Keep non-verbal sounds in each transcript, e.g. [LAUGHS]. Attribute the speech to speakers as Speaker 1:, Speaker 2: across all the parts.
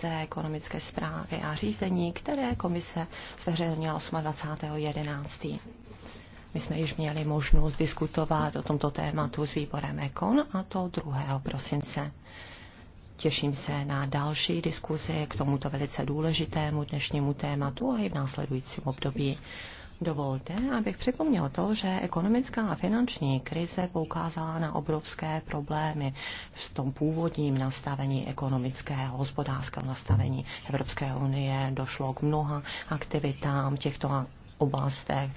Speaker 1: ze ekonomické zprávy a řízení, které komise zveřejnila 28.11. My jsme již měli možnost diskutovat o tomto tématu s výborem Ekon a to 2. prosince. Těším se na další diskuzi k tomuto velice důležitému dnešnímu tématu a i v následujícím období. Dovolte, abych připomněl to, že ekonomická a finanční krize poukázala na obrovské problémy v tom původním nastavení ekonomického, hospodářského nastavení Evropské unie. Došlo k mnoha aktivitám těchto oblastech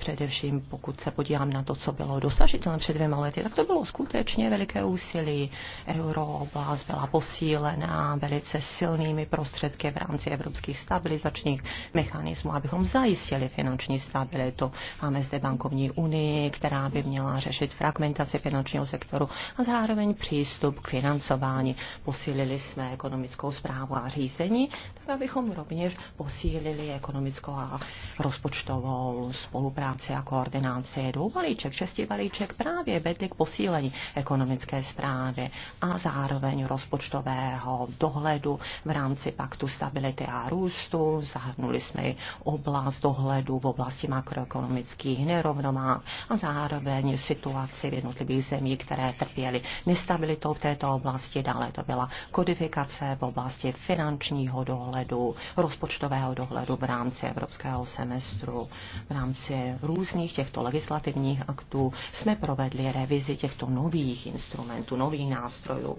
Speaker 1: především pokud se podívám na to, co bylo dosažitelné před dvěma lety, tak to bylo skutečně veliké úsilí. Eurooblast byla posílená velice silnými prostředky v rámci evropských stabilizačních mechanismů, abychom zajistili finanční stabilitu. Máme zde bankovní unii, která by měla řešit fragmentaci finančního sektoru a zároveň přístup k financování. Posílili jsme ekonomickou zprávu a řízení, tak abychom rovněž posílili ekonomickou a rozpočtovou spolupráci spolupráci a koordinaci. balíček, šestý balíček právě vedli k posílení ekonomické zprávy a zároveň rozpočtového dohledu v rámci paktu stability a růstu. Zahrnuli jsme i oblast dohledu v oblasti makroekonomických nerovnomách a zároveň situaci v jednotlivých zemí, které trpěly nestabilitou v této oblasti. Dále to byla kodifikace v oblasti finančního dohledu, rozpočtového dohledu v rámci evropského semestru, v rámci různých těchto legislativních aktů jsme provedli revizi těchto nových instrumentů, nových nástrojů.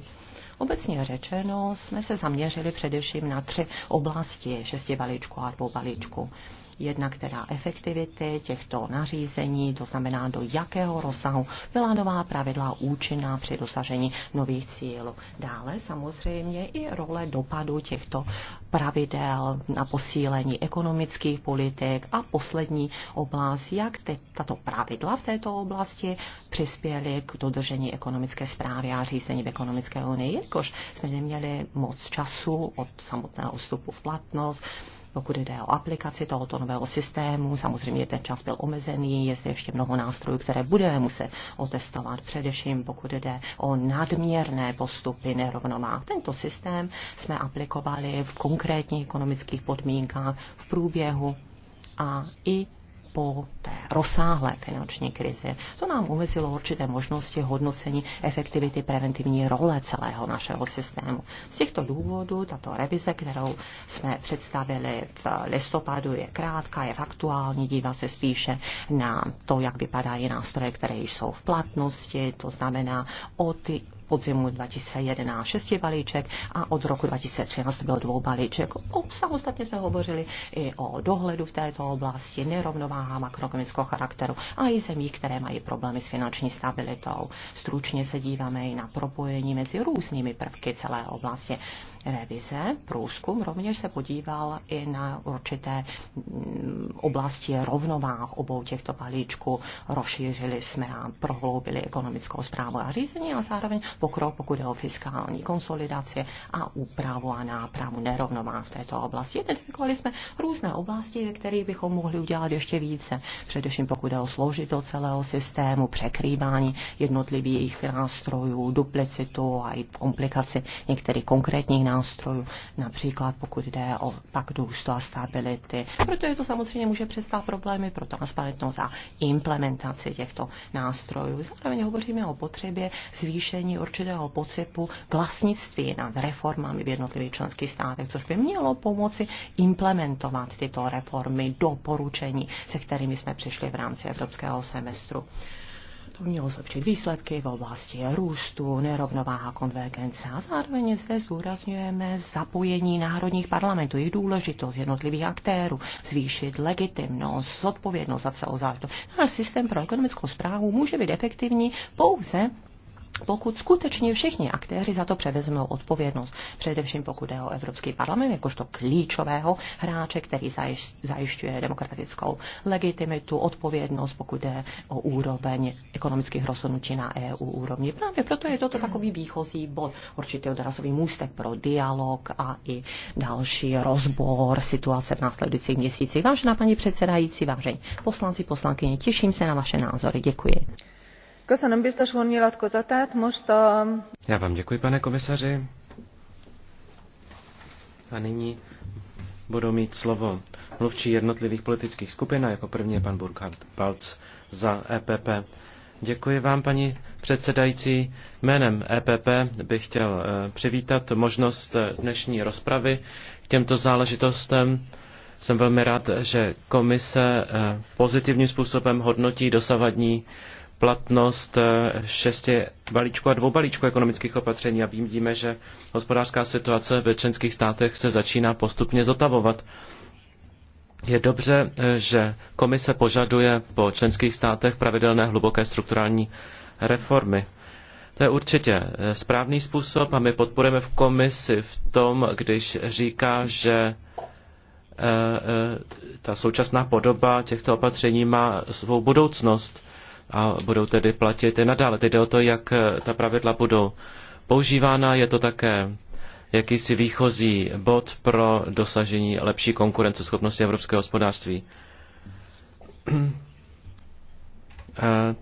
Speaker 1: Obecně řečeno jsme se zaměřili především na tři oblasti šesti balíčku a dvou balíčku jednak teda efektivity těchto nařízení, to znamená do jakého rozsahu byla nová pravidla účinná při dosažení nových cílů. Dále samozřejmě i role dopadu těchto pravidel na posílení ekonomických politik a poslední oblast, jak te, tato pravidla v této oblasti přispěly k dodržení ekonomické zprávy a řízení v ekonomické unii, jakož jsme neměli moc času od samotného vstupu v platnost, pokud jde o aplikaci tohoto nového systému. Samozřejmě ten čas byl omezený, je zde ještě mnoho nástrojů, které budeme muset otestovat, především pokud jde o nadměrné postupy nerovnováh. Tento systém jsme aplikovali v konkrétních ekonomických podmínkách v průběhu a i po té rozsáhlé finanční krizi. To nám omezilo určité možnosti hodnocení efektivity preventivní role celého našeho systému. Z těchto důvodů tato revize, kterou jsme představili v listopadu, je krátká, je aktuální, dívá se spíše na to, jak vypadají nástroje, které již jsou v platnosti, to znamená o ty podzimu 2011 šesti balíček a od roku 2013 to byl dvou balíček. O, samostatně jsme hovořili i o dohledu v této oblasti, nerovnováha makroekonomického charakteru a i zemí, které mají problémy s finanční stabilitou. Stručně se díváme i na propojení mezi různými prvky celé oblasti revize, průzkum rovněž se podíval i na určité mm, oblasti rovnováh obou těchto balíčků. Rozšířili jsme a prohloubili ekonomickou zprávu a řízení a zároveň pokrok, pokud je o fiskální konsolidaci a úpravu a nápravu nerovnováh v této oblasti. Identifikovali jsme různé oblasti, ve kterých bychom mohli udělat ještě více, především pokud je o složitost celého systému, překrývání jednotlivých nástrojů, duplicitu a i komplikaci některých konkrétních nástrojů, například pokud jde o pak růstu a stability. Protože to samozřejmě může přestat problémy pro transparentnost a implementaci těchto nástrojů. Zároveň hovoříme o potřebě zvýšení určitého pocitu vlastnictví nad reformami v jednotlivých členských státech, což by mělo pomoci implementovat tyto reformy, doporučení, se kterými jsme přišli v rámci evropského semestru mělo zlepšit výsledky v oblasti růstu, nerovnováha, konvergence a zároveň zde zdůrazňujeme zapojení národních parlamentů, jejich důležitost jednotlivých aktérů, zvýšit legitimnost, zodpovědnost za celou záležitost. Náš systém pro ekonomickou zprávu může být efektivní pouze pokud skutečně všichni aktéři za to převezmou odpovědnost, především pokud je o Evropský parlament, jakožto klíčového hráče, který zajišťuje demokratickou legitimitu, odpovědnost, pokud je o úroveň ekonomických rozhodnutí na EU úrovni. Právě proto je toto takový výchozí bod, určitý odrazový můstek pro dialog a i další rozbor situace v následujících měsících. Vážená paní předsedající, vážení poslanci, poslankyně, těším se na vaše názory. Děkuji.
Speaker 2: Já vám děkuji, pane komisaři. A nyní budou mít slovo mluvčí jednotlivých politických skupin a jako první je pan Burkhard Balc za EPP. Děkuji vám, paní předsedající. Jménem EPP bych chtěl eh, přivítat možnost eh, dnešní rozpravy k těmto záležitostem. Jsem velmi rád, že komise eh, pozitivním způsobem hodnotí dosavadní platnost eh, šesti balíčku a dvou balíčku ekonomických opatření a vidíme, že hospodářská situace ve členských státech se začíná postupně zotavovat. Je dobře, eh, že komise požaduje po členských státech pravidelné hluboké strukturální reformy. To je určitě eh, správný způsob a my podporujeme v komisi v tom, když říká, že ta současná podoba těchto opatření má svou budoucnost a budou tedy platit i nadále. Teď jde o to, jak eh, ta pravidla budou používána. Je to také jakýsi výchozí bod pro dosažení lepší konkurenceschopnosti evropského hospodářství. Eh,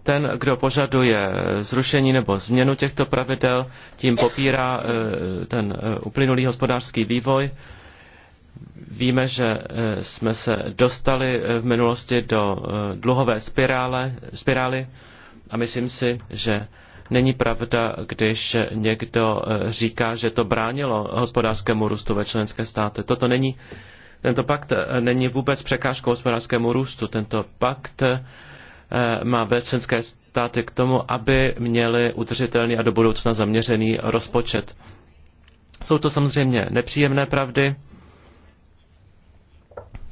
Speaker 2: ten, kdo požaduje zrušení nebo změnu těchto pravidel, tím popírá eh, ten uplynulý hospodářský vývoj Víme, že eh, jsme se dostali eh, v minulosti do eh, dluhové spirále, spirály a myslím si, že není pravda, když někdo říká, že to bránilo hospodářskému růstu ve členské státy. Toto není, tento pakt není vůbec překážkou hospodářskému růstu. Tento pakt má ve členské státy k tomu, aby měli udržitelný a do budoucna zaměřený rozpočet. Jsou to samozřejmě nepříjemné pravdy,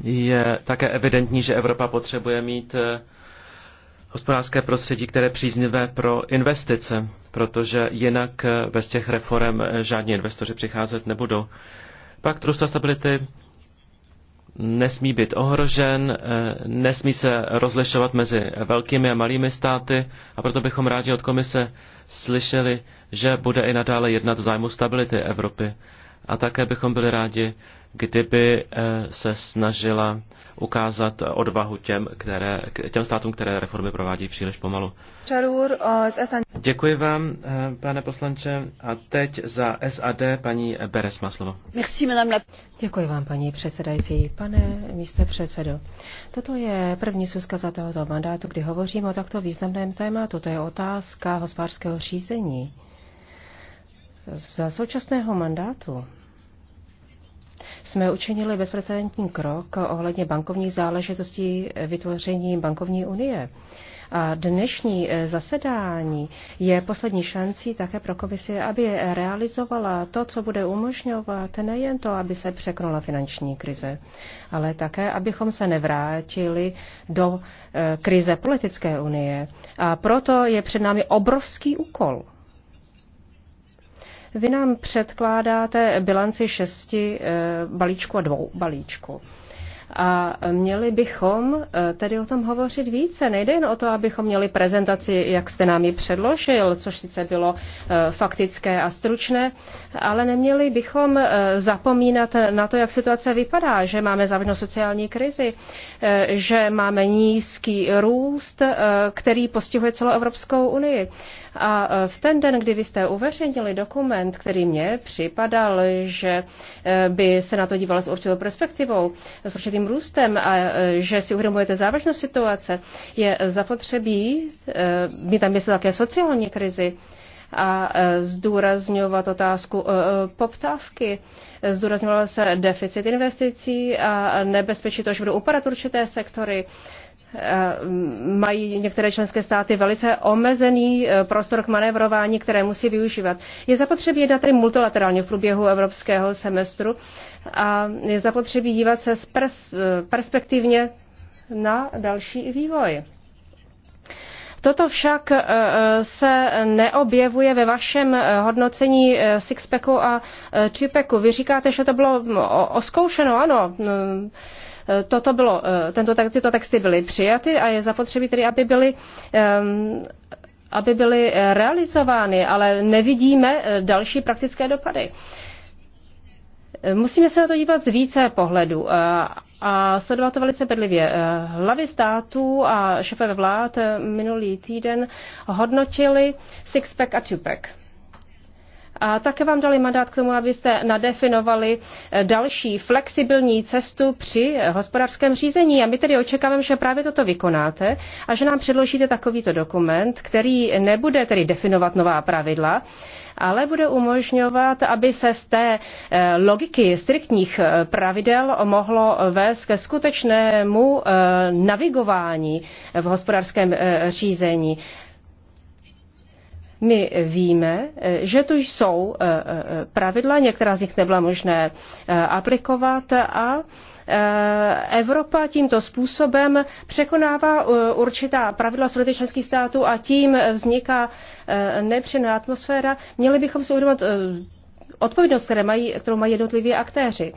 Speaker 2: je také evidentní, že Evropa potřebuje mít eh, hospodářské prostředí, které je příznivé pro investice, protože jinak eh, bez těch reform eh, žádní investoři přicházet nebudou. Pak růstu a stability nesmí být ohrožen, nesmí se rozlišovat mezi velkými a malými státy a proto bychom rádi od komise slyšeli, že bude i nadále jednat v zájmu stability Evropy. A také bychom byli rádi, kdyby eh, se snažila ukázat odvahu těm, které, těm státům, které reformy provádí příliš pomalu. Děkuji vám, eh, pane poslanče. A teď za SAD paní Beres má slovo.
Speaker 3: Děkuji vám, paní předsedající. Pane místo předsedo, toto je první zůzka za tohoto mandátu, kdy hovořím o takto významném tématu. To je otázka hospodářského řízení. Za současného mandátu jsme učinili bezprecedentní krok ohledně bankovních záležitostí vytvoření bankovní unie. A dnešní eh, zasedání je poslední šancí také pro komisi, aby realizovala to, co bude umožňovat nejen to, aby se překonala finanční krize, ale také, abychom se nevrátili do eh, krize politické unie. A proto je před námi obrovský úkol. Vy nám předkládáte bilanci šesti eh, balíčku a dvou balíčku. A měli bychom eh, tedy o tom hovořit více. Nejde jen o to, abychom měli prezentaci, jak jste nám ji předložil, což sice bylo eh, faktické a stručné, ale neměli bychom zapomínat na to, jak situace vypadá, že máme závažnou sociální krizi, že máme nízký růst, který postihuje celou Evropskou unii. A e, v ten den, kdy vy jste uveřejnili dokument, který mně připadal, že e, by se na to díval s určitou perspektivou, s určitým růstem a e, že si uvědomujete závažnost situace, je zapotřebí mít tam myslet také sociální krizi a zdůrazňovat otázku poptávky. Zdůrazňoval se deficit investicí a nebezpečí to, že budou upadat určité sektory Eh, mají některé členské státy velice omezený eh, prostor k manévrování, které musí využívat. Je zapotřebí jednat tedy multilaterálně v průběhu evropského semestru a je zapotřebí dívat se eh, perspektivně na další vývoj. Toto však se neobjevuje ve vašem hodnocení Sixpacku a Tupeku. Vy říkáte, že to bylo mm, oskoušeno, ano mm, Toto bylo, eh, tento, tyto texty byly přijaty a je zapotřebí tedy, aby byly ehm, aby byly eh, realizovány, ale nevidíme eh, další praktické dopady. Musíme se na to dívat z více pohledů a sledovat to velice bedlivě. Hlavy států a šefové vlád minulý týden hodnotili six-pack a two-pack a také vám dali mandát k tomu, abyste nadefinovali eh, další flexibilní cestu při eh, hospodářském řízení. A my tedy očekáváme, že právě toto vykonáte a že nám předložíte takovýto dokument, který nebude tedy definovat nová pravidla, ale bude umožňovat, aby se z té eh, logiky striktních pravidel mohlo vést ke skutečnému navigování v hospodářském řízení my víme, eh, že tu jsou eh, eh, pravidla, některá z nich nebyla možné aplikovat a Evropa tímto způsobem překonává určitá pravidla solidity členských států a tím vzniká nepřená atmosféra. Měli bychom si uvědomit odpovědnost, které mají, kterou mají jednotliví aktéři.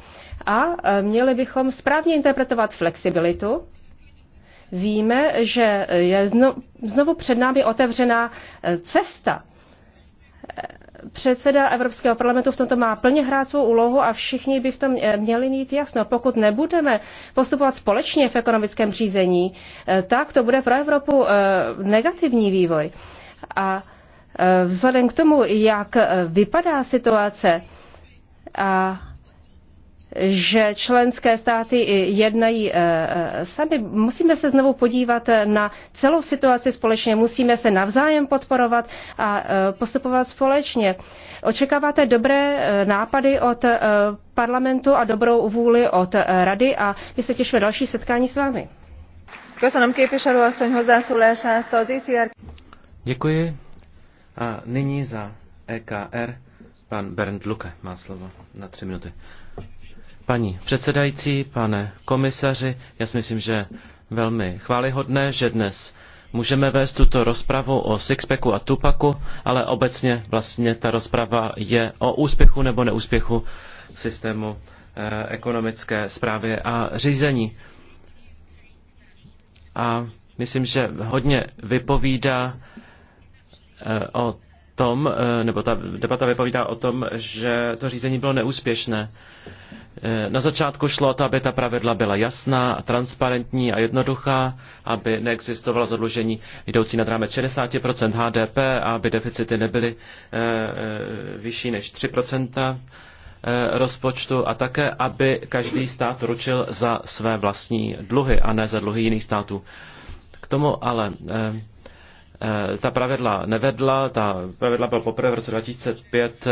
Speaker 3: A měli bychom správně interpretovat flexibilitu, Víme, že je znovu před námi otevřená eh, cesta. Eh, předseda Evropského parlamentu v tomto má plně hrát svou úlohu a všichni by v tom eh, měli mít jasno. Pokud nebudeme postupovat společně v ekonomickém řízení, tak to bude pro Evropu negativní vývoj. A vzhledem k tomu, jak vypadá situace a že členské státy jednají eh, eh, sami. Musíme se znovu podívat na celou situaci společně, musíme se navzájem podporovat a eh, postupovat společně. Očekáváte dobré nápady od parlamentu a dobrou vůli od rady a my se těšíme další setkání s vámi.
Speaker 2: Děkuji. A nyní za EKR pan Bernd Luke má slovo na tři minuty. Paní předsedající, pane komisaři, já si myslím, že velmi chválihodné, že dnes můžeme vést tuto rozpravu o Sixpacku a Tupaku, ale obecně vlastně ta rozprava je o úspěchu nebo neúspěchu systému eh, ekonomické zprávy a řízení. A myslím, že hodně vypovídá eh, o tom, eh, nebo ta debata vypovídá o tom, že to řízení bylo neúspěšné. Eh, na začátku šlo o to, aby ta pravidla byla jasná, transparentní a jednoduchá, aby neexistovalo zadlužení jdoucí nad rámec 60% HDP a aby deficity nebyly eh, eh, vyšší než 3% rozpočtu a také, aby každý stát ručil za své vlastní dluhy a ne za dluhy jiných států. K tomu ale ta pravidla nevedla, ta pravidla byla poprvé v roce 2005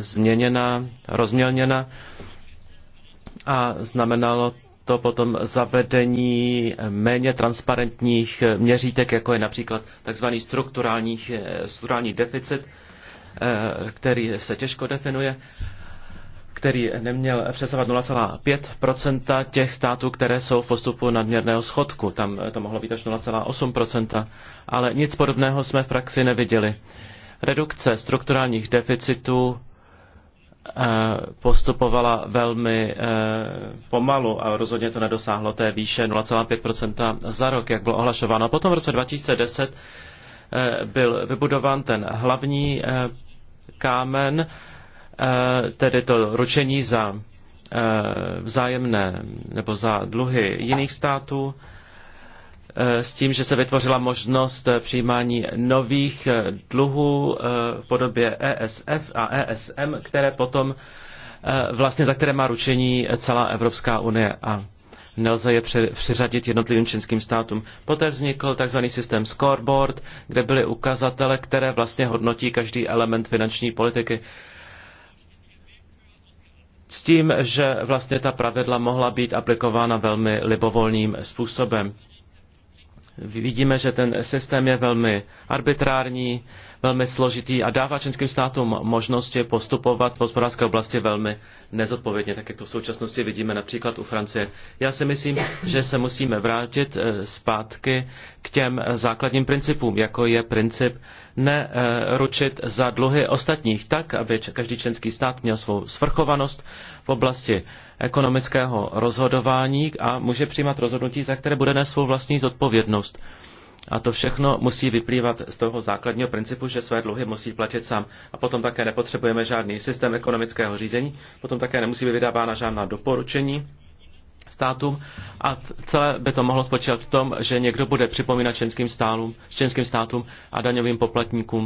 Speaker 2: změněna, rozmělněna a znamenalo to potom zavedení méně transparentních měřítek, jako je například tzv. Eh, strukturální deficit, eh, který se těžko definuje, který neměl přesahovat 0,5 těch států, které jsou v postupu nadměrného schodku. Tam eh, to mohlo být až 0,8 ale nic podobného jsme v praxi neviděli. Redukce strukturálních deficitů Eh, postupovala velmi eh, pomalu a rozhodně to nedosáhlo té výše 0,5% za rok, jak bylo ohlašováno. Potom v roce 2010 eh, byl vybudován ten hlavní kámen, tedy to ručení za vzájemné nebo za dluhy jiných států s tím, že se vytvořila možnost přijímání nových dluhů eh, v podobě ESF a ESM, které potom eh, vlastně za které má ručení celá Evropská unie a nelze je přiřadit jednotlivým členským státům. Poté vznikl tzv. systém scoreboard, kde byly ukazatele, které vlastně hodnotí každý element finanční politiky. S tím, že vlastně ta pravidla mohla být aplikována velmi libovolným způsobem. Vidíme, že ten systém je velmi arbitrární, velmi složitý a dává členským státům možnosti postupovat v hospodářské oblasti velmi nezodpovědně, tak jak to v současnosti vidíme například u Francie. Já si myslím, že se musíme vrátit eh, zpátky k těm základním principům, jako je princip neručit za dluhy ostatních tak, aby každý členský stát měl svou svrchovanost v oblasti ekonomického rozhodování a může přijímat rozhodnutí, za které bude nést svou vlastní zodpovědnost. A to všechno musí vyplývat z toho základního principu, že své dluhy musí platit sám. A potom také nepotřebujeme žádný systém ekonomického řízení, potom také nemusí být vydávána žádná doporučení státům a celé by to mohlo spočívat v tom, že někdo bude připomínat členským, stálům, členským státům a daňovým poplatníkům,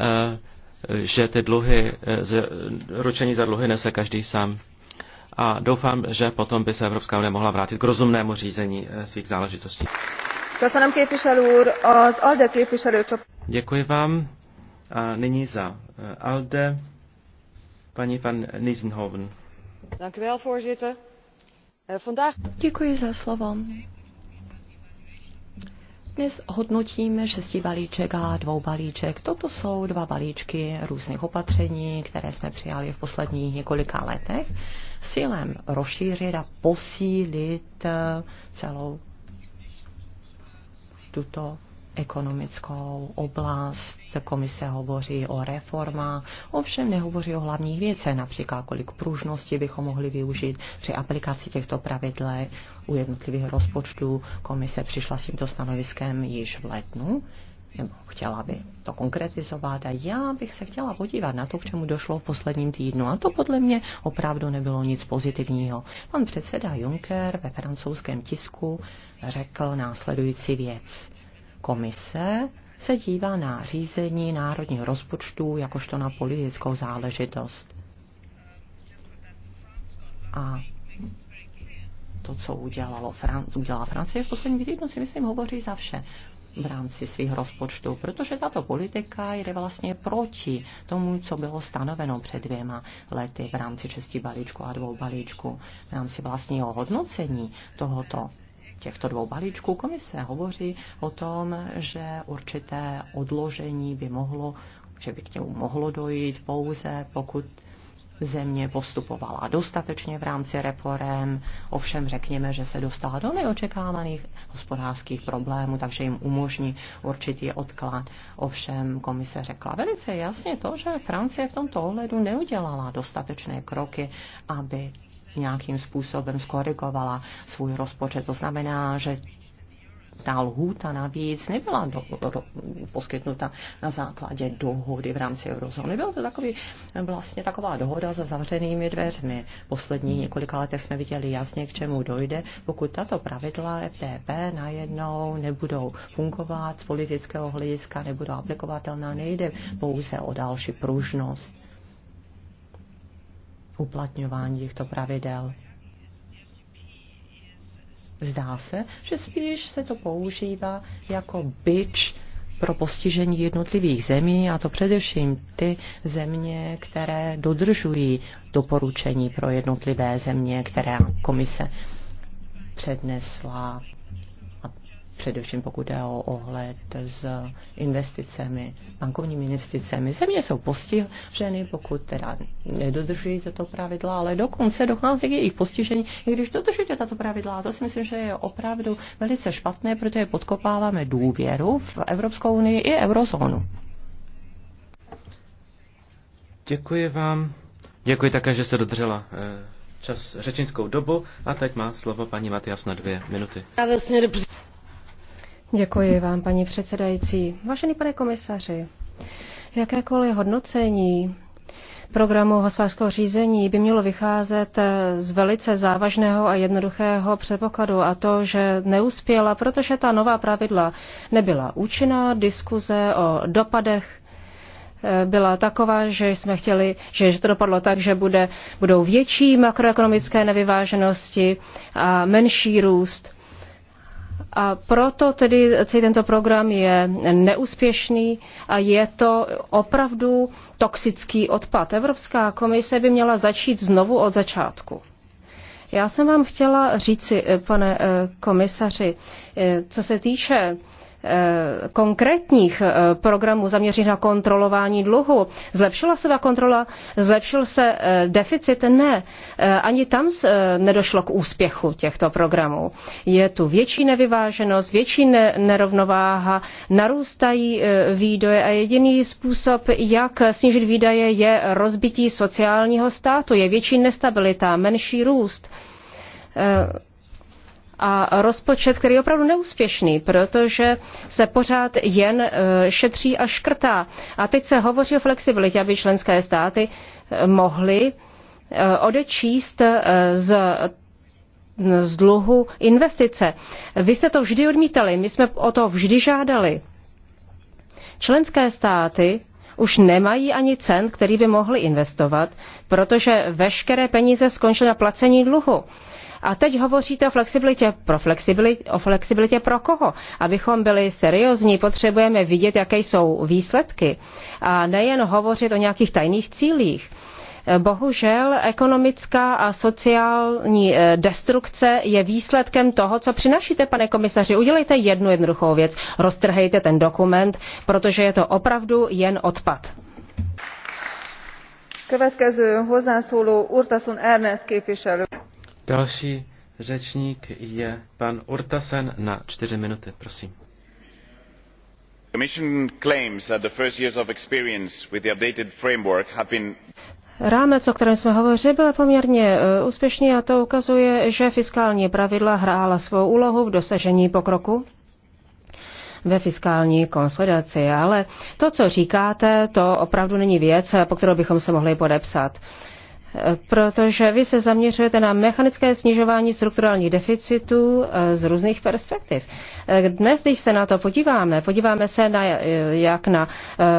Speaker 2: eh, že ty dluhy, eh, ručení za dluhy nese každý sám. A doufám, že potom by se Evropská unie mohla vrátit k rozumnému řízení eh, svých záležitostí. Děkuji vám. A nyní za ALDE paní van Nisenhoven.
Speaker 4: Dank u wel, voorzitter.
Speaker 1: Eh, za Dnes hodnotíme šesti balíček a dvou balíček. Toto jsou dva balíčky různých opatření, které jsme přijali v posledních několika letech s cílem rozšířit a posílit eh, celou tuto ekonomickou oblast, komise hovoří o reforma, ovšem nehovoří o hlavních věcech, například kolik pružnosti bychom mohli využít při aplikaci těchto pravidel u jednotlivých rozpočtů. Komise přišla s tímto stanoviskem již v letnu. nebo chtěla by to konkretizovat a já bych se chtěla podívat na to, k čemu došlo v posledním týdnu. A to podle mě opravdu nebylo nic pozitivního. Pan předseda Juncker ve francouzském tisku řekl následující věc komise se dívá na řízení národních rozpočtů jakožto na politickou záležitost. A to, co udělalo Fran- udělala Francie v posledním týdnu, si myslím, hovoří za vše v rámci svých rozpočtů, protože tato politika jde vlastně proti tomu, co bylo stanoveno před dvěma lety v rámci šesti balíčku a dvou balíčku, v rámci vlastního hodnocení tohoto těchto dvou balíčků komise hovoří o tom, že určité odložení by mohlo, že by k němu mohlo dojít pouze, pokud země postupovala dostatečně v rámci reform, ovšem řekněme, že se dostala do neočekávaných hospodářských problémů, takže jim umožní určitý odklad. Ovšem komise řekla velice jasně to, že Francie v tomto ohledu neudělala dostatečné kroky, aby nějakým způsobem skorigovala svůj rozpočet. To znamená, že ta lhůta navíc nebyla do, do, poskytnuta na základě dohody v rámci eurozóny. Byla to takový, vlastně taková dohoda za zavřenými dveřmi. Poslední několika letech jsme viděli jasně, k čemu dojde, pokud tato pravidla FTP najednou nebudou fungovat z politického hlediska, nebudou aplikovatelná, nejde pouze o další pružnost uplatňování těchto pravidel. Zdá se, že spíš se to používá jako byč pro postižení jednotlivých zemí, a to především ty země, které dodržují doporučení pro jednotlivé země, které komise přednesla především pokud je o ohled s investicemi, bankovními investicemi. Země jsou postiženy, pokud teda nedodržují tato pravidla, ale dokonce dochází k jejich postižení, i když dodržujete tato pravidla. A to si myslím, že je opravdu velice špatné, protože podkopáváme důvěru v Evropskou unii i eurozónu.
Speaker 2: Děkuji vám. Děkuji také, že jste dodržela eh, čas řečnickou dobu a teď má slovo paní Matias na dvě minuty.
Speaker 3: Děkuji vám, paní předsedající. Vážený pane komisaři, jakékoliv hodnocení programu hospodářského řízení by mělo vycházet z velice závažného a jednoduchého předpokladu a to, že neuspěla, protože ta nová pravidla nebyla účinná, diskuze o dopadech eh, byla taková, že jsme chtěli, že to dopadlo tak, že bude, budou větší makroekonomické nevyváženosti a menší růst. A proto tedy celý tento program je neúspěšný a je to opravdu toxický odpad. Evropská komise by měla začít znovu od začátku. Já jsem vám chtěla říci, eh, pane eh, komisaři, eh, co se týče Eh, konkrétních eh, programů zaměřených na kontrolování dluhu. Zlepšila se ta kontrola, zlepšil se eh, deficit? Ne. Ani tam nedošlo k úspěchu těchto programů. Je tu větší nevyváženost, větší nerovnováha, narůstají výdoje a jediný způsob, jak snížit výdaje, je rozbití sociálního státu, je větší nestabilita, menší růst a rozpočet, který je opravdu neúspěšný, protože se pořád jen e, šetří a škrtá. A teď se hovoří o flexibilitě, aby členské státy e, mohly e, odečíst z z dluhu investice. Vy jste to vždy odmítali, my jsme o to vždy žádali. Členské státy už nemají ani cent, který by mohli investovat, protože veškeré peníze skončily na placení dluhu. A teď hovoříte o flexibilitě. Pro flexibilitě, o flexibilitě pro koho? Abychom byli seriózní, potřebujeme vidět, jaké jsou výsledky. A nejen hovořit o nějakých tajných cílích. E, bohužel ekonomická a sociální e, destrukce je výsledkem toho, co přinašíte, pane komisaři. Udělejte jednu jednoduchou věc. Roztrhejte ten dokument, protože je to opravdu jen odpad.
Speaker 4: Következő hozzászóló Urtasun Ernest képviselő.
Speaker 2: Další řečník je pan Urtasen na čtyři minuty, prosím.
Speaker 3: Rámec, o kterém jsme hovořili, byl poměrně eh, úspěšný a to ukazuje, že fiskální pravidla hrála svou úlohu v dosažení pokroku ve fiskální konsolidaci. Ale to, co říkáte, to opravdu není věc, po kterou bychom se mohli podepsat protože vy se zaměřujete na mechanické snižování strukturálních deficitů eh, z různých perspektiv. Eh, dnes, když se na to podíváme, podíváme se na, eh, jak na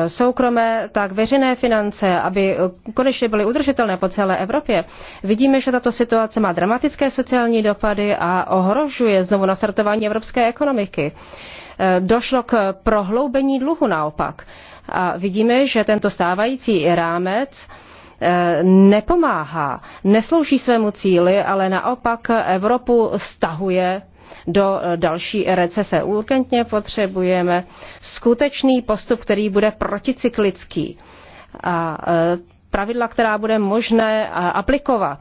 Speaker 3: soukromé, tak veřejné finance, aby konečně byly udržitelné po celé Evropě, vidíme, že tato situace má dramatické sociální dopady a ohrožuje znovu nastartování evropské ekonomiky. Došlo k prohloubení dluhu naopak. A vidíme, že tento stávající rámec nepomáhá, neslouží svému cíli, ale naopak Evropu stahuje do další recese. Urgentně potřebujeme skutečný postup, který bude proticyklický a e, pravidla, která bude možné aplikovat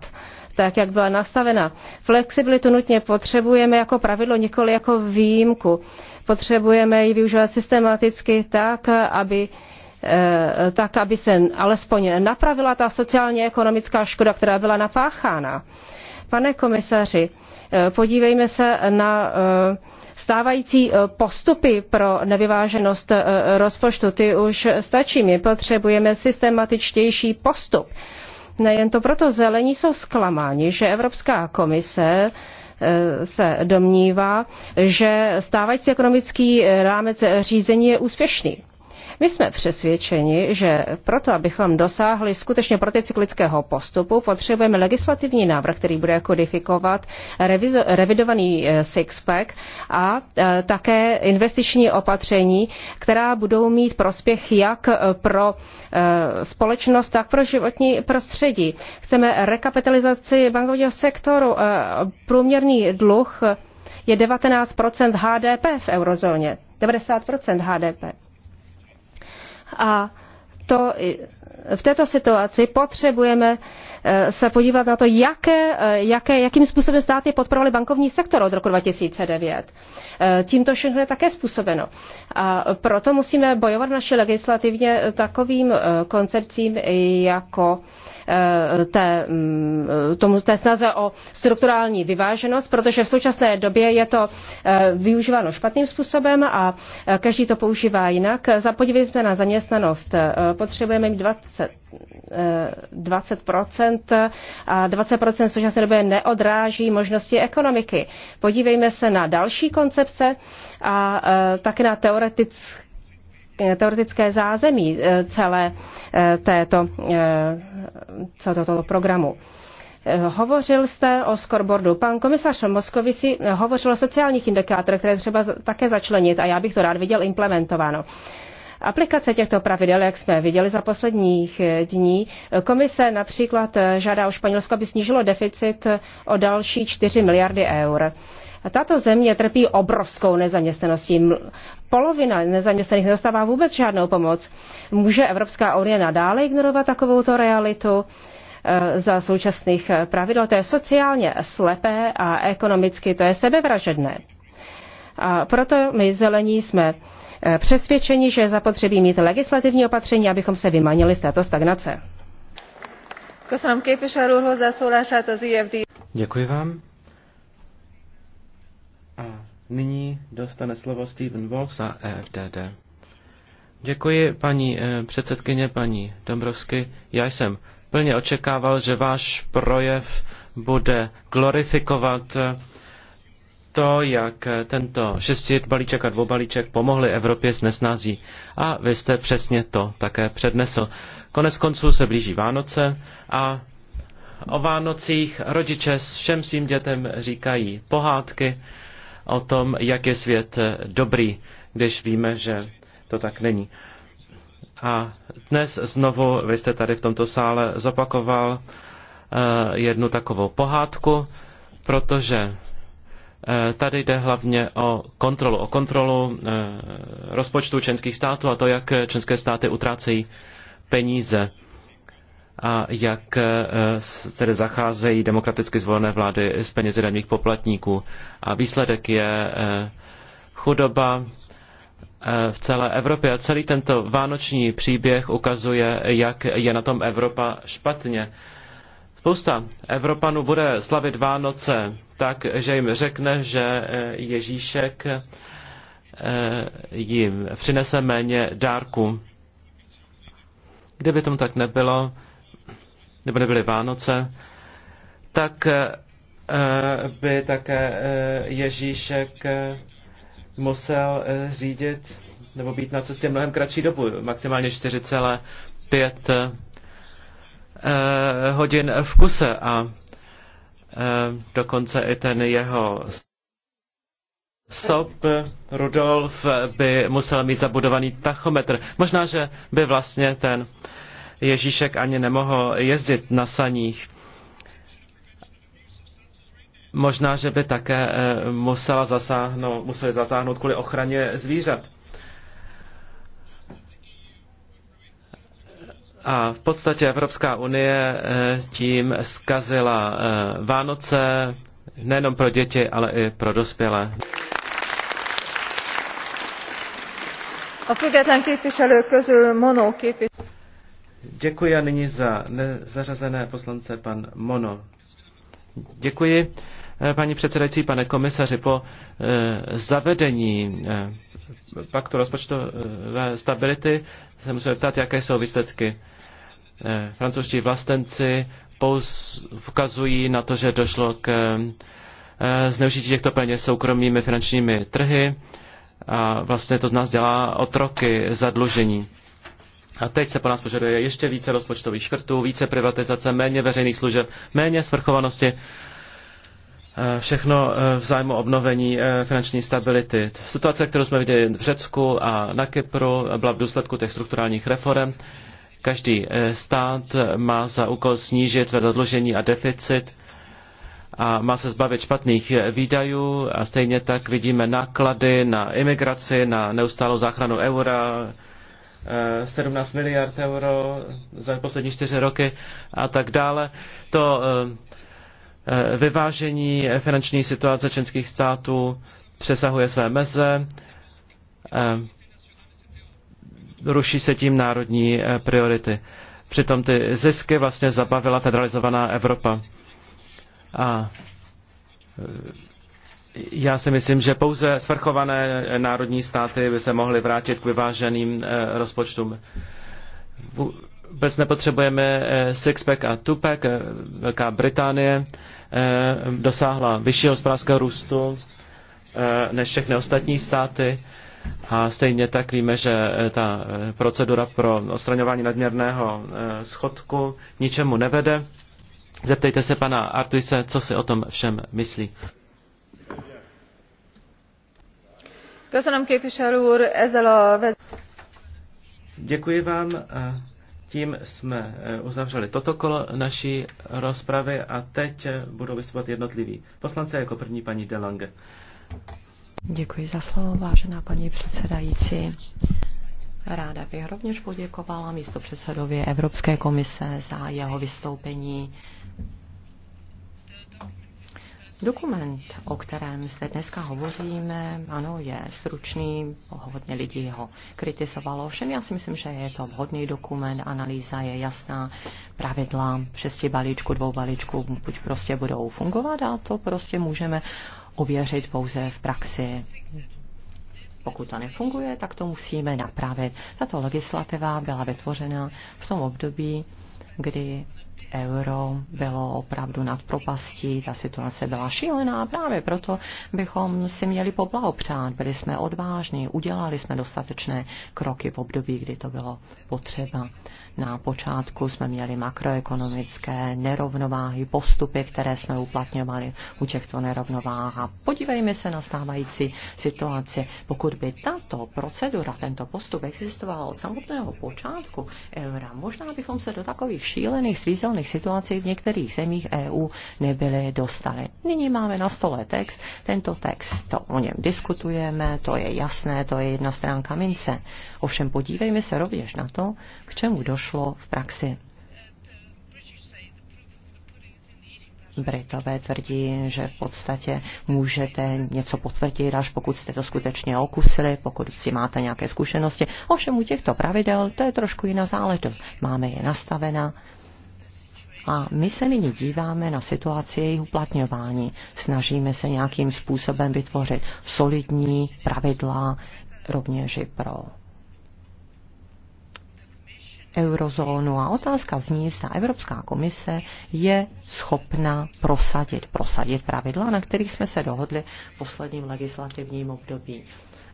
Speaker 3: tak, jak byla nastavena. Flexibilitu nutně potřebujeme jako pravidlo, nikoli jako výjimku. Potřebujeme ji využívat systematicky tak, aby Eh, tak aby se alespoň napravila ta sociálně ekonomická škoda, která byla napáchána. Pane komisaři, eh, podívejme se na eh, stávající postupy pro nevyváženost rozpočtu. Ty už stačí, my potřebujeme systematičtější postup. Nejen to proto zelení jsou zklamáni, že Evropská komise se domnívá, že stávající ekonomický rámec řízení je úspěšný. My jsme přesvědčeni, že proto, abychom dosáhli skutečně proticyklického postupu, potřebujeme legislativní návrh, který bude kodifikovat revidovaný eh, six-pack a eh, také investiční opatření, která budou mít prospěch jak eh, pro společnost, tak pro životní prostředí. Chceme rekapitalizaci bankovního sektoru, průměrný dluh je 19 HDP v eurozóně. 90 HDP. A to, v této situaci potřebujeme eh, se podívat na to, jaké, eh, jaké, jakým způsobem státy podporovaly bankovní sektor od roku 2009. Eh, Tímto všechno je také způsobeno. A proto musíme bojovat naše legislativně takovým koncepcím jako Eh, té, mm, tomu, té snaze o strukturální vyváženost, protože v současné době je to eh, využíváno špatným způsobem a eh, každý to používá jinak. Zapodívejme jsme na zaměstnanost. Potřebujeme mít 20, 20% a 20% v současné době neodráží možnosti ekonomiky. Podívejme se na další koncepce a také na teoretické Eh, teoretické zázemí eh, celé eh, této, celého toho programu. Hovořil jste o scoreboardu. Pan komisař Moskovici hovořil o sociálních indikátorech, které třeba také začlenit a já bych to rád viděl implementováno. Aplikace těchto pravidel, jak jsme viděli za posledních dní, komise například žádá o Španělsko, aby snížilo deficit o další 4 miliardy eur. Tato země trpí obrovskou nezaměstnaností. Polovina nezaměstnaných nedostává vůbec žádnou pomoc. Může Evropská unie nadále ignorovat takovouto realitu? Eh, za současných eh, pravidel. To je sociálně slepé a ekonomicky to je sebevražedné. A proto my zelení jsme eh, přesvědčeni, že zapotřebí mít legislativní opatření, abychom se vymanili z této
Speaker 2: stagnace. Děkuji vám. A nyní dostane slovo Steven Wolf za EFDD. Děkuji, paní eh, předsedkyně, paní Dombrovsky. Já jsem plně očekával, že váš projev bude glorifikovat eh, to, jak eh, tento šestit balíček a dvou balíček pomohli Evropě s nesnází. A vy jste přesně to také přednesl. Konec konců se blíží Vánoce a o Vánocích rodiče s všem svým dětem říkají pohádky o tom, jak je svět eh, dobrý, když víme, že to tak není. A dnes znovu, vy jste tady v tomto sále zopakoval eh, jednu takovou pohádku, protože eh, tady jde hlavně o kontrolu, o kontrolu rozpočtu členských států a to, jak členské státy utrácejí peníze a jak eh, tedy zacházejí demokraticky zvolené vlády s penězi daných poplatníků. A výsledek je eh, chudoba eh, v celé Evropě. A celý tento vánoční příběh ukazuje, jak je na tom Evropa špatně. Spousta Evropanů bude slavit Vánoce tak, že jim řekne, že Ježíšek jim přinese méně dárku. Kdyby tomu tak nebylo, nebo nebyly Vánoce, tak eh, by také eh, Ježíšek eh, musel řídit nebo být na cestě mnohem kratší dobu, maximálně 4,5 hodin v kuse a dokonce i ten jeho sob Rudolf by musel mít zabudovaný tachometr. Možná, že by vlastně ten Ježíšek ani nemohl jezdit na saních. Možná, že by také eh, musela zasáhnout, museli zasáhnout kvůli ochraně zvířat. A v podstatě Evropská unie eh, tím zkazila eh, Vánoce nejenom pro děti, ale i pro dospělé.
Speaker 4: A független képviselők közül Monó képviselő.
Speaker 2: Děkuji a nyní za nezařazené poslance pan Mono. Děkuji, eh, paní předsedající, pane komisaři. Po eh, zavedení eh, paktu rozpočtové stability se musíme ptát, jaké jsou výsledky. Francouzští vlastenci ukazují na to, že došlo k zneužití těchto peněz soukromými finančními trhy a vlastně to z nás dělá otroky zadlužení. A teď se po nás požaduje ještě více rozpočtových škrtů, více privatizace, méně veřejných služeb, méně svrchovanosti. Eh, všechno eh, v zájmu obnovení eh, finanční stability. Situace, kterou jsme viděli v Řecku a na Kypru, byla v důsledku těch strukturálních reform. Každý stát má za úkol snížit své zadlužení a deficit a má se zbavit špatných výdajů a stejně tak vidíme náklady na imigraci, na neustálou záchranu eura, 17 eh, miliard euro za poslední čtyři roky a tak dále. To eh, eh, vyvážení finanční situace členských států přesahuje své meze, ruší se tím národní priority. Přitom ty zisky vlastně zabavila federalizovaná Evropa. A já si myslím, že pouze svrchované národní státy by se mohly vrátit k vyváženým eh, rozpočtům. Vůbec nepotřebujeme eh, sixpack a tupack. Eh, Velká Británie dosáhla vyššího hospodářského růstu než všechny ostatní státy. A stejně tak víme, že ta procedura pro odstraňování nadměrného schodku ničemu nevede. Zeptejte se pana Artuise, co si o tom všem myslí. Děkuji vám. A tím jsme eh, uzavřeli toto kolo naší rozpravy a teď eh, budou vystupovat jednotliví poslance jako první paní Delange.
Speaker 1: Děkuji za slovo, vážená paní předsedající. Ráda bych rovněž poděkovala místo
Speaker 2: předsedově
Speaker 1: Evropské komise za jeho vystoupení. Dokument, o kterém zde dneska hovoříme, ano, je stručný, hodně lidí ho kritizovalo, všem já si myslím, že je to vhodný dokument, analýza je jasná, pravidla šesti balíčku, dvou balíčku, buď prostě budou fungovat a to prostě můžeme ověřit pouze v praxi. Pokud to nefunguje, tak to musíme napravit. Tato legislativa byla vytvořena v tom období, kdy euro bylo opravdu nad propastí, ta situace byla šílená a právě proto bychom si měli poblahopřát. Byli jsme odvážní, udělali jsme dostatečné kroky v období, kdy to bylo potřeba. Na počátku jsme měli makroekonomické nerovnováhy, postupy, které jsme uplatňovali u těchto nerovnováh. A podívejme se na stávající situaci. Pokud by tato procedura, tento postup existoval od samotného počátku eura, možná bychom se do takových šílených, svízelných situací v některých zemích EU nebyli dostali. Nyní máme na stole text, tento text, to o něm diskutujeme, to je jasné, to je jedna stránka mince. Ovšem podívejme se rovněž na to, k čemu došlo v praxi. Britové tvrdí, že v podstatě můžete něco potvrdit, až pokud jste to skutečně okusili, pokud si máte nějaké zkušenosti. Ovšem u těchto pravidel to je trošku jiná záležitost. Máme je nastavena, a my se nyní díváme na situaci jejich uplatňování. Snažíme se nějakým způsobem vytvořit solidní pravidla rovněž i pro eurozónu. A otázka zní, zda Evropská komise je schopna prosadit, prosadit pravidla, na kterých jsme se dohodli v posledním legislativním období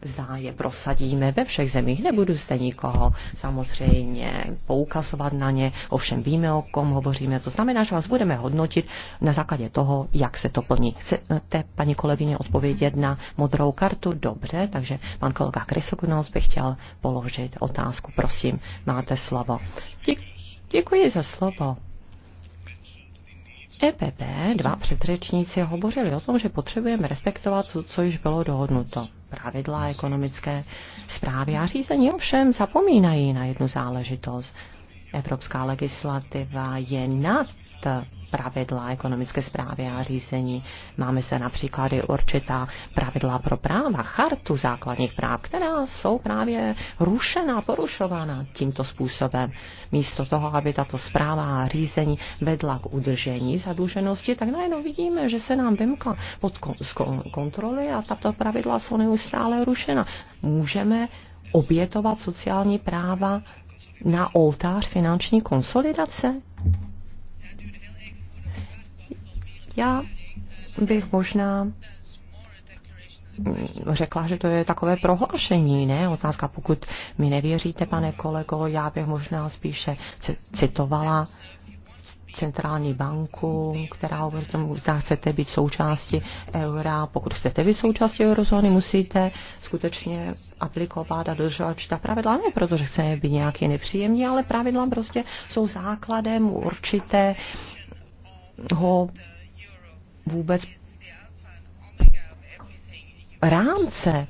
Speaker 1: zda je prosadíme ve všech zemích. Nebudu zde nikoho samozřejmě poukazovat na ně, ovšem víme, o kom hovoříme. To znamená, že vás budeme hodnotit na základě toho, jak se to plní. Chcete, paní kolegyně, odpovědět na modrou kartu? Dobře, takže pan kolega Krysokunos by chtěl položit otázku. Prosím, máte slovo. Děkuji za slovo. EPP, dva předřečníci, hovořili o tom, že potřebujeme respektovat to, co již bylo dohodnuto pravidla ekonomické zprávy a řízení. Ovšem zapomínají na jednu záležitost. Evropská legislativa je nad pravidla ekonomické zprávy a řízení. Máme se například i určitá pravidla pro práva, chartu základních práv, která jsou právě rušená, porušována tímto způsobem. Místo toho, aby tato zpráva a řízení vedla k udržení zadluženosti, tak najednou vidíme, že se nám vymkla pod kontroly a tato pravidla jsou neustále rušena. Můžeme obětovat sociální práva na oltář finanční konsolidace? Já bych možná mm, řekla, že to je takové prohlášení, ne? Otázka, pokud mi nevěříte, pane kolego, já bych možná spíše citovala centrální banku, která hovoří tomu, zda chcete být součástí eura. Pokud chcete být součástí eurozóny, musíte skutečně aplikovat a dodržovat ta pravidla. Ne protože chceme být nějaký nepříjemní, ale pravidla prostě jsou základem určitého vůbec rámce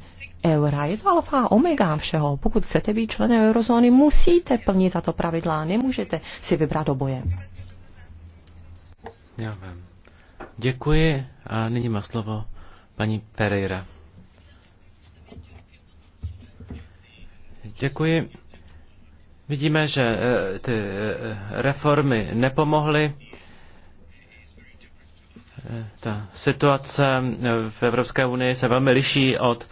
Speaker 1: eura. Je to alfa omega všeho. Pokud chcete být členem eurozóny, musíte plnit tato pravidla. Nemůžete si vybrat oboje.
Speaker 2: Já vím. Děkuji a nyní má slovo paní Pereira. Děkuji. Vidíme, že eh, ty eh, reformy nepomohly ta situace eh, v Evropské unii se velmi liší od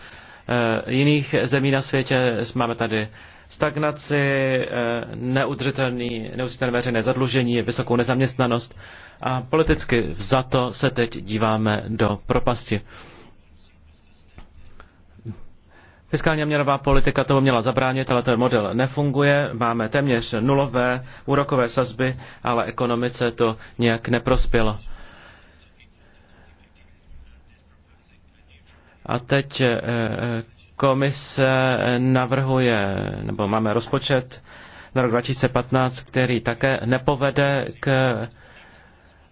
Speaker 2: eh, jiných zemí na světě. Máme tady stagnaci, eh, neudržitelný, neudržitelné veřejné zadlužení, vysokou nezaměstnanost a politicky za to se teď díváme do propasti. Fiskálně měnová politika toho měla zabránit, ale ten model nefunguje. Máme téměř nulové úrokové sazby, ale ekonomice to nějak neprospělo. A teď eh, eh, komise navrhuje, nebo máme rozpočet na rok 2015, který také nepovede k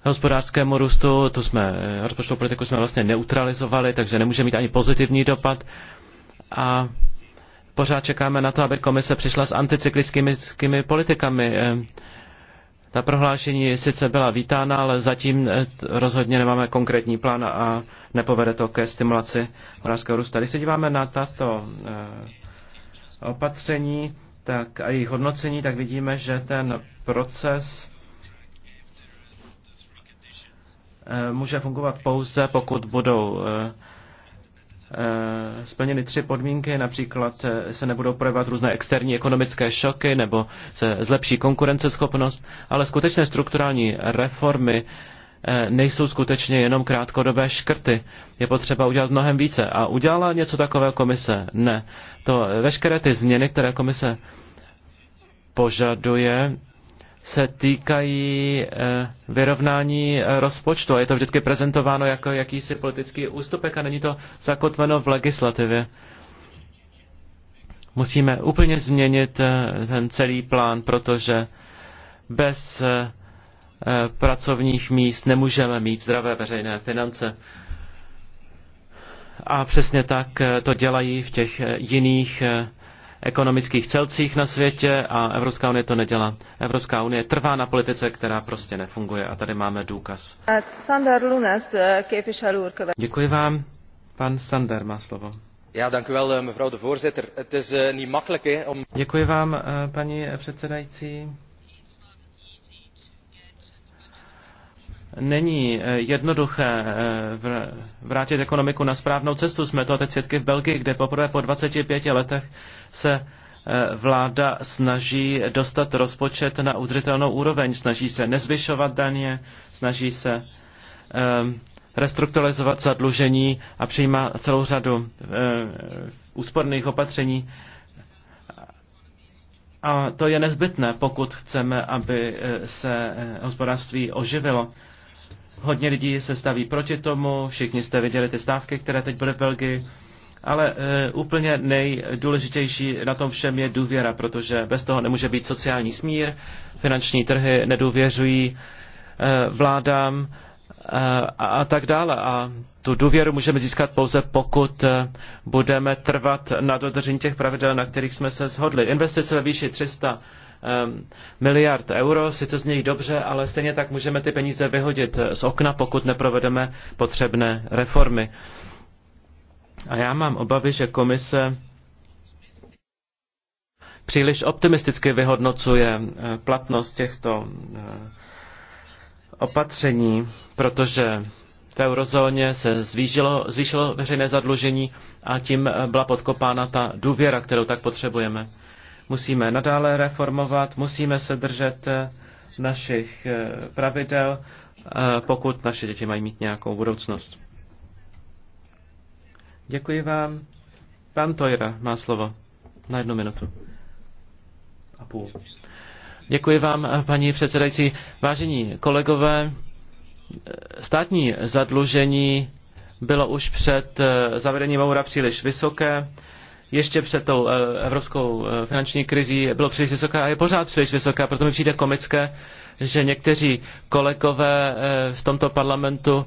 Speaker 2: hospodářskému růstu. Tu jsme, eh, rozpočtovou politiku jsme vlastně neutralizovali, takže nemůže mít ani pozitivní dopad. A pořád čekáme na to, aby komise přišla s anticyklickými politikami. Ta prohlášení sice byla vítána, ale zatím eh, rozhodně nemáme konkrétní plán a nepovede to ke stimulaci horářského růstu. Když se díváme na tato eh, opatření tak a jejich hodnocení, tak vidíme, že ten proces eh, může fungovat pouze, pokud budou Eh, splněny tři podmínky, například eh, se nebudou projevat různé externí ekonomické šoky nebo se zlepší konkurenceschopnost, ale skutečné strukturální reformy eh, nejsou skutečně jenom krátkodobé škrty. Je potřeba udělat mnohem více. A udělala něco takového komise? Ne. To veškeré ty změny, které komise požaduje, se týkají eh, vyrovnání eh, rozpočtu. Je to vždycky prezentováno jako jakýsi politický ústupek a není to zakotveno v legislativě. Musíme úplně změnit eh, ten celý plán, protože bez pracovních míst nemůžeme mít zdravé veřejné finance. A přesně tak to dělají v těch jiných ekonomických celcích na světě a Evropská unie to nedělá. Evropská unie trvá na politice, která prostě nefunguje a tady máme důkaz.
Speaker 4: Sander Lunes, Děkuji
Speaker 2: vám. Pan Sander má slovo.
Speaker 5: Ja, dank u wel, eh, mevrouw de voorzitter. Het is uh, niet makkelijk hè, om...
Speaker 2: Děkuji vám, eh, paní předsedající. není eh, jednoduché eh, vrátit ekonomiku na správnou cestu. Jsme to teď svědky v Belgii, kde poprvé po 25 letech se eh, vláda snaží dostat rozpočet na udržitelnou úroveň. Snaží se nezvyšovat daně, snaží se ehm, restrukturalizovat zadlužení a přijímá celou řadu úsporných opatření. A to je nezbytné, pokud chceme, aby se hospodářství oživilo. Hodně lidí se staví proti tomu, všichni jste viděli ty stávky, které teď byly v Belgii, ale e, úplně nejdůležitější na tom všem je důvěra, protože bez toho nemůže být sociální smír, finanční trhy nedůvěřují e, vládám e, a, a tak dále. A tu důvěru můžeme získat pouze, pokud e, budeme trvat na dodržení těch pravidel, na kterých jsme se shodli. Investice ve výši 300 Ehm, miliard euro, sice z něj dobře, ale stejně tak můžeme ty peníze vyhodit eh, z okna, pokud neprovedeme potřebné reformy. A já mám obavy, že komise příliš optimisticky vyhodnocuje eh, platnost těchto eh, opatření, protože v eurozóně se zvýšilo, zvýšilo veřejné zadlužení a tím byla podkopána ta důvěra, kterou tak potřebujeme musíme nadále reformovat, musíme se držet eh, našich eh, pravidel, pokud naše děti mají mít nějakou budoucnost. Děkuji vám. Pan Tojra má slovo na jednu minutu a půl. Děkuji vám, eh, paní předsedající. Vážení kolegové, státní zadlužení bylo už před zavedením eura příliš vysoké ještě před tou eh, evropskou eh, finanční krizí bylo příliš vysoká a je pořád příliš vysoká, proto mi přijde komické, že někteří kolegové eh, v tomto parlamentu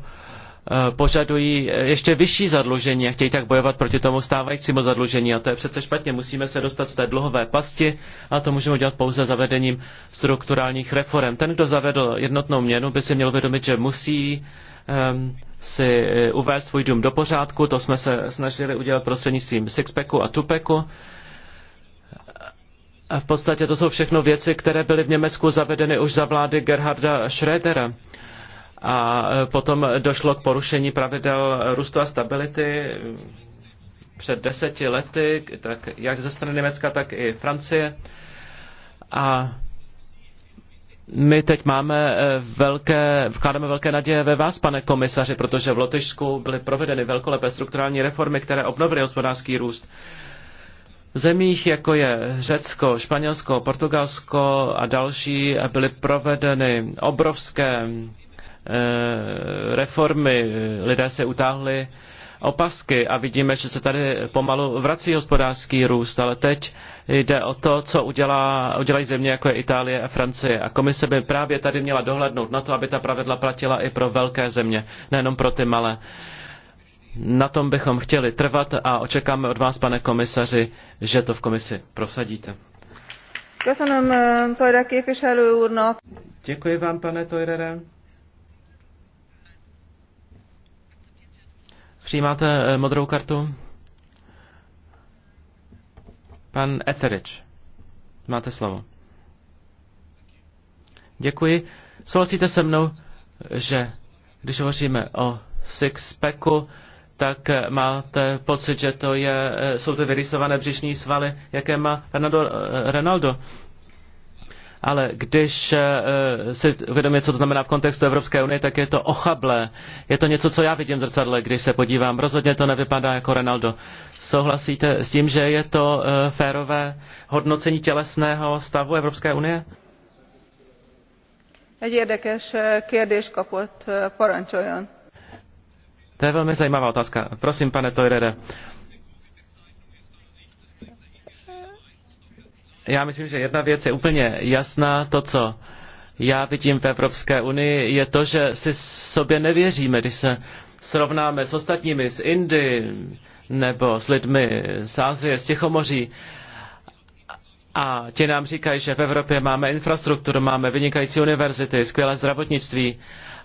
Speaker 2: požadují ještě vyšší zadlužení a chtějí tak bojovat proti tomu stávajícímu zadlužení. A to je přece špatně. Musíme se dostat z té dluhové pasti a to můžeme udělat pouze zavedením strukturálních reform. Ten, kdo zavedl jednotnou měnu, by si měl vědomit, že musí Ehm, si eh, uvést svůj dům do pořádku. To jsme se snažili udělat prostřednictvím sixpacku a tupeku. A v podstatě to jsou všechno věci, které byly v Německu zavedeny už za vlády Gerharda Schrödera. A eh, potom došlo k porušení pravidel růstu a stability před deseti lety, tak jak ze strany Německa, tak i Francie. A my teď máme eh, velké, vkládáme velké naděje ve vás, pane komisaři, protože v Lotyšsku byly provedeny velkolepé strukturální reformy, které obnovily hospodářský růst. V zemích, jako je Řecko, Španělsko, Portugalsko a další, byly provedeny obrovské eh, reformy. Lidé se utáhli opasky a vidíme, že se tady pomalu vrací hospodářský růst, ale teď jde o to, co udělá, udělají země, jako je Itálie a Francie. A komise by právě tady měla dohlednout na to, aby ta pravidla platila i pro velké země, nejenom pro ty malé. Na tom bychom chtěli trvat a očekáme od vás, pane komisaři, že to v komisi prosadíte.
Speaker 4: Eh,
Speaker 2: Děkuji vám, pane Tojrere. Přijímáte eh, modrou kartu? Pan Etherich, máte slovo. Děkuji. Souhlasíte se mnou, že když hovoříme o sixpacku, tak eh, máte pocit, že to je, eh, jsou ty vyrysované břišní svaly, jaké má Fernando Ronaldo ale když eh, si uvědomit, co to znamená v kontextu Evropské unie, tak je to ochablé. Je to něco, co já vidím v zrcadle, když se podívám. Rozhodně to nevypadá jako Ronaldo. Souhlasíte s tím, že je to eh, férové hodnocení tělesného stavu Evropské unie?
Speaker 4: Eh,
Speaker 2: to je velmi zajímavá otázka. Prosím, pane Tojrede. Já myslím, že jedna věc je úplně jasná, to, co já vidím v Evropské unii, je to, že si sobě nevěříme, když se srovnáme s ostatními z Indy nebo s lidmi z Asie, z Tichomoří. A ti nám říkají, že v Evropě máme infrastrukturu, máme vynikající univerzity, skvělé zdravotnictví,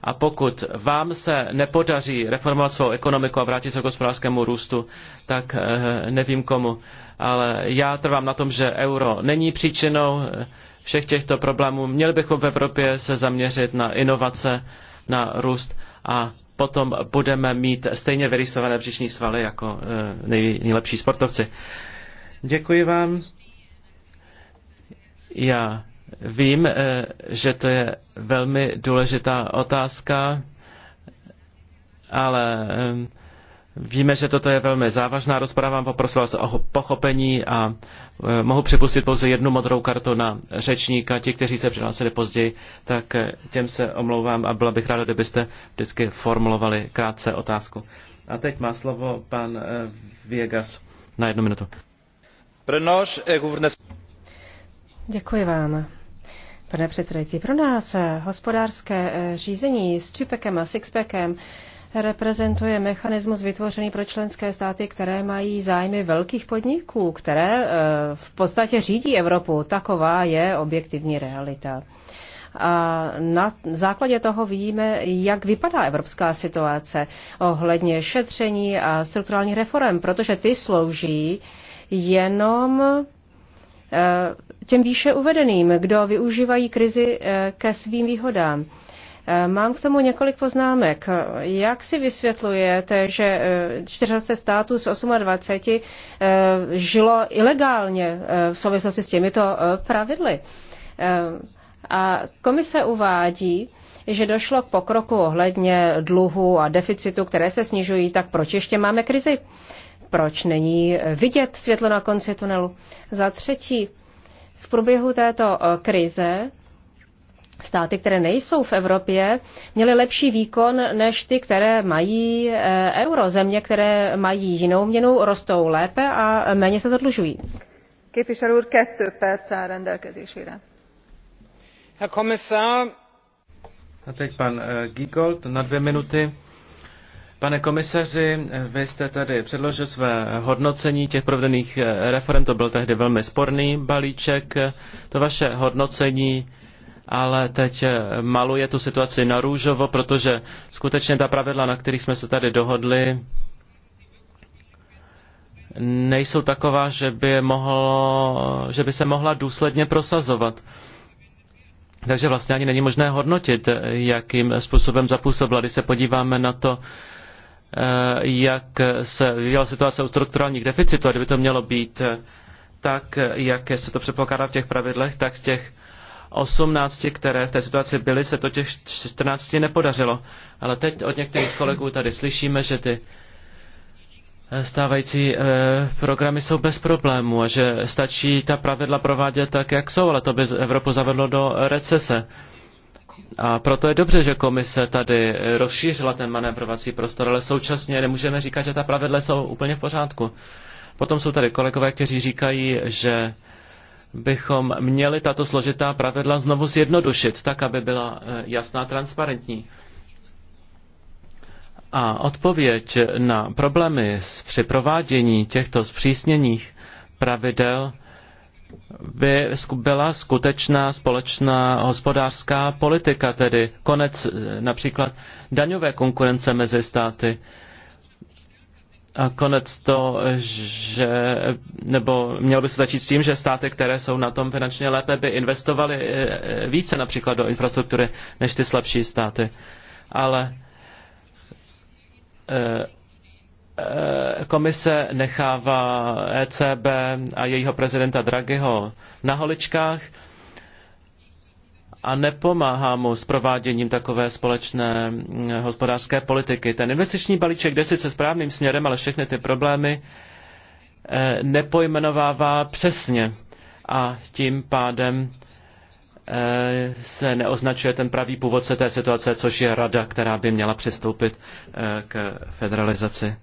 Speaker 2: a pokud vám se nepodaří reformovat svou ekonomiku a vrátit se k hospodářskému růstu, tak eh, nevím komu. Ale já trvám na tom, že euro není příčinou eh, všech těchto problémů. Měli bychom v Evropě se zaměřit na inovace, na růst a potom budeme mít stejně vyrysované břišní svaly jako eh, nej, nejlepší sportovci. Děkuji vám. Já Vím, eh, že to je velmi důležitá otázka, ale eh, víme, že toto je velmi závažná rozprava. Poprosila se o pochopení a eh, mohu připustit pouze jednu modrou kartu na řečníka. Ti, kteří se přihlásili později, tak těm se omlouvám a byla bych ráda, kdybyste vždycky formulovali krátce otázku. A teď má slovo pan Viegas na jednu minutu.
Speaker 3: Děkuji vám. Pane předsedající, pro nás hospodářské eh, řízení s čipekem a sixpackem reprezentuje mechanismus vytvořený pro členské státy, které mají zájmy velkých podniků, které eh, v podstatě řídí Evropu. Taková je objektivní realita. A na základě toho vidíme, jak vypadá evropská situace ohledně šetření a strukturálních reform, protože ty slouží jenom Eh, těm výše uvedeným, kdo využívají krizi eh, ke svým výhodám. Eh, mám k tomu několik poznámek. Jak si vysvětlujete, že 40 států z 28 žilo ilegálně v souvislosti s těmito pravidly? A komise uvádí, že došlo k pokroku ohledně dluhu a deficitu, které se snižují, tak proč ještě máme krizi? proč není vidět světlo na konci tunelu. Za třetí, v průběhu této eh, krize státy, které nejsou v Evropě, měly lepší výkon než ty, které mají eh, euro. Země, které mají jinou měnu, rostou lépe a méně se zadlužují.
Speaker 5: Herr Kommissar.
Speaker 2: A teď pan eh, Gigold na dvě minuty. Pane komisaři, vy jste tady předložil své hodnocení těch provedených eh, reform, to byl tehdy velmi sporný balíček, to vaše hodnocení, ale teď eh, maluje tu situaci na růžovo, protože skutečně ta pravidla, na kterých jsme se tady dohodli, nejsou taková, že by, mohlo, že by se mohla důsledně prosazovat. Takže vlastně ani není možné hodnotit, eh, jakým způsobem zapůsobila. Když se podíváme na to, Eh, jak se vyvíjela situace u strukturálních deficitů a kdyby to mělo být eh, tak, eh, jak se to předpokládá v těch pravidlech, tak z těch 18, které v té situaci byly, se to těch 14 nepodařilo. Ale teď od některých kolegů tady slyšíme, že ty stávající programy jsou bez problémů a že stačí ta pravidla provádět tak, jak jsou, ale to by Evropu zavedlo do recese. A proto je dobře, že komise tady rozšířila ten manévrovací prostor, ale současně nemůžeme říkat, že ta pravidla jsou úplně v pořádku. Potom jsou tady kolegové, kteří říkají, že bychom měli tato složitá pravidla znovu zjednodušit, tak, aby byla eh, jasná, transparentní. A odpověď na problémy při provádění těchto zpřísněních pravidel by byla skutečná společná hospodářská politika, tedy konec eh, například daňové konkurence mezi státy a konec to, že, nebo mělo by se začít s tím, že státy, které jsou na tom finančně lépe, by investovaly eh, eh, více například do infrastruktury než ty slabší státy. Ale Eh, komise nechává ECB a jejího prezidenta Draghiho na holičkách a nepomáhá mu s prováděním takové společné mm, hospodářské politiky. Ten investiční balíček jde sice správným směrem, ale všechny ty problémy eh, nepojmenovává přesně a tím pádem eh, se neoznačuje ten pravý původce té situace, což je rada, která by měla přistoupit k federalizaci.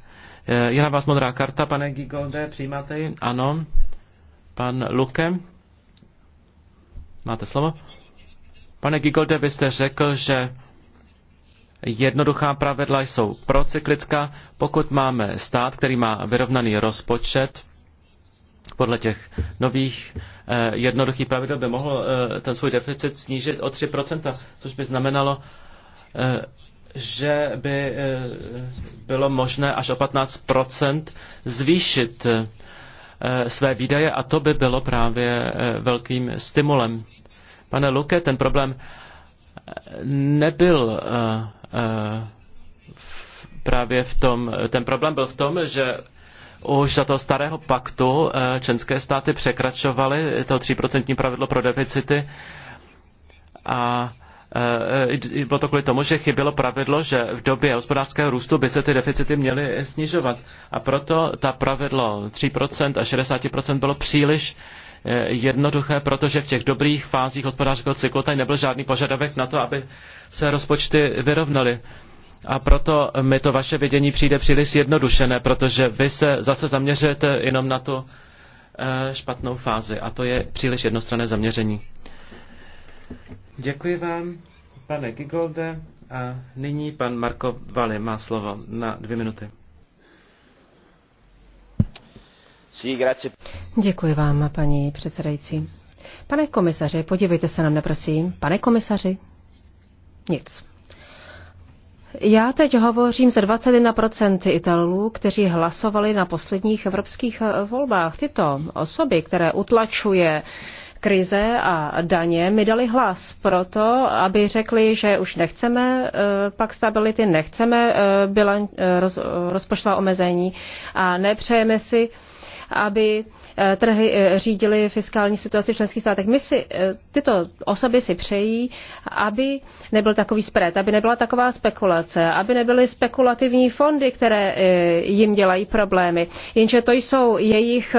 Speaker 2: Eh, je na vás modrá karta, pane Gigolde, přijímáte ji? Ano. Pan Luke, máte slovo? Pane Gigolde, vy jste řekl, že jednoduchá pravidla jsou procyklická. Pokud máme stát, který má vyrovnaný rozpočet, podle těch nových eh, jednoduchých pravidel by mohl eh, ten svůj deficit snížit o 3%, což by znamenalo eh, že by eh, bylo možné až o 15 zvýšit eh, své výdaje a to by bylo právě eh, velkým stimulem. Pane Luke, ten problém nebyl právě v tom, ten problém byl v tom, že už za toho starého paktu členské státy překračovaly to 3% pravidlo pro deficity a Eh, eh, bylo to kvůli tomu, že chybělo pravidlo, že v době hospodářského růstu by se ty deficity měly snižovat. A proto ta pravidlo 3% a 60% bylo příliš eh, jednoduché, protože v těch dobrých fázích hospodářského cyklu tady nebyl žádný požadavek na to, aby se rozpočty vyrovnaly. A proto mi to vaše vidění přijde příliš jednodušené, protože vy se zase zaměřujete jenom na tu špatnou fázi a to je příliš jednostranné zaměření. Děkuji vám, pane Gigolde. A nyní pan Marko Vali má slovo na dvě minuty.
Speaker 3: Děkuji vám, paní předsedající. Pane komisaři, podívejte se na mne, prosím. Pane komisaři? Nic. Já teď hovořím ze 21% Italů, kteří hlasovali na posledních evropských eh, volbách. Tyto osoby, které utlačuje uh, krize a daně mi dali hlas proto, aby řekli, že už nechceme eh, pak stability, nechceme eh, bilan, eh, roz, rozpočtová omezení a nepřejeme si, aby Eh, trhy eh, řídily fiskální situaci v členských státech. My si, eh, tyto osoby si přejí, aby nebyl takový spread, aby nebyla taková spekulace, aby nebyly spekulativní fondy, které jim dělají problémy. Jenže to jsou jejich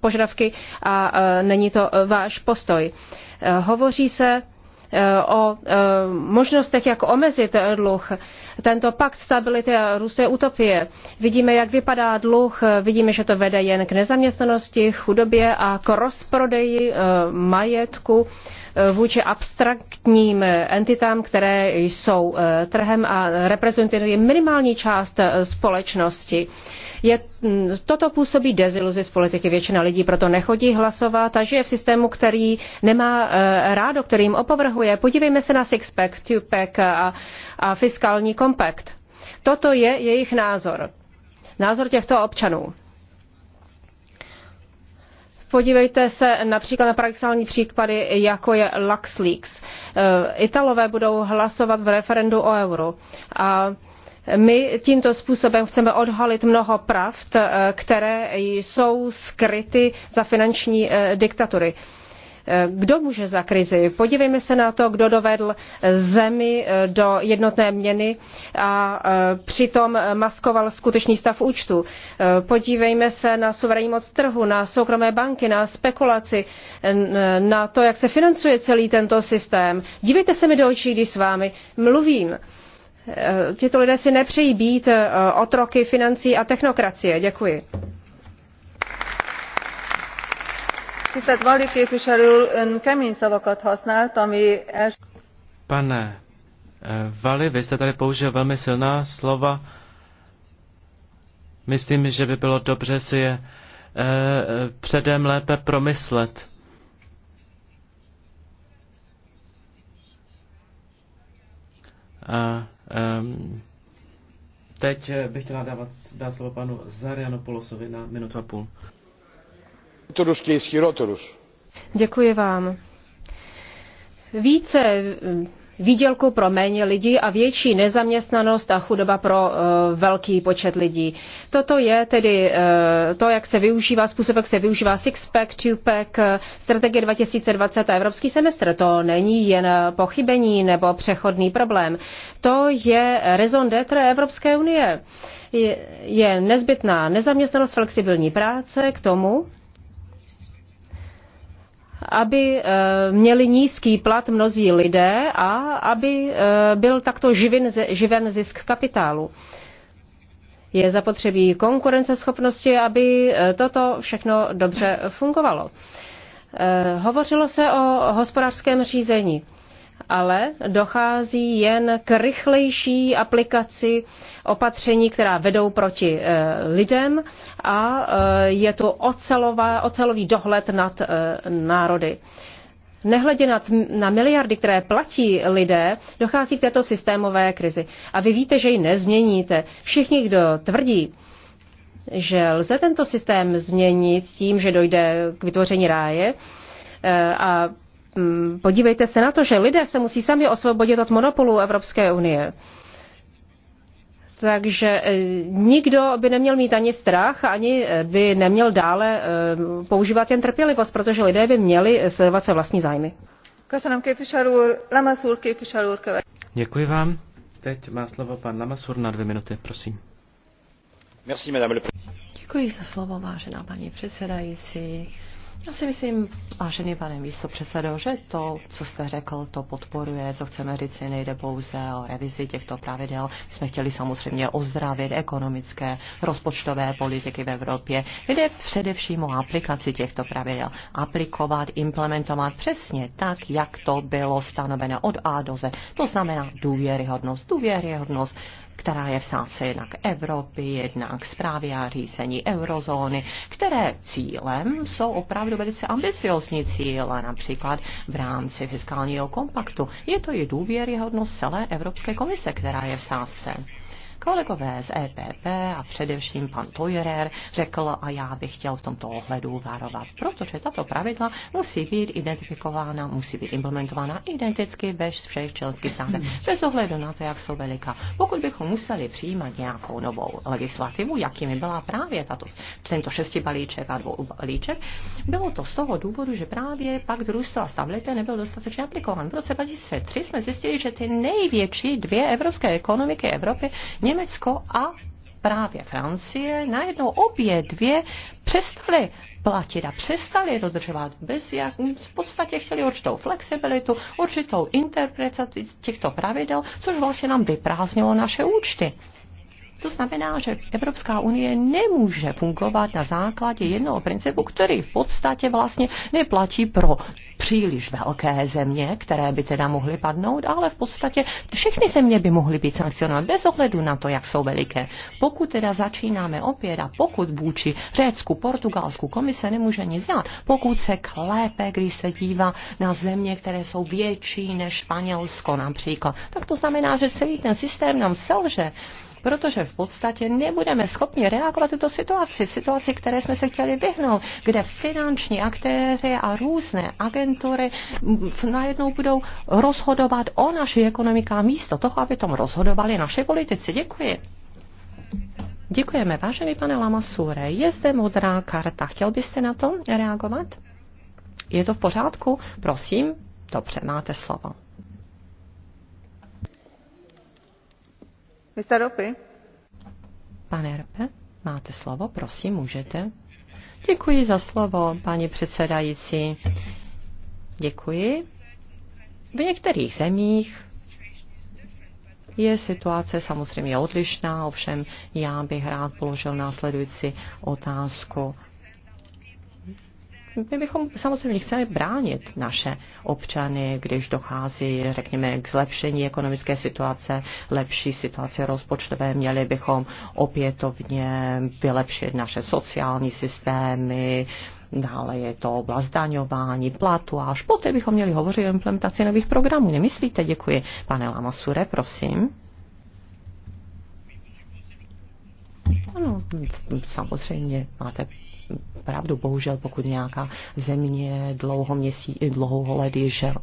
Speaker 3: požadavky a není to váš postoj. Hovoří se Eh, o eh, možnostech, jak omezit eh, dluh. Tento pakt stability a růst je utopie. Vidíme, jak vypadá dluh, vidíme, že to vede jen k nezaměstnanosti, chudobě a k rozprodeji majetku vůči abstraktním entitám, které jsou eh, trhem a reprezentují minimální část eh, společnosti. Je, mm, toto působí deziluzi z politiky. Většina lidí proto nechodí hlasovat a žije v systému, který nemá eh, rádo, kterým opovrhuje. Podívejme se na Sixpack, Tupac a, a fiskální kompakt. Toto je jejich názor. Názor těchto občanů. Podívejte se například na paradoxální příklady, jako je LuxLeaks. Eh, Italové budou hlasovat v referendu o euro. A my tímto způsobem chceme odhalit mnoho pravd, eh, které jsou skryty za finanční eh, diktatury. Eh, kdo může za krizi? Podívejme se na to, kdo dovedl zemi eh, do jednotné měny a eh, přitom maskoval skutečný stav účtu. Podívejme se na suverénní moc trhu, na soukromé banky, na spekulaci, na to, jak se financuje celý tento systém. Dívejte se mi do očí, když s vámi mluvím. Tito lidé si nepřejí být otroky financí a technokracie. Děkuji.
Speaker 4: tisztelt Valli
Speaker 2: Pane eh, Vali, vy jste tady použil velmi silná slova. Myslím, že by bylo dobře si je eh, předem lépe promyslet. A um, teď bych chtěla dát slovo panu Zarianopoulosovi na minutu a půl.
Speaker 3: Děkuji vám. Více výdělku pro méně lidí a větší nezaměstnanost a chudoba pro uh, velký počet lidí. Toto je tedy uh, to, jak se využívá, způsob, jak se využívá six-pack, two-pack, eh, strategie 2020 a evropský semestr. To není jen pochybení nebo přechodný problém. To je raison d'être Evropské unie. Je, je nezbytná nezaměstnanost, flexibilní práce k tomu, aby eh, měli nízký plat mnozí lidé a aby eh, byl takto živin, živen zisk kapitálu. Je zapotřebí konkurenceschopnosti, aby eh, toto všechno dobře fungovalo. Hovořilo se o hospodářském řízení ale dochází jen k rychlejší aplikaci opatření, která vedou proti eh, lidem a eh, je to ocelová, ocelový dohled nad eh, národy. Nehledě na, na miliardy, které platí lidé, dochází k této systémové krizi. A vy víte, že ji nezměníte. Všichni, kdo tvrdí, že lze tento systém změnit tím, že dojde k vytvoření ráje a Mm, podívejte se na to, že lidé se musí sami osvobodit od monopolu Evropské unie. Takže e, nikdo by neměl mít ani strach, ani e, by neměl dále e, používat jen trpělivost, protože lidé by měli sledovat své vlastní zájmy.
Speaker 2: Děkuji vám. Teď má slovo pan Lamasur na dvě minuty, prosím.
Speaker 1: Děkuji za slovo, vážená paní předsedající. Já si myslím, vážený pane předsedo, že to, co jste řekl, to podporuje, co chceme říct, si nejde pouze o revizi těchto pravidel. My jsme chtěli samozřejmě ozdravit ekonomické, rozpočtové politiky v Evropě. Jde především o aplikaci těchto pravidel. Aplikovat, implementovat přesně tak, jak to bylo stanoveno od A do Z. To znamená důvěryhodnost, důvěryhodnost která je v sásce jednak Evropy, jednak zprávy a řízení eurozóny, které cílem jsou opravdu velice ambiciozní cíle, například v rámci fiskálního kompaktu. Je to i důvěryhodnost celé Evropské komise, která je v sásce. Kolegové z EPP a především pan Tojerer řekl, a já bych chtěl v tomto ohledu varovat, protože tato pravidla musí být identifikována, musí být implementována identicky ve všech členských státech, bez ohledu na to, jak jsou veliká. Pokud bychom museli přijímat nějakou novou legislativu, jakými byla právě tato, tento šesti balíček a dvou balíček, bylo to z toho důvodu, že právě pak růstu a stability nebyl dostatečně aplikován. V roce 2003 jsme zjistili, že ty největší dvě evropské ekonomiky Evropy Německo a právě Francie najednou obě dvě přestaly platit a přestali dodržovat bez jak, v podstatě chtěli určitou flexibilitu, určitou interpretaci těchto pravidel, což vlastně nám vyprázdnilo naše účty. To znamená, že Evropská unie nemůže fungovat na základě jednoho principu, který v podstatě vlastně neplatí pro příliš velké země, které by teda mohly padnout, ale v podstatě všechny země by mohly být sankcionovány bez ohledu na to, jak jsou veliké. Pokud teda začínáme opět a pokud vůči Řecku, Portugalsku komise nemůže nic dělat, pokud se klépe, když se dívá na země, které jsou větší než Španělsko například, tak to znamená, že celý ten systém nám selže protože v podstatě nebudeme schopni reagovat tuto situaci, situaci, které jsme se chtěli vyhnout, kde finanční aktéři a různé agentury najednou budou rozhodovat o naší ekonomika místo toho, aby tom rozhodovali naše politici. Děkuji. Děkujeme, vážený pane Lamasure. Je zde modrá karta. Chtěl byste na to reagovat? Je to v pořádku? Prosím. Dobře, máte slovo. Pane Rope, máte slovo, prosím, můžete. Děkuji za slovo, paní předsedající. Děkuji. V některých zemích je situace samozřejmě odlišná, ovšem já bych rád položil následující otázku my bychom samozřejmě chceli bránit naše občany, když dochází, řekněme, k zlepšení ekonomické situace, lepší situace rozpočtové. Měli bychom opětovně vylepšit naše sociální systémy, Dále je to oblast daňování, platu a až poté bychom měli hovořit o implementaci nových programů. Nemyslíte? Děkuji. Pane Lamasure, prosím. Ano, samozřejmě máte pravdu, bohužel, pokud nějaká země dlouho měsí, dlouho let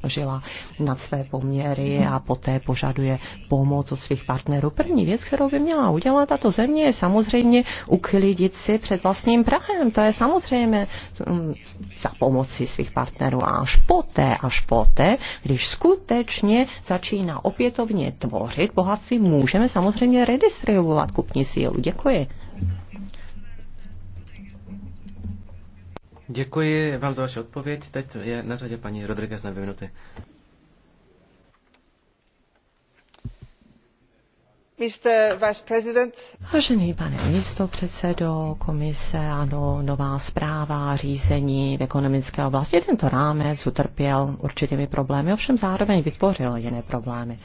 Speaker 1: žila nad své poměry a poté požaduje pomoc od svých partnerů. První věc, kterou by měla udělat tato země, je samozřejmě uklidit si před vlastním prahem. To je samozřejmě mm, za pomoci svých partnerů. A až poté, až poté, když skutečně začíná opětovně tvořit bohatství, můžeme samozřejmě redistribuovat kupní sílu. Děkuji.
Speaker 2: Děkuji vám za vaši odpověď. Teď je na řadě paní Rodriguez na dvě minuty.
Speaker 1: Vážený pane předsedo komise, ano, nová zpráva, řízení v ekonomické oblasti. Tento rámec utrpěl určitými problémy, ovšem zároveň vytvořil jiné problémy.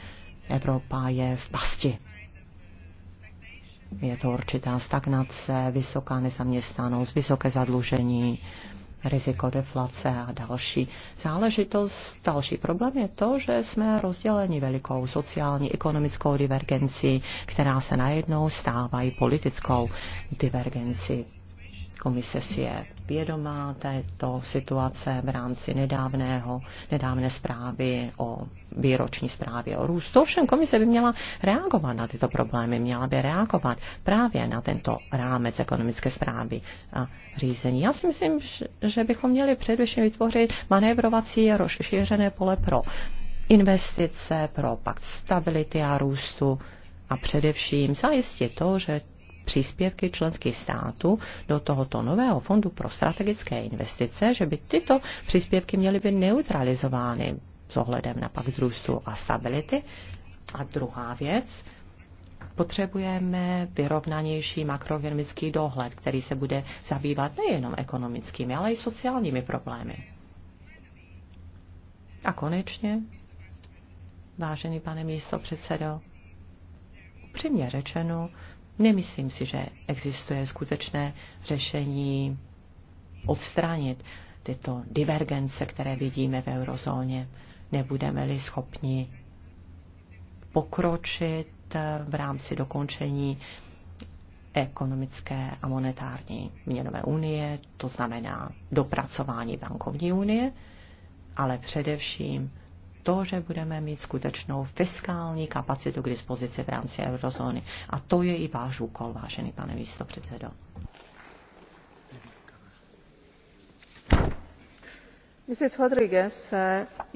Speaker 1: Evropa je v pasti. Je to určitá stagnace, vysoká nezaměstnanost, vysoké zadlužení, riziko deflace a další záležitost. Další problém je to, že jsme rozděleni velikou sociální, ekonomickou divergenci, která se najednou stává i politickou divergenci. Komise si je vědomá této situace v rámci nedávného, nedávné zprávy o výroční zprávě o růstu. Ovšem komise by měla reagovat na tyto problémy, měla by reagovat právě na tento rámec ekonomické zprávy a řízení. Já si myslím, že bychom měli především vytvořit manévrovací a rozšířené pole pro investice, pro pakt stability a růstu a především zajistit to, že příspěvky členských států do tohoto nového fondu pro strategické investice, že by tyto příspěvky měly být neutralizovány s ohledem na pak růstu a stability. A druhá věc, potřebujeme vyrovnanější makroekonomický dohled, který se bude zabývat nejenom ekonomickými, ale i sociálními problémy. A konečně, vážený pane místo předsedo, upřímně řečeno, Nemyslím si, že existuje skutečné řešení odstranit tyto divergence, které vidíme v eurozóně. Nebudeme-li schopni pokročit eh, v rámci dokončení ekonomické a monetární měnové unie, to znamená dopracování bankovní unie, ale především to, že budeme mít skutečnou fiskální kapacitu k dispozici v rámci eurozóny. A to je i váš úkol, vážený pane místopředsedo.
Speaker 4: Mrs. Rodriguez,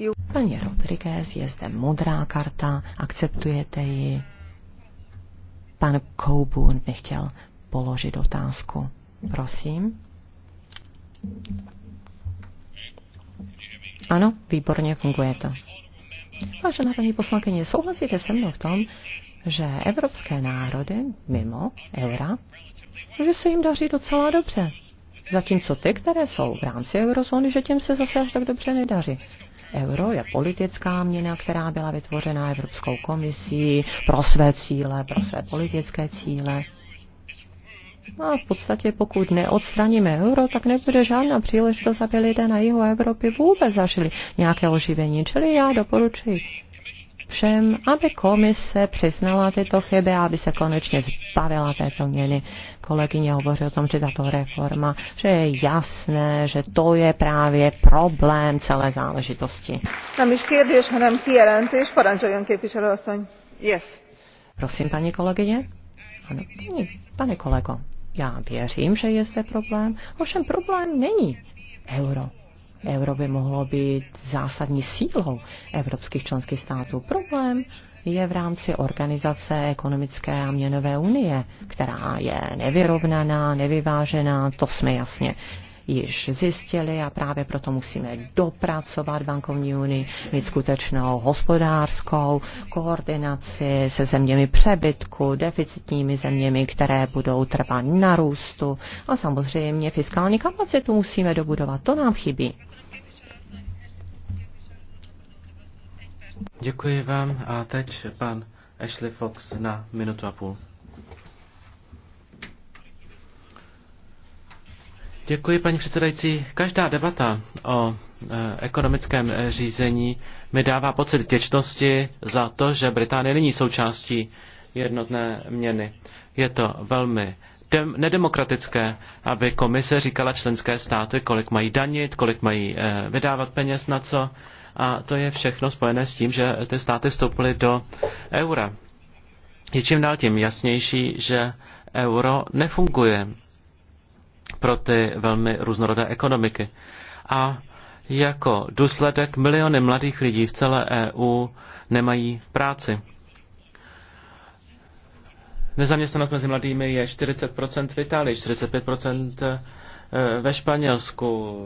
Speaker 4: uh, Paní
Speaker 1: Rodriguez, je zde modrá karta, akceptujete ji? Pan Coburn mi chtěl položit otázku. Prosím. Ano, výborně funguje to. Vážená paní poslankyně, souhlasíte se mnou v tom, že evropské národy mimo eura, že se jim daří docela dobře. Zatímco ty, které jsou v rámci eurozóny, že těm se zase až tak dobře nedaří. Euro je politická měna, která byla vytvořena Evropskou komisí pro své cíle, pro své politické cíle. A v podstatě pokud neodstraníme euro, tak nebude žádná příležitost, aby lidé na jihu Evropy vůbec zažili nějaké oživení. Čili já doporučuji všem, aby komise přiznala tyto chyby a aby se konečně zbavila této měny. Kolegyně hovoří o tom, že tato reforma, že je jasné, že to je právě problém celé záležitosti.
Speaker 4: Tam Yes.
Speaker 1: Prosím, paní kolegyně. Ano, hm, pane kolego, já věřím, že je zde problém, ovšem problém není euro. Euro by mohlo být zásadní sílou evropských členských států. Problém je v rámci organizace ekonomické a měnové unie, která je nevyrovnaná, nevyvážená, to jsme jasně již zjistili a právě proto musíme dopracovat bankovní unii, mít skutečnou hospodářskou koordinaci se zeměmi přebytku, deficitními zeměmi, které budou trvat na růstu a samozřejmě fiskální kapacitu musíme dobudovat. To nám chybí.
Speaker 2: Děkuji vám a teď pan Ashley Fox na minutu a půl. Děkuji, paní předsedající. Každá debata o e, ekonomickém e, řízení mi dává pocit těčnosti za to, že Británie není součástí jednotné měny. Je to velmi dem- nedemokratické, aby komise říkala členské státy, kolik mají danit, kolik mají e, vydávat peněz na co. A to je všechno spojené s tím, že ty státy vstoupily do eura. Je čím dál tím jasnější, že euro nefunguje pro ty velmi různorodé ekonomiky. A jako důsledek miliony mladých lidí v celé EU nemají práci. Nezaměstnanost mezi mladými je 40% v Itálii, 45% eh, ve Španělsku,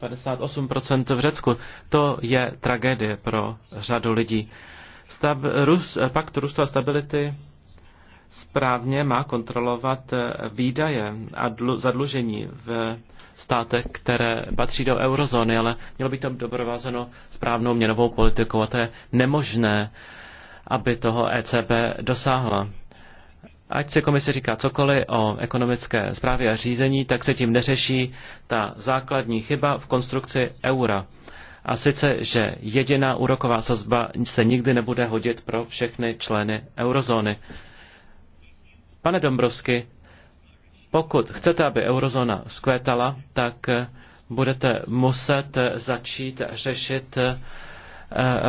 Speaker 2: 58% v Řecku. To je tragédie pro řadu lidí. Stab, růst, eh, pakt růstu a stability správně má kontrolovat eh, výdaje a dlu, zadlužení v státech, které patří do eurozóny, ale mělo by to být doprovázeno správnou měnovou politikou a to je nemožné, aby toho ECB dosáhla. Ať se komise říká cokoliv o ekonomické zprávě a řízení, tak se tím neřeší ta základní chyba v konstrukci eura. A sice, že jediná úroková sazba se nikdy nebude hodit pro všechny členy eurozóny. Pane Dombrovsky, pokud chcete, aby eurozóna zkvétala, tak eh, budete muset eh, začít řešit eh,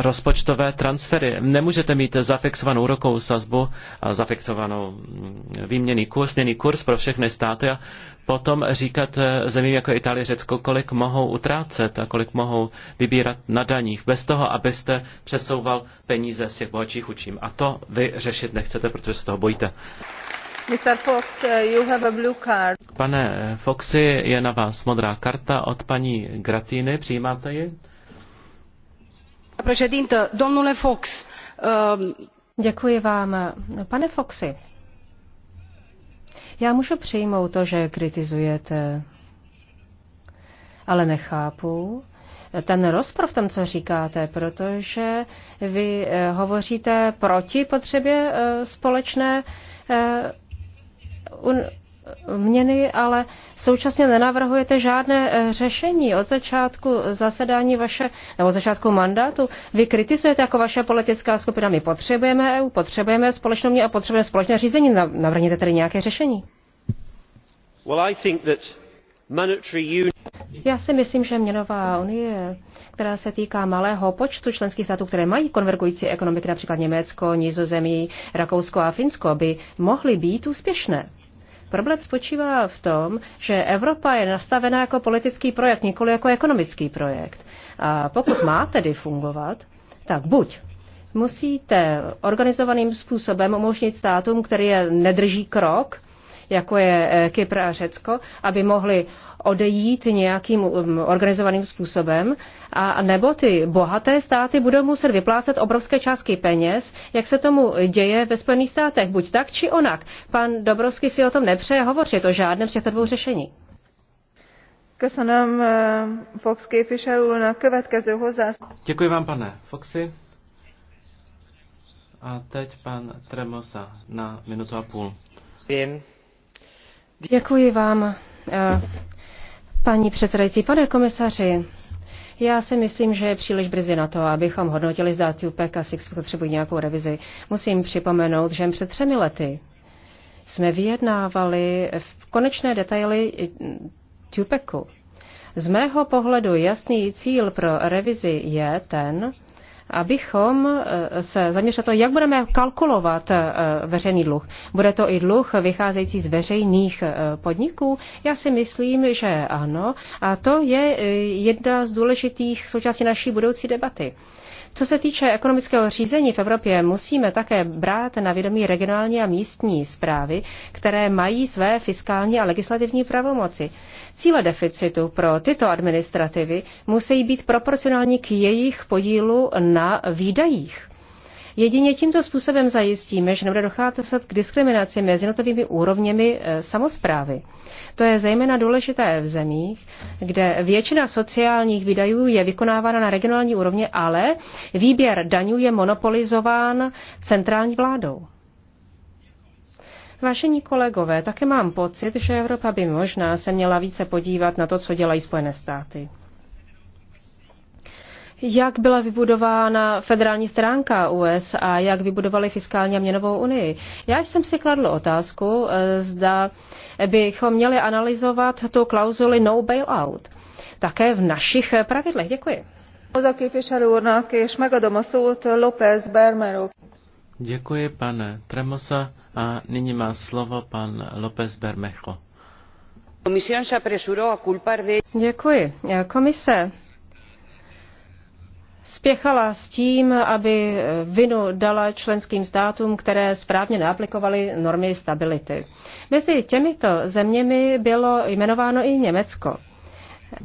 Speaker 2: rozpočtové transfery. Nemůžete mít zafixovanou úrokovou sazbu a zafixovanou mm, výměný kurz, měný kurz pro všechny státy a potom říkat zemím jako Itálie, Řecko, kolik mohou utrácet a kolik mohou vybírat na daních, bez toho, abyste přesouval peníze z těch bohatších učím. A to vy řešit nechcete, protože se toho bojíte.
Speaker 4: Eh,
Speaker 2: Pane eh, Foxy, je na vás modrá karta od paní Gratiny. Přijímáte ji?
Speaker 3: Președintă, domnule Fox. Ehm, Děkuji vám. Pane Foxy, já můžu přijmout to, že kritizujete, ale nechápu ten rozpor v tom, co říkáte, protože vy eh, hovoříte proti potřebě společné měny, ale současně nenavrhujete žádné eh, řešení. Od začátku zasedání vaše, nebo začátku mandátu, vy kritizujete jako vaše politická skupina. My potřebujeme EU, potřebujeme společnou mě a potřebujeme společné řízení. Navrhněte tedy nějaké řešení.
Speaker 2: Well, I think that
Speaker 3: já si myslím, že měnová unie, která se týká malého počtu členských států, které mají konvergující ekonomiky, například Německo, Nizozemí, Rakousko a Finsko, by mohly být úspěšné. Problém spočívá v tom, že Evropa je nastavená jako politický projekt, nikoli jako ekonomický projekt. A pokud má tedy fungovat, tak buď musíte organizovaným způsobem umožnit státům, který je nedrží krok, jako je eh, Kypr a Řecko, aby mohli odejít nějakým um, organizovaným způsobem, a nebo ty bohaté státy budou muset vyplácet obrovské částky peněz, jak se tomu děje ve Spojených státech, buď tak, či onak. Pan Dobrovský si o tom nepřeje hovořit, o žádném z těchto dvou řešení.
Speaker 4: Eh,
Speaker 2: Děkuji vám, pane Foxy. A teď pan Tremosa na minutu a půl. Vím.
Speaker 3: Děkuji vám, eh, paní předsedající. Pane komisaři, já si myslím, že je příliš brzy na to, abychom hodnotili zda Tupek a Six potřebují nějakou revizi. Musím připomenout, že před třemi lety jsme vyjednávali v konečné detaily Tupeku. Z mého pohledu jasný cíl pro revizi je ten, abychom eh, se zaměřili to, jak budeme kalkulovat eh, veřejný dluh. Bude to i dluh vycházející z veřejných eh, podniků? Já si myslím, že ano. A to je jedna z důležitých součástí naší budoucí debaty. Co se týče ekonomického řízení v Evropě, musíme také brát na vědomí regionální a místní zprávy, které mají své fiskální a legislativní pravomoci. Cíle deficitu pro tyto administrativy musí být proporcionální k jejich podílu na výdajích. Jedině tímto způsobem zajistíme, že nebude docházet k diskriminaci mezi jednotlivými úrovněmi eh, samozprávy. To je zejména důležité v zemích, kde většina sociálních výdajů je vykonávána na regionální úrovni, ale výběr daňů je monopolizován centrální vládou. Vážení kolegové, také mám pocit, že Evropa by možná se měla více podívat na to, co dělají Spojené státy jak byla vybudována federální stránka US a jak vybudovali fiskální a měnovou unii. Já jsem si kladl otázku, eh, zda bychom měli analyzovat tu klauzuli no bailout. Také v našich eh, pravidlech. Děkuji.
Speaker 2: Děkuji, pane Tremosa. A nyní má slovo pan López Bermejo.
Speaker 3: Děkuji. Komise spěchala s tím, aby vinu dala členským státům, které správně neaplikovaly normy stability. Mezi těmito zeměmi bylo jmenováno i Německo.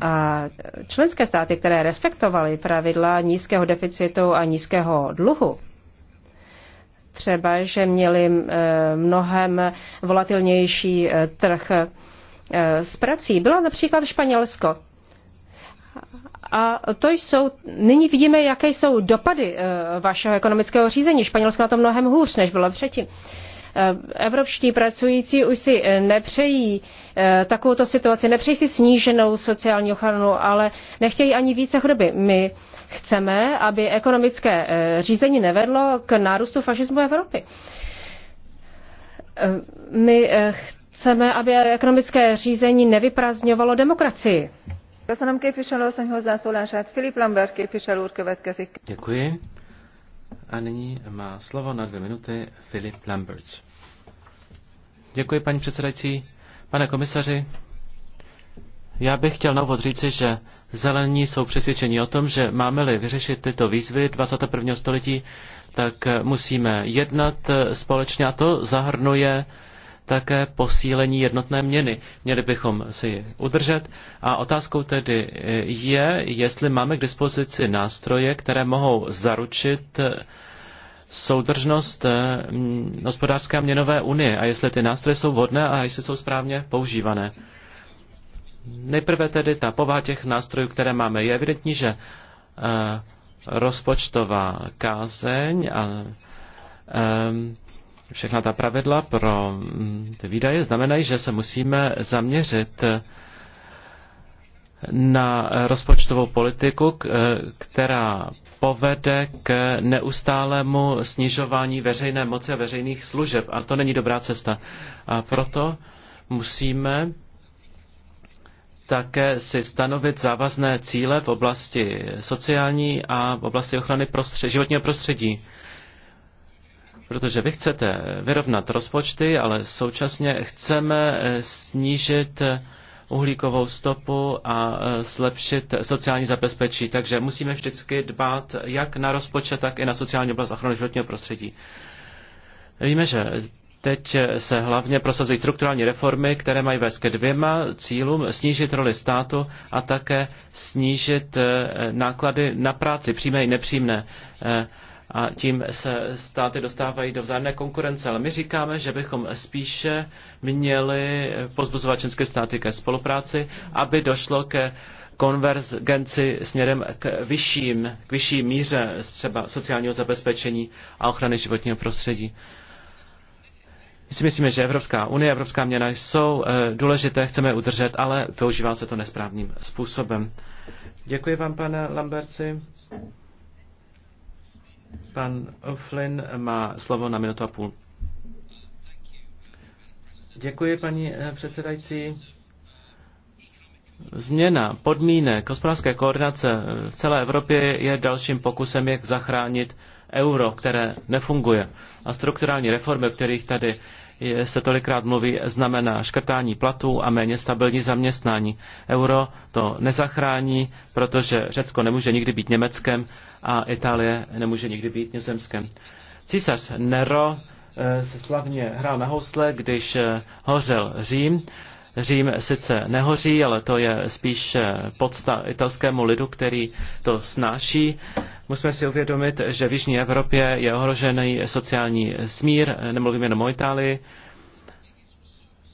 Speaker 3: A členské státy, které respektovaly pravidla nízkého deficitu a nízkého dluhu, třeba, že měli eh, mnohem volatilnější eh, trh eh, s prací, bylo například Španělsko, a to jsou, nyní vidíme, jaké jsou dopady eh, vašeho ekonomického řízení. Španělsko na to mnohem hůř, než bylo předtím. Eh, evropští pracující už si eh, nepřejí takovouto situaci, nepřejí si sníženou sociální ochranu, ale nechtějí ani více chudoby. My chceme, aby ekonomické řízení nevedlo k nárůstu fašismu Evropy. My chceme, aby ekonomické řízení nevyprázdňovalo demokracii.
Speaker 4: Filip
Speaker 2: Děkuji, paní předsedající. Pane komisaři, já bych chtěl na úvod říci, že zelení jsou přesvědčeni o tom, že máme-li vyřešit tyto výzvy 21. století, tak musíme jednat společně a to zahrnuje také posílení jednotné měny. Měli bychom si ji udržet a otázkou tedy je, jestli máme k dispozici nástroje, které mohou zaručit eh, soudržnost eh, hospodářské a měnové unie a jestli ty nástroje jsou vhodné a jestli jsou správně používané. Nejprve tedy ta povaha těch nástrojů, které máme, je evidentní, že eh, rozpočtová kázeň a všechna ta pravidla pro mm, ty výdaje znamenají, že se musíme zaměřit eh, na rozpočtovou politiku, eh, která povede k neustálému snižování veřejné moci a veřejných služeb. A to není dobrá cesta. A proto musíme také si stanovit závazné cíle v oblasti sociální a v oblasti ochrany prostřed, životního prostředí protože vy chcete vyrovnat rozpočty, ale současně chceme eh, snížit eh, uhlíkovou stopu a eh, zlepšit sociální zabezpečí. Takže musíme vždycky dbát jak na rozpočet, tak i na sociální oblast ochrany životního prostředí. Víme, že teď se hlavně prosazují strukturální reformy, které mají vést ke dvěma cílům, snížit roli státu a také snížit náklady na práci, přímé i nepřímé a tím se státy dostávají do vzájemné konkurence. Ale my říkáme, že bychom spíše měli pozbuzovat české státy ke spolupráci, aby došlo ke konvergenci směrem k, vyšším, k vyšší míře třeba sociálního zabezpečení a ochrany životního prostředí. My si myslíme, že Evropská unie, Evropská měna jsou eh, důležité, chceme je udržet, ale využívá se to nesprávným způsobem. Děkuji vám, pane Lamberci. Pan Flynn má slovo na minutu a půl. Děkuji, paní eh, předsedající. Změna podmínek hospodářské koordinace eh, v celé Evropě je dalším pokusem, jak zachránit euro, které nefunguje. A strukturální reformy, o kterých tady se tolikrát mluví, znamená škrtání platů a méně stabilní zaměstnání. Euro to nezachrání, protože Řecko nemůže nikdy být Německem a Itálie nemůže nikdy být Nizozemskem. Císař Nero eh, se slavně hrál na housle, když eh, hořel Řím Řím sice nehoří, ale to je spíš podsta italskému lidu, který to snáší. Musíme si uvědomit, že v Jižní Evropě je ohrožený sociální smír, nemluvím jenom o Itálii.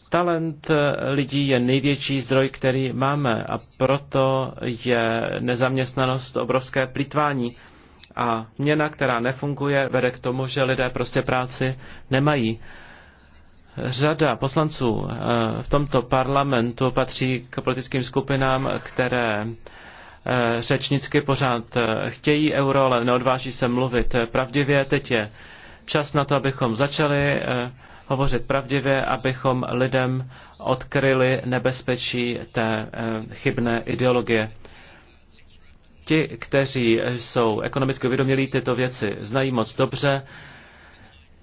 Speaker 2: Talent lidí je největší zdroj, který máme a proto je nezaměstnanost obrovské plítvání. A měna, která nefunguje, vede k tomu, že lidé prostě práci nemají. Řada poslanců eh, v tomto parlamentu patří k politickým skupinám, které eh, řečnicky pořád eh, chtějí euro, ale neodváží se mluvit pravdivě. Teď je čas na to, abychom začali hovořit pravdivě, abychom lidem odkryli nebezpečí té chybné ideologie. Ti, kteří jsou ekonomicky uvědomělí, tyto věci znají moc dobře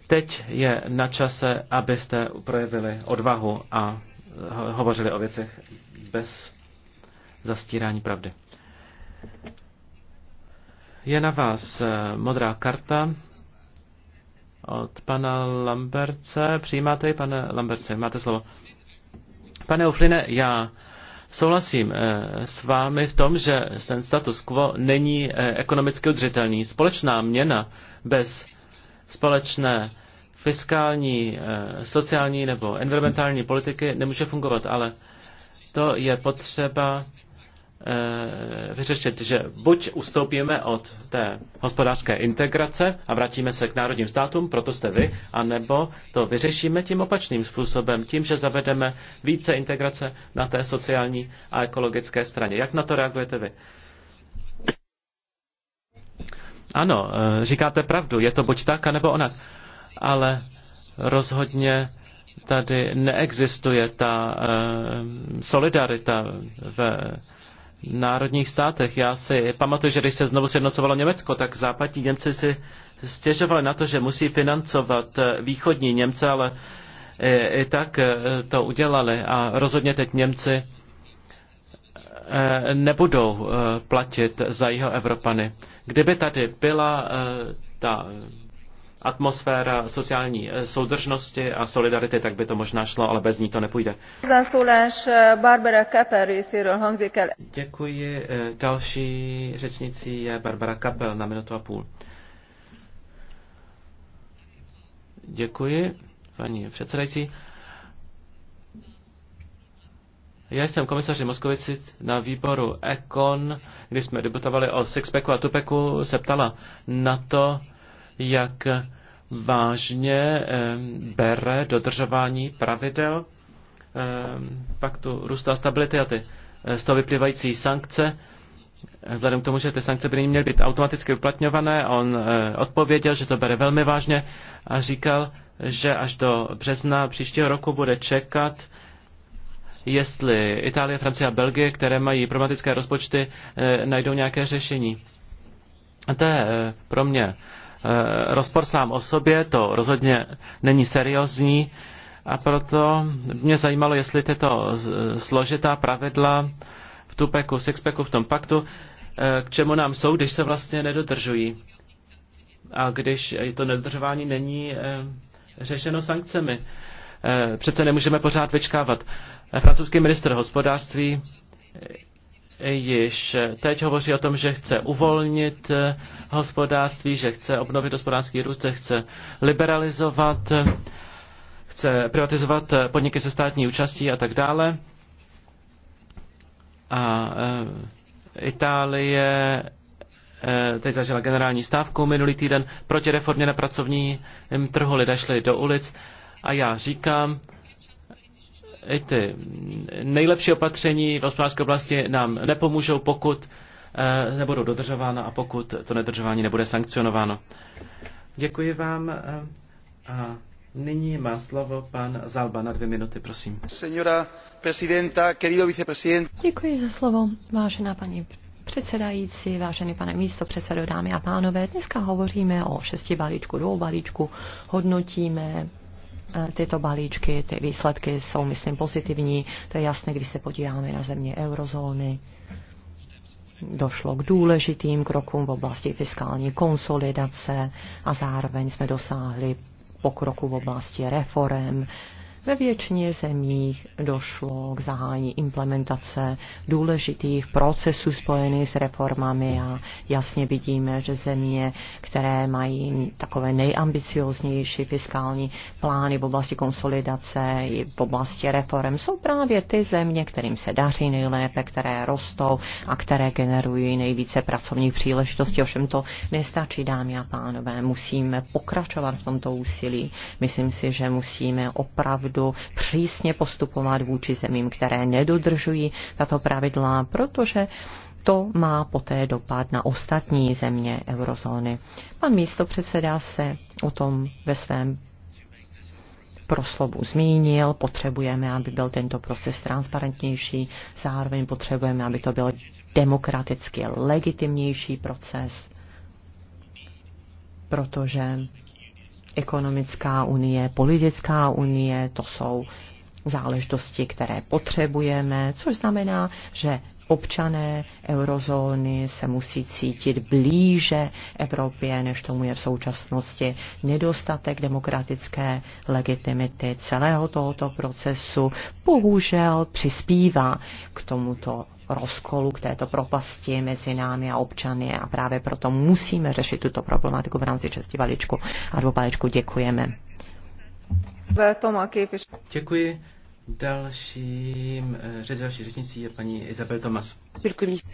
Speaker 2: Teď je na čase, abyste projevili odvahu a hovořili o věcech bez zastírání pravdy. Je na vás eh, modrá karta od pana Lamberce. Přijímáte ji, pane Lamberce? Máte slovo. Pane Ufline, já souhlasím eh, s vámi v tom, že ten status quo není eh, ekonomicky udržitelný. Společná měna bez společné fiskální, eh, sociální nebo environmentální politiky nemůže fungovat, ale to je potřeba eh, vyřešit, že buď ustoupíme od té hospodářské integrace a vrátíme se k národním státům, proto jste vy, anebo to vyřešíme tím opačným způsobem, tím, že zavedeme více integrace na té sociální a ekologické straně. Jak na to reagujete vy? Ano, eh, říkáte pravdu, je to buď tak, anebo onak. Ale rozhodně tady neexistuje ta eh, solidarita v národních státech. Já si pamatuju, že když se znovu sjednocovalo Německo, tak západní Němci si stěžovali na to, že musí financovat eh, východní Němce, ale i, i tak to udělali a rozhodně teď Němci nebudou platit za jeho Evropany. Kdyby tady byla eh, ta atmosféra sociální eh, soudržnosti a solidarity, tak by to možná šlo, ale bez ní to nepůjde.
Speaker 4: Eh, Barbara
Speaker 2: Děkuji. Další řečnicí je Barbara Kapel na minutu a půl. Děkuji, paní předsedající. Já jsem komisaři Moskovici na výboru Econ, kdy jsme debatovali o Sixpacku a Tupeku, se ptala na to, jak vážně bere dodržování pravidel paktu růstu a stability a ty eh, z toho vyplývající sankce. Vzhledem k tomu, že ty sankce by měly být automaticky uplatňované, on eh, odpověděl, že to bere velmi vážně a říkal, že až do března příštího roku bude čekat jestli Itálie, Francie a Belgie, které mají problematické rozpočty, eh, najdou nějaké řešení. To je eh, pro mě eh, rozpor sám o sobě, to rozhodně není seriózní a proto mě zajímalo, jestli tyto složitá pravidla v Tupeku, Sixpacku, v tom paktu, k čemu nám jsou, když se vlastně nedodržují. A když to nedodržování není řešeno sankcemi. Přece nemůžeme pořád vyčkávat. Francouzský minister hospodářství eh, již eh, teď hovoří o tom, že chce uvolnit eh, hospodářství, že chce obnovit hospodářský růst, že chce liberalizovat, chce privatizovat podniky se státní účastí a tak dále. A Itálie teď zažila generální stávku minulý týden proti reformě na pracovním trhu, lidé šli do ulic a já říkám, ty nejlepší opatření v hospodářské oblasti nám nepomůžou, pokud eh, nebudou dodržována a pokud to nedržování nebude sankcionováno. Děkuji vám eh, a nyní má slovo pan Zalba na dvě minuty, prosím. Senora prezidenta, querido viceprezident.
Speaker 1: Děkuji za slovo, vážená paní předsedající, vážený pane místo předsedo, dámy a pánové. Dneska hovoříme o šesti balíčku, dvou balíčku, hodnotíme tyto balíčky, ty výsledky jsou, myslím, pozitivní. To je jasné, když se podíváme na země eurozóny. Došlo k důležitým krokům v oblasti fiskální konsolidace a zároveň jsme dosáhli pokroku v oblasti reform, ve většině zemích došlo k zahájení implementace důležitých procesů spojených s reformami a jasně vidíme, že země, které mají takové nejambicioznější fiskální plány v oblasti konsolidace i v oblasti reform, jsou právě ty země, kterým se daří nejlépe, které rostou a které generují nejvíce pracovních příležitostí. Ovšem to nestačí, dámy a pánové. Musíme pokračovat v tomto úsilí. Myslím si, že musíme opravdu budu přísně postupovat vůči zemím, které nedodržují tato pravidla, protože to má poté dopad na ostatní země eurozóny. Pan předseda se o tom ve svém proslovu zmínil, potřebujeme, aby byl tento proces transparentnější, zároveň potřebujeme, aby to byl demokraticky legitimnější proces, protože ekonomická unie, politická unie, to jsou záležitosti, které potřebujeme, což znamená, že občané eurozóny se musí cítit blíže Evropě, než tomu je v současnosti. Nedostatek demokratické legitimity celého tohoto procesu bohužel přispívá k tomuto rozkolu, k této propasti mezi námi a občany a právě proto musíme řešit tuto problematiku v rámci česti balíčku a dvou balíčku. Děkujeme.
Speaker 2: Děkuji. Dalším, eh, že další řečnicí je paní Izabel Tomas.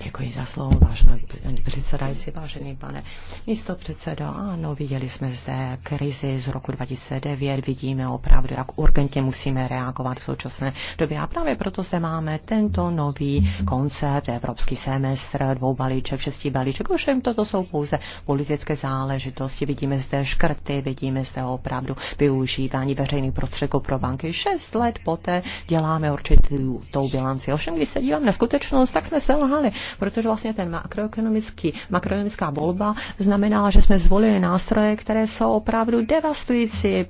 Speaker 1: Děkuji za slovo, vážená paní předsedající, vážený pane místo předsedo. Ano, viděli jsme zde krizi z roku 2009, vidíme opravdu, jak urgentně musíme reagovat v současné době. A právě proto zde máme tento nový koncept, evropský semestr, dvou balíček, šestí balíček. Ovšem toto jsou pouze politické záležitosti. Vidíme zde škrty, vidíme zde opravdu využívání veřejných prostředků pro banky. Šest let poté, děláme určitou tou bilanci. Ovšem, když se dívám na skutečnost, tak jsme selhali, protože vlastně ten makroekonomický, makroekonomická volba znamená, že jsme zvolili nástroje, které jsou opravdu devastující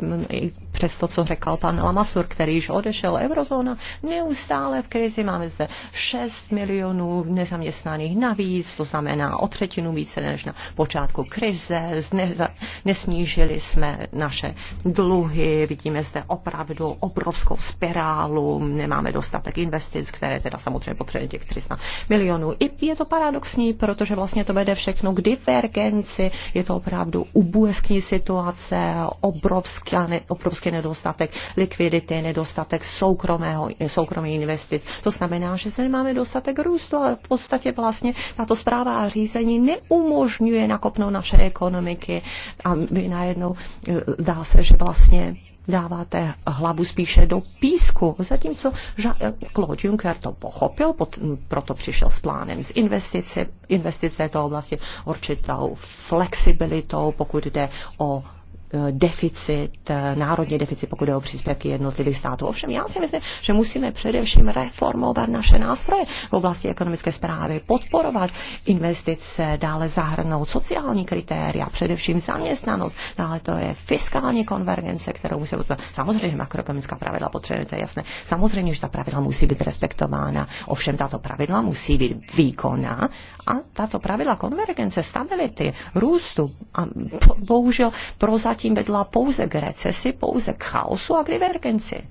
Speaker 1: přes to, co řekl pan Lamasur, který již odešel. Eurozóna neustále v krizi. Máme zde 6 milionů nezaměstnaných navíc, to znamená o třetinu více než na počátku krize. Neza, nesnížili jsme naše dluhy, vidíme zde opravdu obrovskou spirálu, nemáme dostatek investic, které teda samozřejmě potřebuje těch 300 milionů. I je to paradoxní, protože vlastně to vede všechno k divergenci, je to opravdu ubueskní situace, obrovská, ne, obrovská obrovský nedostatek likvidity, nedostatek soukromého, soukromé investic. To znamená, že zde nemáme dostatek růstu, ale v podstatě vlastně tato zpráva a řízení neumožňuje nakopnout naše ekonomiky a vy najednou eh, zdá se, že vlastně dáváte hlavu spíše do písku. Zatímco Claude Juncker to pochopil, pot, proto přišel s plánem z investice, investice to oblasti určitou flexibilitou, pokud jde o Eh, deficit, eh, národní deficit, pokud jde o příspěvky jednotlivých států. Ovšem já si myslím, že musíme především reformovat naše nástroje v oblasti ekonomické zprávy, podporovat investice, dále zahrnout sociální kritéria, především zaměstnanost, dále to je fiskální konvergence, kterou musíme podporovat. Samozřejmě makroekonomická pravidla potřebujeme, to je jasné. Samozřejmě, že ta pravidla musí být respektována, ovšem tato pravidla musí být výkonná a tato pravidla konvergence, stability, růstu a bohužel prozatím zatím vedla pouze k recesi, pouze k chaosu a k divergenci.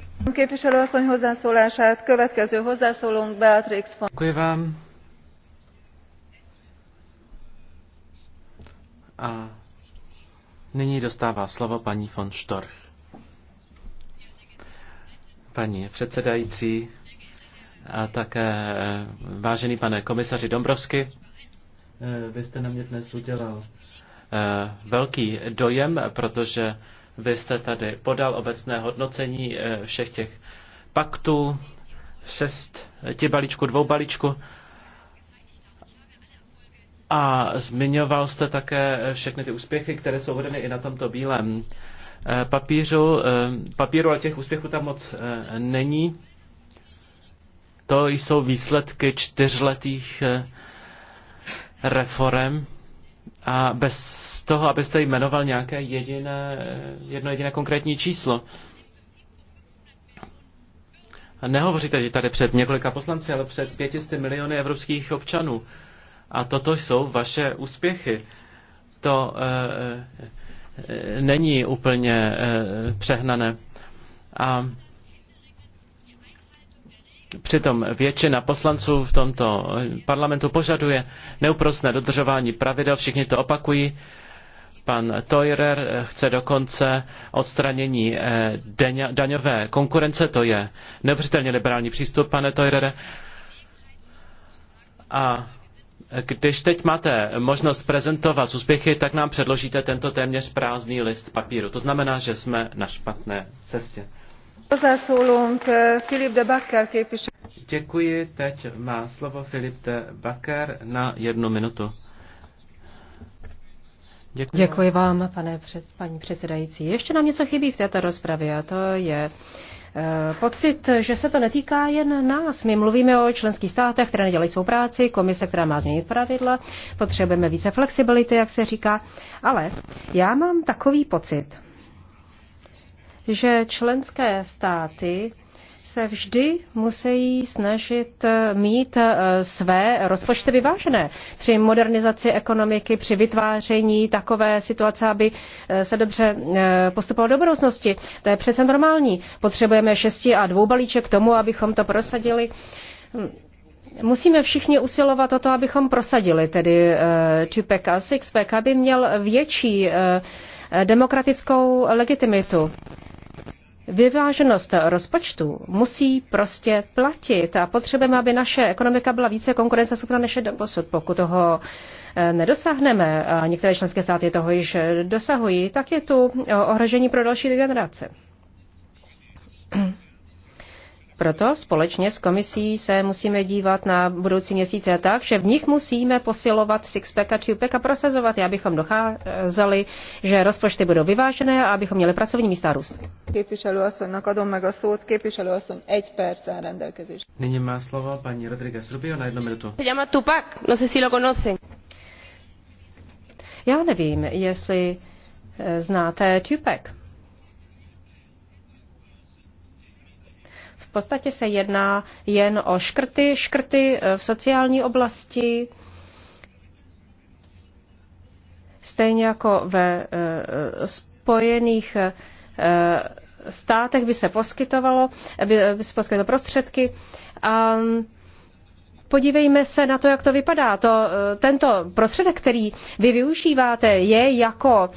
Speaker 2: Děkuji vám. A nyní dostává slovo paní von Storch. Paní předsedající a také eh, vážený pane komisaři Dombrovsky, eh, vy jste na mě dnes udělal Eh, velký dojem, protože vy jste tady podal obecné hodnocení eh, všech těch paktů, šest eh, tě balíčku, dvou balíčku a zmiňoval jste také všechny ty úspěchy, které jsou uvedeny i na tomto bílém papíru, papíru ale těch úspěchů tam moc není. To jsou výsledky čtyřletých reform a bez toho, abyste jmenoval nějaké jediné, jedno jediné konkrétní číslo. A nehovoříte tady před několika poslanci, ale před 500 miliony evropských občanů. A toto jsou vaše úspěchy. To e, e, není úplně e, přehnané. A Přitom většina poslanců v tomto parlamentu požaduje neuprostné dodržování pravidel, všichni to opakují. Pan Teurer chce dokonce odstranění eh, daňové konkurence, to je neuvěřitelně liberální přístup, pane Teurere. A když teď máte možnost prezentovat úspěchy, tak nám předložíte tento téměř prázdný list papíru. To znamená, že jsme na špatné cestě. Eh, Děkuji, teď má slovo Filip de Bakker na jednu minutu. Děkuji.
Speaker 3: Děkuji vám, pane před, paní předsedající. Ještě nám něco chybí v této rozpravě a to je eh, pocit, že se to netýká jen nás. My mluvíme o členských státech, které nedělají svou práci, komise, která má změnit pravidla, potřebujeme více flexibility, jak se říká, ale já mám takový pocit, že členské státy se vždy musí snažit mít eh, své rozpočty vyvážené při modernizaci ekonomiky, při vytváření takové situace, aby eh, se dobře eh, postupovalo do budoucnosti. To je přece normální. Potřebujeme šesti a dvou balíček k tomu, abychom to prosadili. Musíme všichni usilovat o to, abychom prosadili tedy Tupek a Sixpack, aby měl větší demokratickou legitimitu. Vyváženost rozpočtu musí prostě platit a potřebujeme, aby naše ekonomika byla více konkurenceschopná než je posud. Pokud toho eh, nedosáhneme, a některé členské státy toho již dosahují, tak je tu eh, ohrožení pro další generace. Proto společně s komisí se musíme dívat na budoucí měsíce tak, že v nich musíme posilovat sixpack a twopack a prosazovat, abychom docházeli, že rozpočty budou vyvážené a abychom měli pracovní místa a růst.
Speaker 2: Nyní má slovo paní Rodriguez Rubio na jednu minutu. Se llama
Speaker 3: Tupac, no sé si lo conocen. Já nevím, jestli eh, znáte Tupac. podstatě se jedná jen o škrty, škrty eh, v sociální oblasti, stejně jako ve eh, spojených eh, státech by se poskytovalo, by se poskytovalo prostředky. A podívejme se na to, jak to vypadá. To, tento prostředek, který vy využíváte, je jako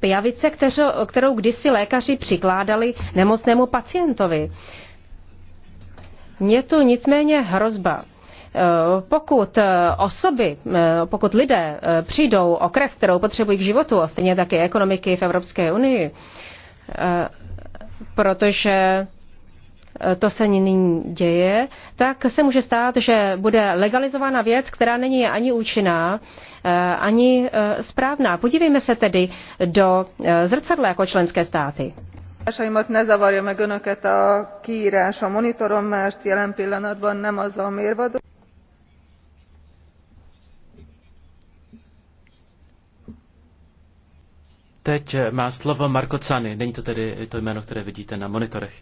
Speaker 3: pijavice, kterou, kterou kdysi lékaři přikládali nemocnému pacientovi. Je to nicméně hrozba. E, pokud e, osoby, e, pokud lidé přijdou o krev, kterou potřebují k životu, a stejně také ekonomiky v Evropské unii, protože Eh, to se nyní děje, tak se může stát, že bude legalizována věc, která není ani účinná, eh, ani eh, správná. Podívejme se tedy do zrcadla jako členské státy.
Speaker 4: Társaimat ne zavarja meg önöket a kiírás a monitorom, mert jelen pillanatban nem az a mérvadó.
Speaker 2: Teď má slovo Marko Cany. Není to tedy to jméno, které vidíte na monitorech.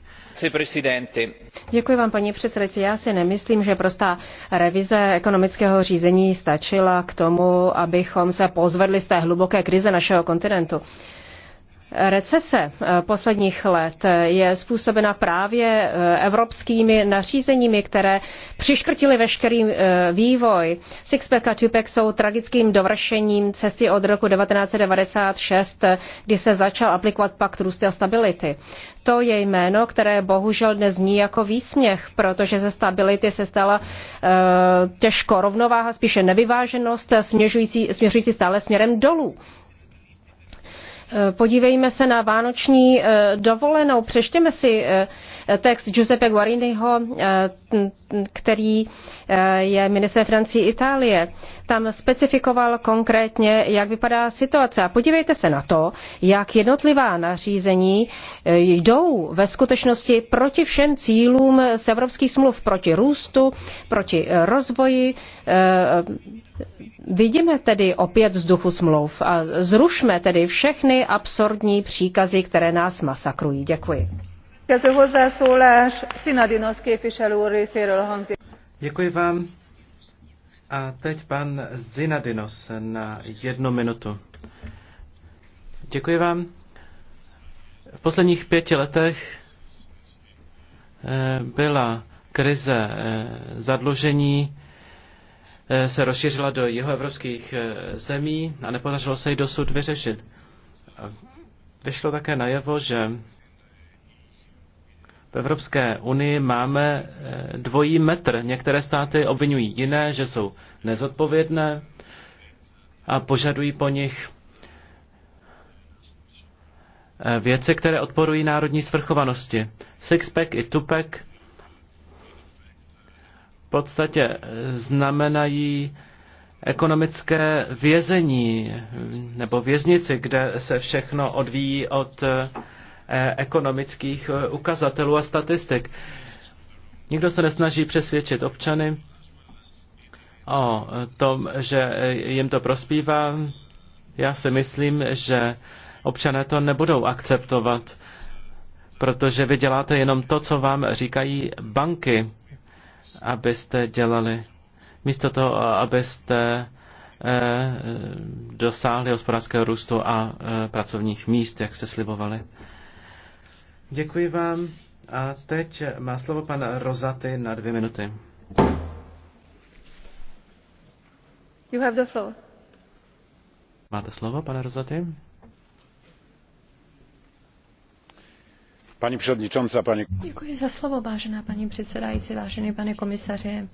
Speaker 3: Děkuji vám, paní předsedající. Já si nemyslím, že prostá revize ekonomického řízení stačila k tomu, abychom se pozvedli z té hluboké krize našeho kontinentu. Recese eh, posledních let je způsobena právě eh, evropskými nařízeními, které přiškrtily veškerý eh, vývoj. Sixpack a Tupac jsou tragickým dovršením cesty od roku 1996, kdy se začal aplikovat pakt růst a stability. To je jméno, které bohužel dnes zní jako výsměch, protože ze stability se stala těžko rovnováha, spíše nevyváženost, směřující, směřující stále směrem dolů. Eh, podívejme se na vánoční eh, dovolenou, přečtěme si eh, text Giuseppe Guariniho, eh, který eh, je ministrem financí Itálie. Tam specifikoval konkrétně, jak vypadá situace. A podívejte se na to, jak jednotlivá nařízení eh, jdou ve skutečnosti proti všem cílům z evropských smluv, proti růstu, proti rozvoji. Vidíme tedy opět vzduchu smluv a zrušme tedy všechny absurdní příkazy, které nás masakrují. Děkuji.
Speaker 2: Děkuji vám. A teď pan Zinadinos na jednu minutu. Děkuji vám. V posledních pěti letech eh, byla krize eh, zadlužení, eh, se rozšířila do jihoevropských zemí a nepodařilo se ji dosud vyřešit. Vyšlo také najevo, že v Evropské unii máme eh, dvojí metr. Některé státy obvinují jiné, že jsou nezodpovědné a požadují po nich eh, věci, které odporují národní svrchovanosti. Sixpack i tupek v podstatě eh, znamenají ekonomické vězení nebo věznici, kde se všechno odvíjí od Eh, ekonomických eh, ukazatelů a statistik. Nikdo se nesnaží přesvědčit občany o tom, že eh, jim to prospívá. Já si myslím, že občané to nebudou akceptovat, protože vy děláte jenom to, co vám říkají banky, abyste dělali. Místo toho, abyste dosáhli hospodářského růstu a pracovních míst, jak jste slibovali. Děkuji vám. A teď má slovo pan Rozaty na dvě minuty.
Speaker 4: You have the floor.
Speaker 2: Máte slovo, pane Rozaty? paní předsedající
Speaker 1: Děkuji za slovo, vážená paní předsedající, pane komisaři.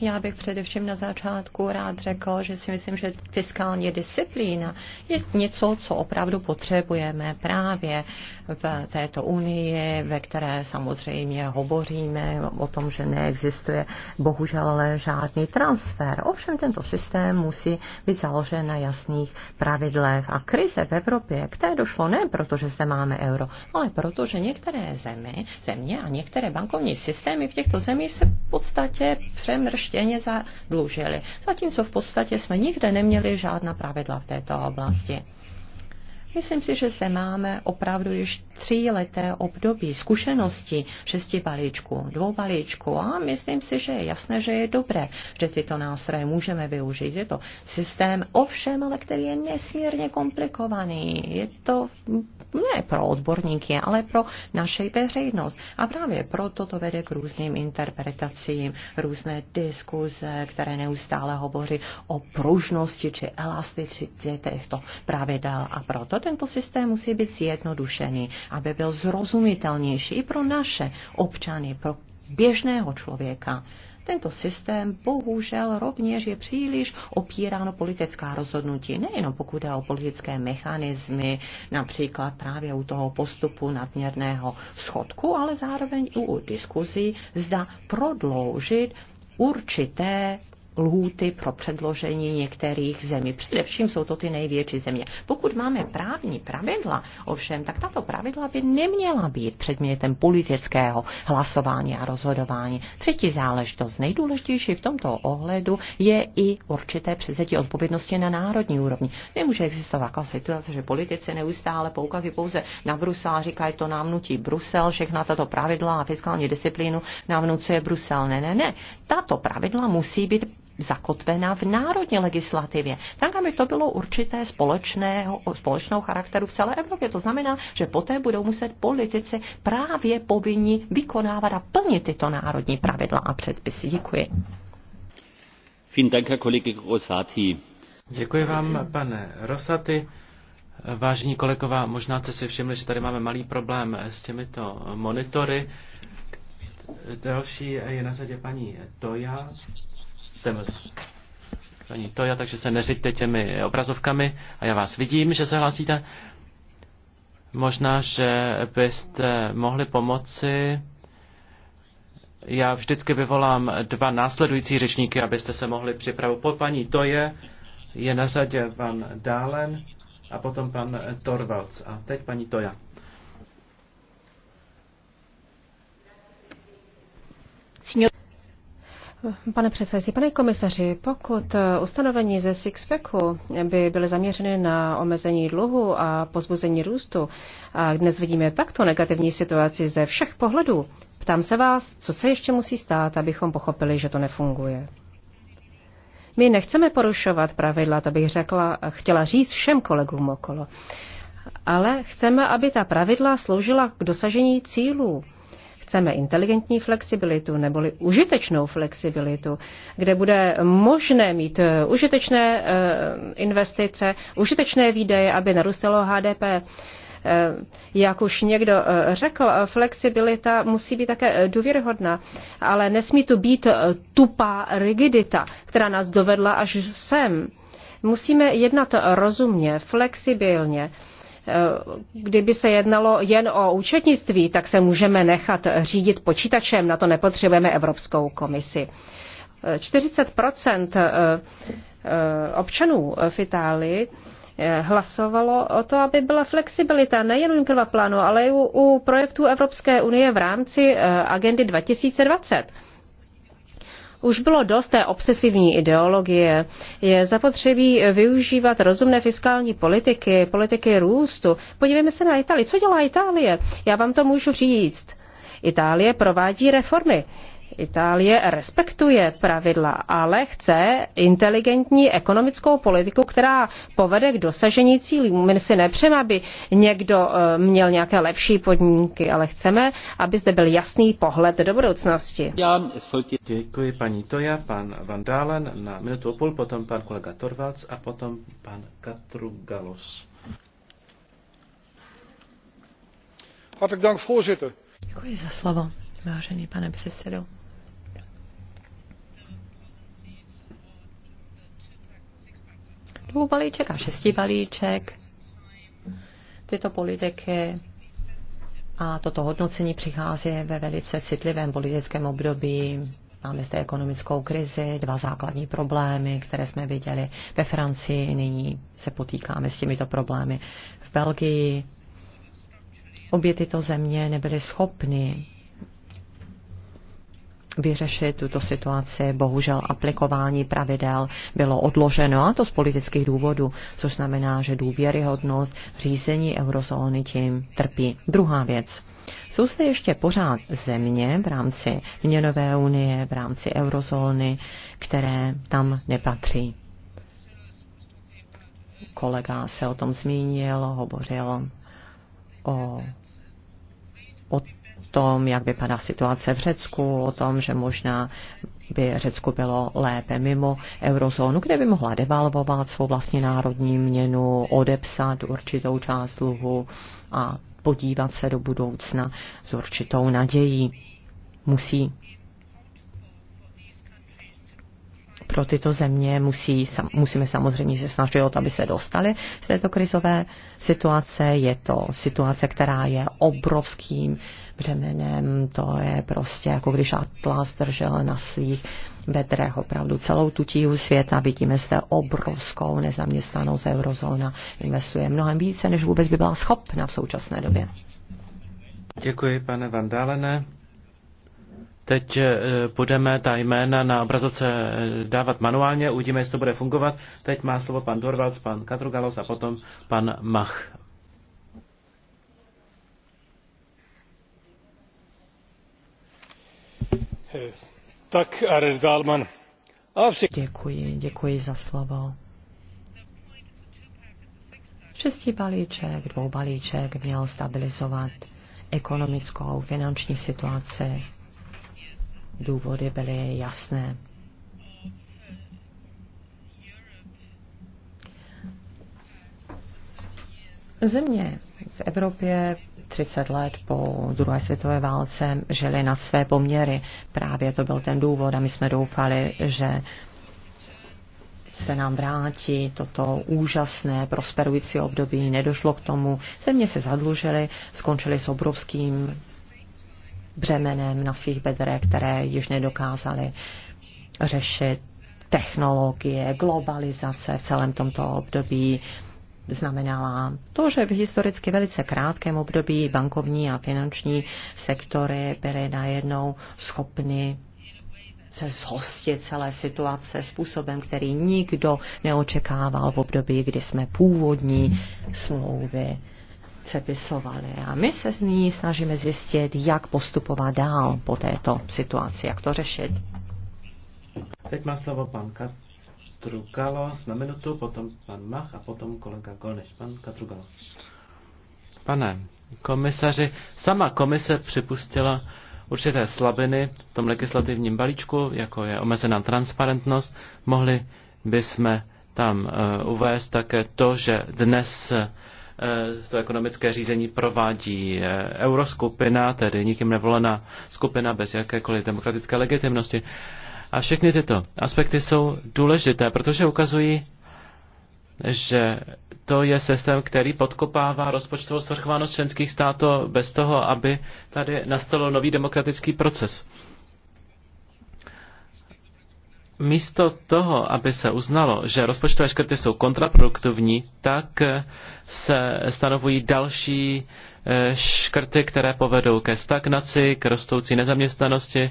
Speaker 1: Já bych především na začátku rád řekl, že si myslím, že fiskální disciplína je něco, co opravdu potřebujeme právě v této unii, ve které samozřejmě hovoříme o tom, že neexistuje bohužel žádný transfer. Ovšem tento systém musí být založen na jasných pravidlech a krize v Evropě, k té došlo ne proto, že zde máme euro, ale proto, že některé některé zemi, země a některé bankovní systémy v těchto zemích se v podstatě přemrštěně zadlužily, zatímco v podstatě jsme nikde neměli žádná pravidla v této oblasti. Myslím si, že zde máme opravdu již tříleté období zkušenosti šesti balíčků, dvou balíčků a myslím si, že je jasné, že je dobré, že tyto nástroje můžeme využít. Je to systém ovšem, ale který je nesmírně komplikovaný. Je to ne pro odborníky, ale pro naši veřejnost. A právě proto to vede k různým interpretacím, různé diskuze, které neustále hovoří o pružnosti či elasticitě těchto pravidel. A proto tento systém musí být zjednodušený, aby byl zrozumitelnější i pro naše občany, pro běžného člověka. Tento systém bohužel rovněž je příliš opíráno politická rozhodnutí, nejenom pokud jde o politické mechanismy, například právě u toho postupu nadměrného schodku, ale zároveň i u diskuzí, zda prodloužit určité lhůty pro předložení některých zemí. Především jsou to ty největší země. Pokud máme právní pravidla, ovšem, tak tato pravidla by neměla být předmětem politického hlasování a rozhodování. Třetí záležitost, nejdůležitější v tomto ohledu, je i určité převzetí odpovědnosti na národní úrovni. Nemůže existovat taková situace, že politici neustále poukazují pouze na Brusel a říkají, to nám nutí Brusel, všechna tato pravidla a fiskální disciplínu nám vnucuje Brusel. Ne, ne, ne. Tato pravidla musí být zakotvena v národní legislativě, tak aby to bylo určité společného, společného charakteru v celé Evropě. To znamená, že poté budou muset politici právě povinni vykonávat a plnit tyto národní pravidla a předpisy. Děkuji.
Speaker 2: Děkuji vám, pane Rosaty. Vážení kolegové, možná jste si všimli, že tady máme malý problém s těmito monitory. Další je na řadě paní Toja. Paní Toja, takže se neřiďte těmi obrazovkami a já vás vidím, že se hlásíte. Možná, že byste mohli pomoci. Já vždycky vyvolám dva následující řečníky, abyste se mohli připravit. Po paní Toje je na řadě pan Dálen a potom pan Torvalds. A teď paní Toja.
Speaker 3: Signor Pane předsedající, pane komisaři, pokud eh, ustanovení ze Sixpacku by byly zaměřeny na omezení dluhu a pozbuzení růstu, a dnes vidíme takto negativní situaci ze všech pohledů, ptám se vás, co se ještě musí stát, abychom pochopili, že to nefunguje. My nechceme porušovat pravidla, to bych řekla, chtěla říct všem kolegům okolo, ale chceme, aby ta pravidla sloužila k dosažení cílů Chceme inteligentní flexibilitu neboli užitečnou flexibilitu, kde bude možné mít eh, užitečné eh, investice, užitečné výdaje, aby narůstalo HDP eh, jak už někdo řekl, flexibilita musí být také důvěryhodná, ale nesmí tu být tupá rigidita, která nás dovedla až sem. Musíme jednat rozumně, flexibilně Eh, kdyby se jednalo jen o účetnictví, tak se můžeme nechat řídit počítačem, na to nepotřebujeme Evropskou komisi. 40 eh, eh, občanů v Itálii hlasovalo o to, aby byla flexibilita nejen u plánu, ale i u, u projektů Evropské unie v rámci agendy 2020. Už bylo dost té obsesivní ideologie. Je zapotřebí využívat rozumné fiskální politiky, politiky růstu. Podívejme se na Itálii. Co dělá Itálie? Já vám to můžu říct. Itálie provádí reformy. Itálie respektuje pravidla, ale chce inteligentní ekonomickou politiku, která povede k dosažení cílů. My si nepřejeme, aby někdo eh, měl nějaké lepší podmínky, ale chceme, aby zde byl jasný pohled do
Speaker 2: budoucnosti. Děkuji paní Toja, pan Van Dalen na minutu a půl, potom pan kolega Torvalds a potom pan Katrugalos.
Speaker 1: Hartelijk dank, voorzitter. Děkuji za slovo, vážený pane předsedo. dvou balíček a šesti balíček tyto politiky a toto hodnocení přichází ve velice citlivém politickém období. Máme zde ekonomickou krizi, dva základní problémy, které jsme viděli ve Francii, nyní se potýkáme s těmito problémy v Belgii. Obě tyto země nebyly schopny vyřešit tuto situaci. Bohužel aplikování pravidel bylo odloženo a to z politických důvodů, což znamená, že důvěryhodnost řízení eurozóny tím trpí. Druhá věc. Jsou zde ještě pořád země v rámci měnové unie, v rámci eurozóny, které tam nepatří. Kolega se o tom zmínil, hovořil o, o tom, jak vypadá situace v Řecku, o tom, že možná by Řecku bylo lépe mimo eurozónu, kde by mohla devalvovat svou vlastní národní měnu, odepsat určitou část dluhu a podívat se do budoucna s určitou nadějí. Musí pro tyto země musí, musíme samozřejmě se snažit o to, aby se dostali z této krizové situace. Je to situace, která je obrovským břemenem, to je prostě jako když Atlas držel na svých bedrech opravdu celou tu tíhu světa. Vidíme zde obrovskou nezaměstnanost eurozóna, investuje mnohem více, než vůbec by byla schopna v současné době.
Speaker 2: Děkuji, pane Vandálené. Teď eh, budeme ta jména na obrazovce eh, dávat manuálně, uvidíme, jestli to bude fungovat. Teď má slovo pan Dorvalc, pan Katrugalos a potom pan Mach.
Speaker 4: Tak, Arend Dalman.
Speaker 1: Děkuji, děkuji za slovo. Šestý balíček, dvou balíček měl stabilizovat ekonomickou finanční situaci důvody byly jasné. Země v Evropě 30 let po druhé světové válce žili na své poměry. Právě to byl ten důvod a my jsme doufali, že se nám vrátí toto úžasné prosperující období. Nedošlo k tomu. Země se zadlužily, skončily s obrovským břemenem na svých bedrech, které již nedokázali řešit technologie, globalizace v celém tomto období znamenala to, že v historicky velice krátkém období bankovní a finanční sektory byly najednou schopny se zhostit celé situace způsobem, který nikdo neočekával v období, kdy jsme původní smlouvy přepisovali. A my se ní snažíme zjistit, jak postupovat dál po této situaci, jak to řešit.
Speaker 2: Teď má slovo pan Katrugalos na minutu, potom pan Mach a potom kolega Golneš. Pan Katrugalos. Pane komisaři, sama komise připustila určité slabiny v tom legislativním balíčku, jako je omezená transparentnost. Mohli bychom tam uh, uvést také to, že dnes uh, Eh, to ekonomické řízení provádí eh, euroskupina, tedy nikým nevolená skupina bez jakékoliv demokratické legitimnosti. A všechny tyto aspekty jsou důležité, protože ukazují, že to je systém, který podkopává rozpočtovou svrchovanost členských států bez toho, aby tady nastal nový demokratický proces místo toho, aby se uznalo, že rozpočtové škrty jsou kontraproduktivní, tak eh, se stanovují další eh, škrty, které povedou ke stagnaci, k rostoucí nezaměstnanosti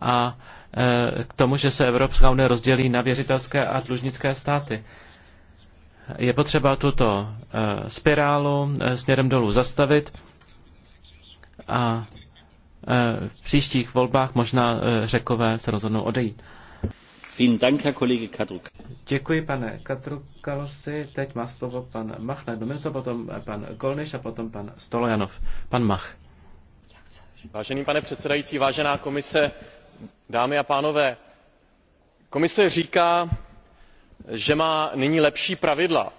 Speaker 2: a eh, k tomu, že se Evropská unie rozdělí na věřitelské a dlužnické státy. Je potřeba tuto spirálu směrem dolů zastavit a v příštích volbách možná řekové se rozhodnou odejít. Děkuji, pane Katrukalosi. Teď má slovo pan Mach na jednu minutu, potom pan Golniš a potom pan Stolojanov. Pan Mach.
Speaker 5: Vážený pane předsedající, vážená komise, dámy a pánové, komise říká, že má nyní lepší pravidla,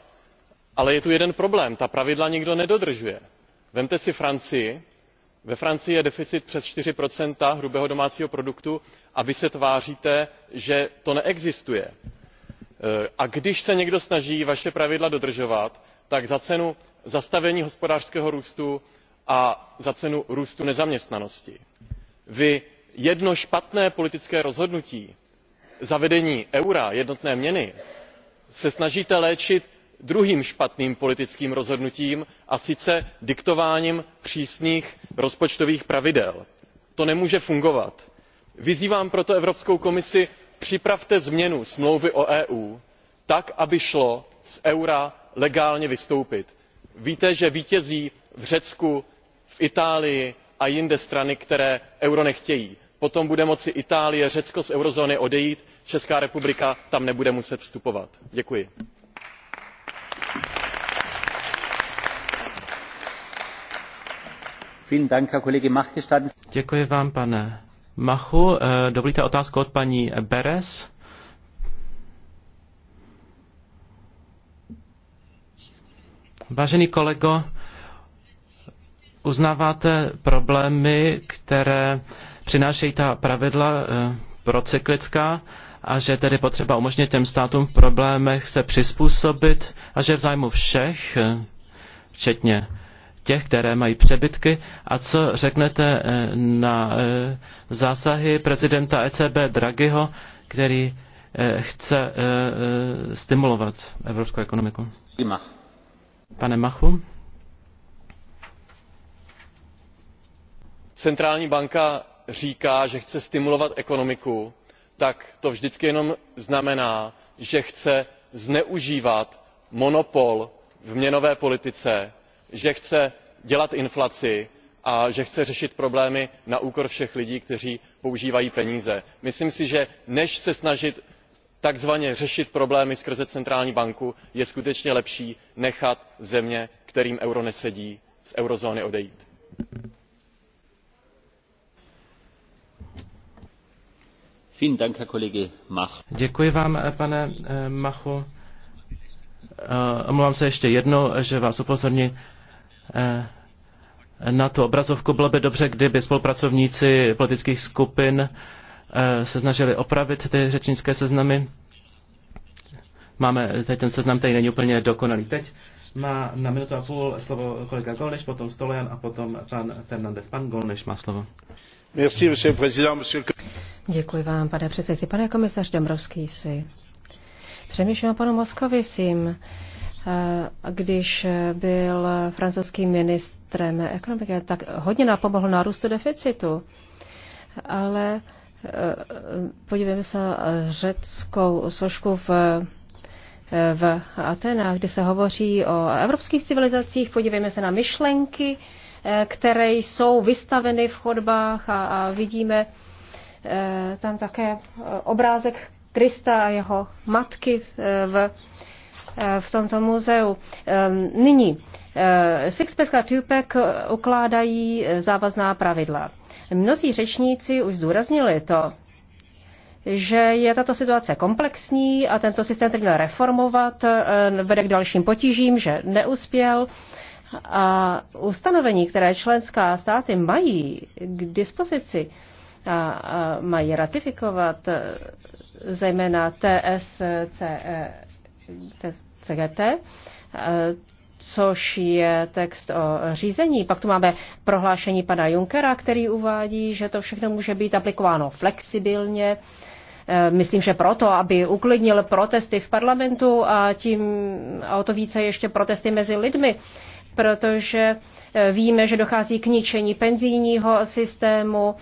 Speaker 5: ale je tu jeden problém. Ta pravidla nikdo nedodržuje. Vemte si Francii, ve francii je deficit přes four hrubého domácího produktu a vy se tváříte že to neexistuje. E, a když se někdo snaží vaše pravidla dodržovat tak za cenu zastavení hospodářského růstu a za cenu růstu nezaměstnanosti. vy jedno špatné politické rozhodnutí zavedení eura jednotné měny se snažíte léčit druhým špatným politickým rozhodnutím a sice diktováním přísných rozpočtových pravidel. to nemůže fungovat. vyzývám proto evropskou komisi připravte změnu smlouvy o eu tak aby šlo z eura legálně vystoupit. víte že vítězí v řecku v itálii a jinde strany které euro nechtějí. potom bude moci itálie řecko z eurozóny odejít česká republika tam nebude muset vstupovat. děkuji.
Speaker 2: Děkuji vám, pane Machu. Eh, dovolíte otázku od paní Beres? Vážený kolego, uznáváte problémy, které přinášejí ta pravidla eh, pro a že tedy potřeba umožnit těm státům v problémech se přizpůsobit a že v zájmu všech, eh, včetně těch, které mají přebytky. A co řeknete eh, na eh, zásahy prezidenta ECB Draghiho, který eh, chce stimulovat evropskou ekonomiku? Pane Machu.
Speaker 5: Centrální banka říká, že chce stimulovat ekonomiku, tak to vždycky jenom znamená, že chce zneužívat monopol v měnové politice že chce dělat inflaci a že chce řešit problémy na úkor všech lidí kteří používají peníze. myslím si že než se snažit takzvaně řešit problémy skrze centrální banku je skutečně lepší nechat země kterým euro nesedí z eurozóny odejít.
Speaker 2: Děkuji vám, eh, pane eh, Machu. Eh, omlouvám se ještě jednou, že vás upozorním Eh, na tu obrazovku. Bylo by dobře, kdyby spolupracovníci politických skupin eh, se snažili opravit ty řečnické seznamy. Máme teď ten seznam, který není úplně dokonalý. Teď má na minutu a půl slovo kolega Golneš, potom Stolian a potom pan Fernandez. Pan Golneš má slovo.
Speaker 5: Merci, monsieur président, monsieur...
Speaker 3: Děkuji vám, pane předsedající. Pane komisař Dombrovský, si přemýšlím o panu jim... Eh, když byl francouzským ministrem ekonomiky, tak hodně nám pomohl nárůstu deficitu. Ale eh, podívejme se řeckou složku v eh, v Atenách, kde se hovoří o evropských civilizacích, podívejme se na myšlenky, které jsou vystaveny v chodbách a, a vidíme tam také obrázek Krista a jeho matky v v tomto muzeu. Ehm, nyní eh, Sixpack a Tupac ukládají eh, závazná pravidla. Mnozí řečníci už zdůraznili to, že je tato situace komplexní a tento systém, který měl reformovat, eh, vede k dalším potížím, že neuspěl. A ustanovení, které členská státy mají k dispozici a mají ratifikovat, zejména TSCE, CGT, což je text o řízení. Pak tu máme prohlášení pana Junkera, který uvádí, že to všechno může být aplikováno flexibilně. Myslím, že proto, aby uklidnil protesty v parlamentu a tím a o to více ještě protesty mezi lidmi protože víme, že dochází k ničení penzijního systému,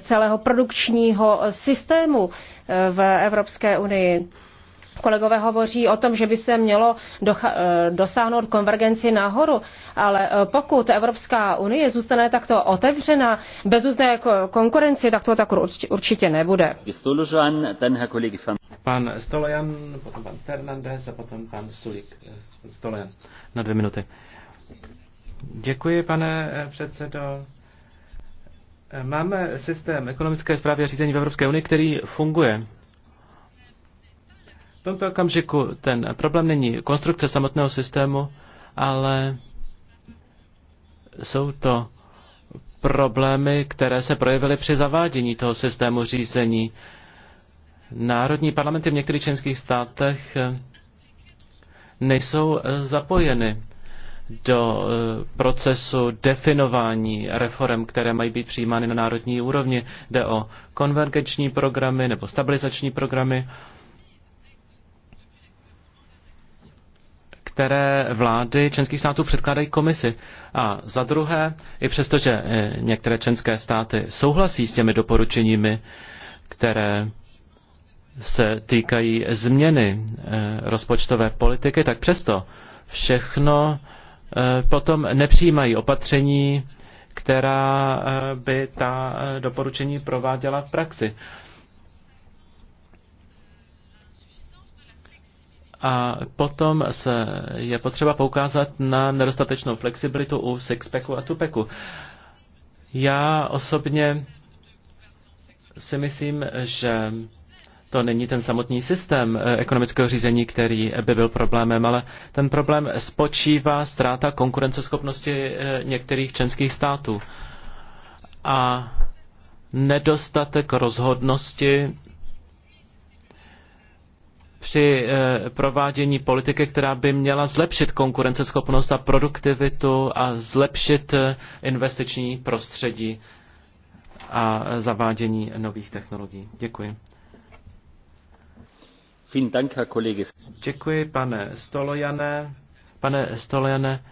Speaker 3: celého produkčního systému v Evropské unii. Kolegové hovoří o tom, že by se mělo eh, dosáhnout konvergenci nahoru, ale eh, pokud Evropská unie zůstane takto otevřena, bez úzné jako konkurenci, tak to tak určitě nebude.
Speaker 2: Pan Stolojan, potom pan Fernandez a potom pan Sulik. Stolojan, na dvě minuty. Děkuji, pane eh, předsedo. Máme systém ekonomické zprávy a řízení v Evropské unii, který funguje tomto okamžiku ten problém není konstrukce samotného systému, ale jsou to problémy, které se projevily při zavádění toho systému řízení. Národní parlamenty v některých členských státech eh, nejsou eh, zapojeny do eh, procesu definování reform, které mají být přijímány na národní úrovni. Jde o konvergenční programy nebo stabilizační programy které vlády členských států předkládají komisi. A za druhé, i přestože e, některé členské státy souhlasí s těmi doporučeními, které se týkají změny e, rozpočtové politiky, tak přesto všechno e, potom nepřijímají opatření, která by ta doporučení prováděla v praxi. A potom se je potřeba poukázat na nedostatečnou flexibilitu u sixpacku a tupeku. Já osobně si myslím, že to není ten samotný systém eh, ekonomického řízení, který by byl problémem, ale ten problém spočívá ztráta konkurenceschopnosti eh, některých členských států a nedostatek rozhodnosti při eh, provádění politiky, která by měla zlepšit konkurenceschopnost a produktivitu a zlepšit eh, investiční prostředí a eh, zavádění nových technologií. Děkuji. Děkuji, pane Stolojane. Pane Stolojane,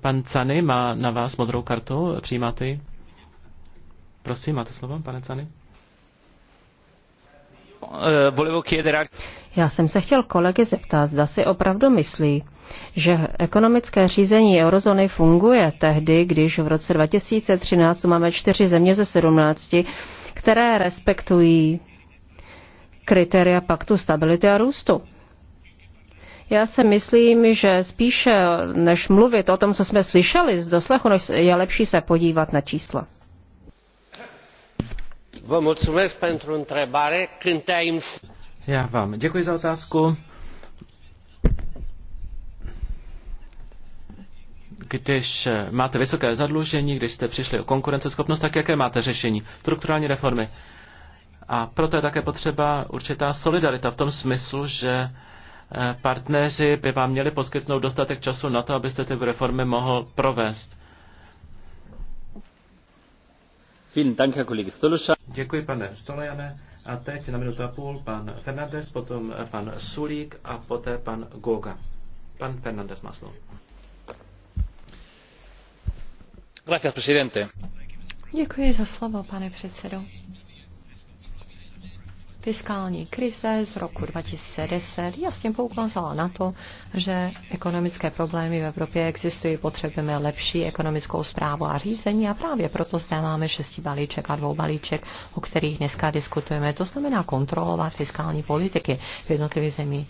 Speaker 2: pan Cany má na vás modrou kartu. Přijímáte ji? Prosím, máte slovo, pane Cany.
Speaker 6: Eh, Já jsem
Speaker 3: se chtěl kolegy zeptat, zda si opravdu myslí, že ekonomické řízení eurozóny funguje tehdy, když v roce 2013 máme čtyři země ze 17, které respektují kritéria paktu stability a růstu. Já si myslím, že spíše než mluvit o tom, co jsme slyšeli z doslechu, je lepší se podívat na čísla.
Speaker 2: Já vám děkuji za otázku. Když eh, máte vysoké zadlužení, když jste přišli o konkurenceschopnost, tak jaké máte řešení? Strukturální reformy. A proto je také potřeba určitá solidarita v tom smyslu, že eh, partneři by vám měli poskytnout dostatek času na to, abyste ty reformy mohl provést. Děkuji, pane Stolojane. A teď na minutu a půl pan Fernandez, potom pan Sulík a poté pan Goga. Pan Fernandez má slovo.
Speaker 1: Děkuji za slovo, pane předsedo fiskální krize z roku 2010 jasně poukázala na to, že ekonomické problémy v Evropě existují, potřebujeme lepší ekonomickou zprávu a řízení a právě proto zde máme šesti balíček a dvou balíček, o kterých dneska diskutujeme. To znamená kontrolovat fiskální politiky v jednotlivých zemích.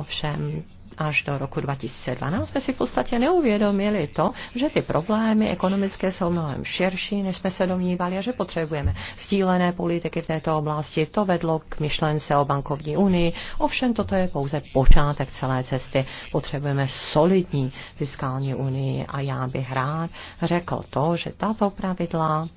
Speaker 1: Ovšem až do roku 2012 jsme si v podstatě neuvědomili to, že ty problémy ekonomické jsou mnohem širší, než jsme se domnívali a že potřebujeme stílené politiky v této oblasti. To vedlo k myšlence o bankovní unii. Ovšem toto je pouze počátek celé cesty. Potřebujeme solidní fiskální unii a já bych rád řekl to, že tato pravidla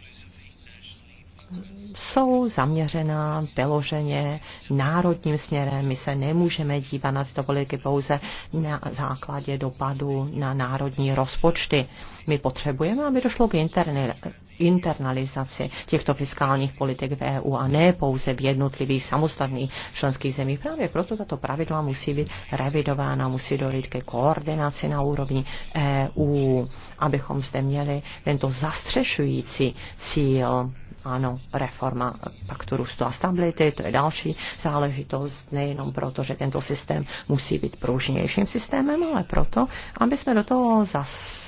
Speaker 1: jsou zaměřená vyloženě národním směrem. My se nemůžeme dívat na tyto politiky pouze na základě dopadu na národní rozpočty. My potřebujeme, aby došlo k interne, internalizaci těchto fiskálních politik v EU a ne pouze v jednotlivých samostatných členských zemích. Právě proto tato pravidla musí být revidována, musí dojít ke koordinaci na úrovni EU, abychom zde měli tento zastřešující cíl ano, reforma paktu růstu a stability, to je další záležitost, nejenom proto, že tento systém musí být pružnějším systémem, ale proto, aby jsme do toho začlenili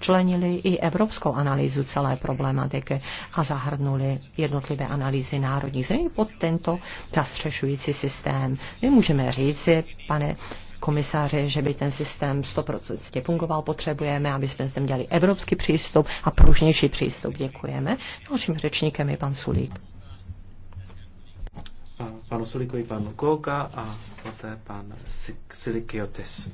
Speaker 1: členili i evropskou analýzu celé problematiky a zahrnuli jednotlivé analýzy národních zemí pod tento zastřešující systém. My můžeme říci, pane komisaři, že by ten systém 100% fungoval. Potřebujeme, aby jsme zde měli evropský přístup a pružnější přístup. Děkujeme. Dalším řečníkem je pan Sulík.
Speaker 2: Panu Sulíkovi pan Kouka a poté pan Silikiotis.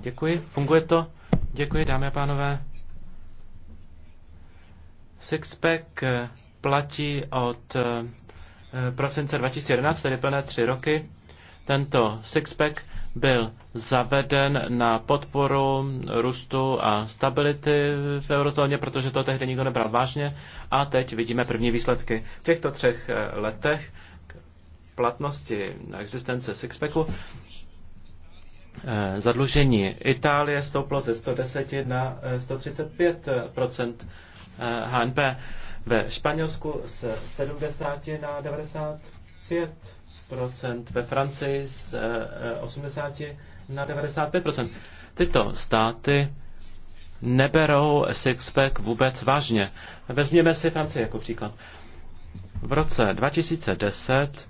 Speaker 2: Děkuji. Funguje to? Děkuji, dámy a pánové. Sixpack eh, platí od eh, prosince 2011, tedy plné tři roky. Tento sixpack byl zaveden na podporu růstu a stability v eurozóně, protože to tehdy nikdo nebral vážně a teď vidíme první výsledky. V těchto třech eh, letech platnosti existence sixpacku eh, zadlužení Itálie stouplo ze 110 na 135 HNP. Ve Španělsku z 70 na 95 ve Francii z 80 eh, eh, na 95 Tyto státy neberou Sixpack vůbec vážně. Vezměme si Francii jako příklad. V roce 2010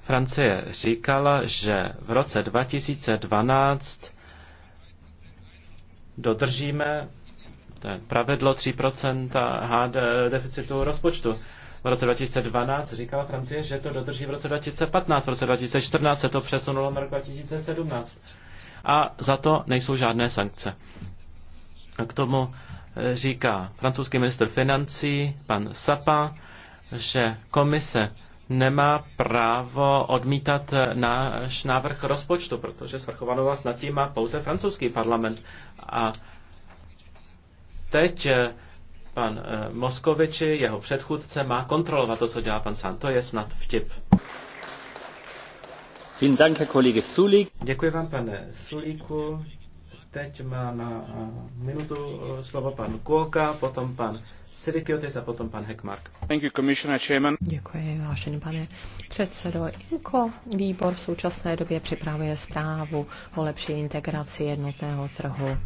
Speaker 2: Francie říkala, že v roce 2012 dodržíme to je pravidlo 3% HD deficitu rozpočtu. V roce 2012 říkala Francie, že to dodrží v roce 2015, v roce 2014 se to přesunulo na rok 2017. A za to nejsou žádné sankce. A k tomu eh, říká francouzský minister financí, pan Sapa, že komise nemá právo odmítat eh, náš návrh rozpočtu, protože svrchovanou vlast nad tím má pouze francouzský parlament. A teď eh, pan eh, Moskoviči, jeho předchůdce, má kontrolovat to, co dělá pan Sán. To je snad vtip. Děkuji vám, pane Sulíku. Teď má na eh, minutu slovo pan Kuoka, potom pan Sirikiotis a potom pan Heckmark.
Speaker 1: Děkuji, vážený pane předsedo. Inko výbor v současné době připravuje zprávu o lepší integraci jednotného trhu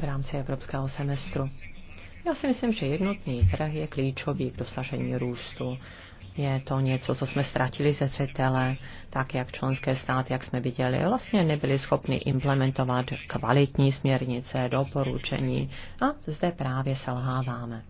Speaker 1: v rámci evropského semestru. Já si myslím, že jednotný trh je klíčový k dosažení růstu. Je to něco, co jsme ztratili ze třetele, tak jak členské státy, jak jsme viděli, vlastně nebyli schopni implementovat kvalitní směrnice, doporučení a zde právě selháváme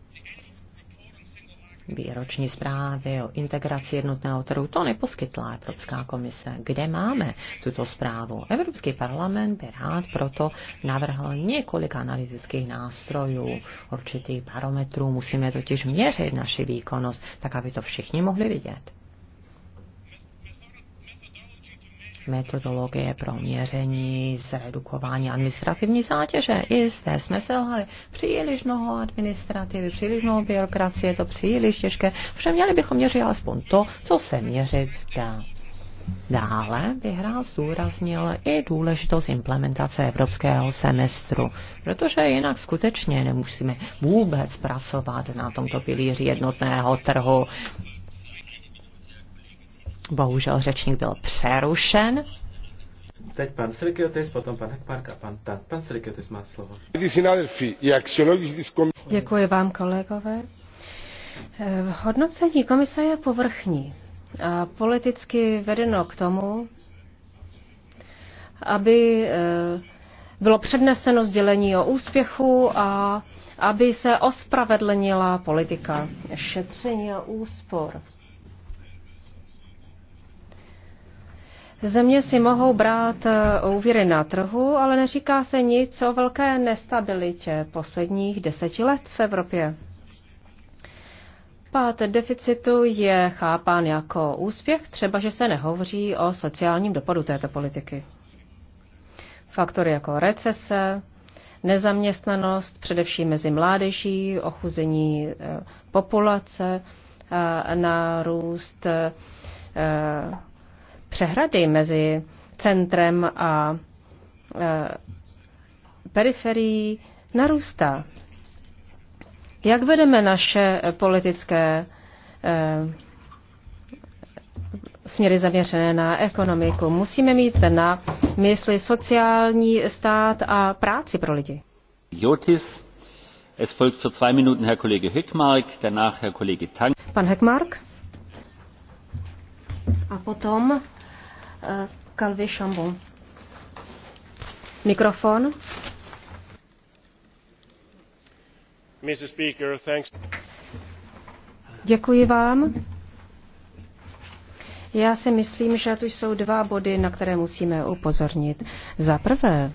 Speaker 1: výroční zprávy o integraci jednotného trhu, to neposkytla Evropská komise. Kde máme tuto zprávu? Evropský parlament by rád proto navrhl několik analytických nástrojů, určitých barometrů. Musíme totiž měřit naši výkonnost, tak aby to všichni mohli vidět. metodologie pro měření, zredukování administrativní zátěže. I zde jsme selhali. Příliš mnoho administrativy, příliš mnoho byrokracie, je to příliš těžké. Všem měli bychom měřit alespoň to, co se měřit dá. Dále bych rád zdůraznil i důležitost implementace evropského semestru, protože jinak skutečně nemusíme vůbec pracovat na tomto pilíři jednotného trhu, Bohužel řečník byl přerušen.
Speaker 2: Teď pan Silikiotis, potom pan Hekmark a pan Tan. Pan Silikiotis má slovo.
Speaker 3: Děkuji vám, kolegové. Eh, hodnocení komise je povrchní a politicky vedeno k tomu, aby eh, bylo předneseno sdělení o úspěchu a aby se ospravedlnila politika šetření a úspor. Země si mohou brát eh, úvěry na trhu, ale neříká se nic o velké nestabilitě posledních deseti let v Evropě. Pát deficitu je chápán jako úspěch, třeba že se nehovří o sociálním dopadu této politiky. Faktory jako recese, nezaměstnanost, především mezi mládeží, ochuzení eh, populace, eh, nárůst přehrady mezi centrem a e, periferií narůstá. Jak vedeme naše politické e, směry zaměřené na ekonomiku? Musíme mít na mysli sociální stát a práci pro lidi.
Speaker 6: Jotis. Es folgt für zwei Minuten Herr Kollege Höckmark, danach Herr Kollege Tang.
Speaker 3: Pan Höckmark. A potom Eh, Calvi Chambon. Mikrofon.
Speaker 5: Mr. Speaker, thanks.
Speaker 3: Děkuji vám. Já si myslím, že tu jsou dva body, na které musíme upozornit. Za prvé,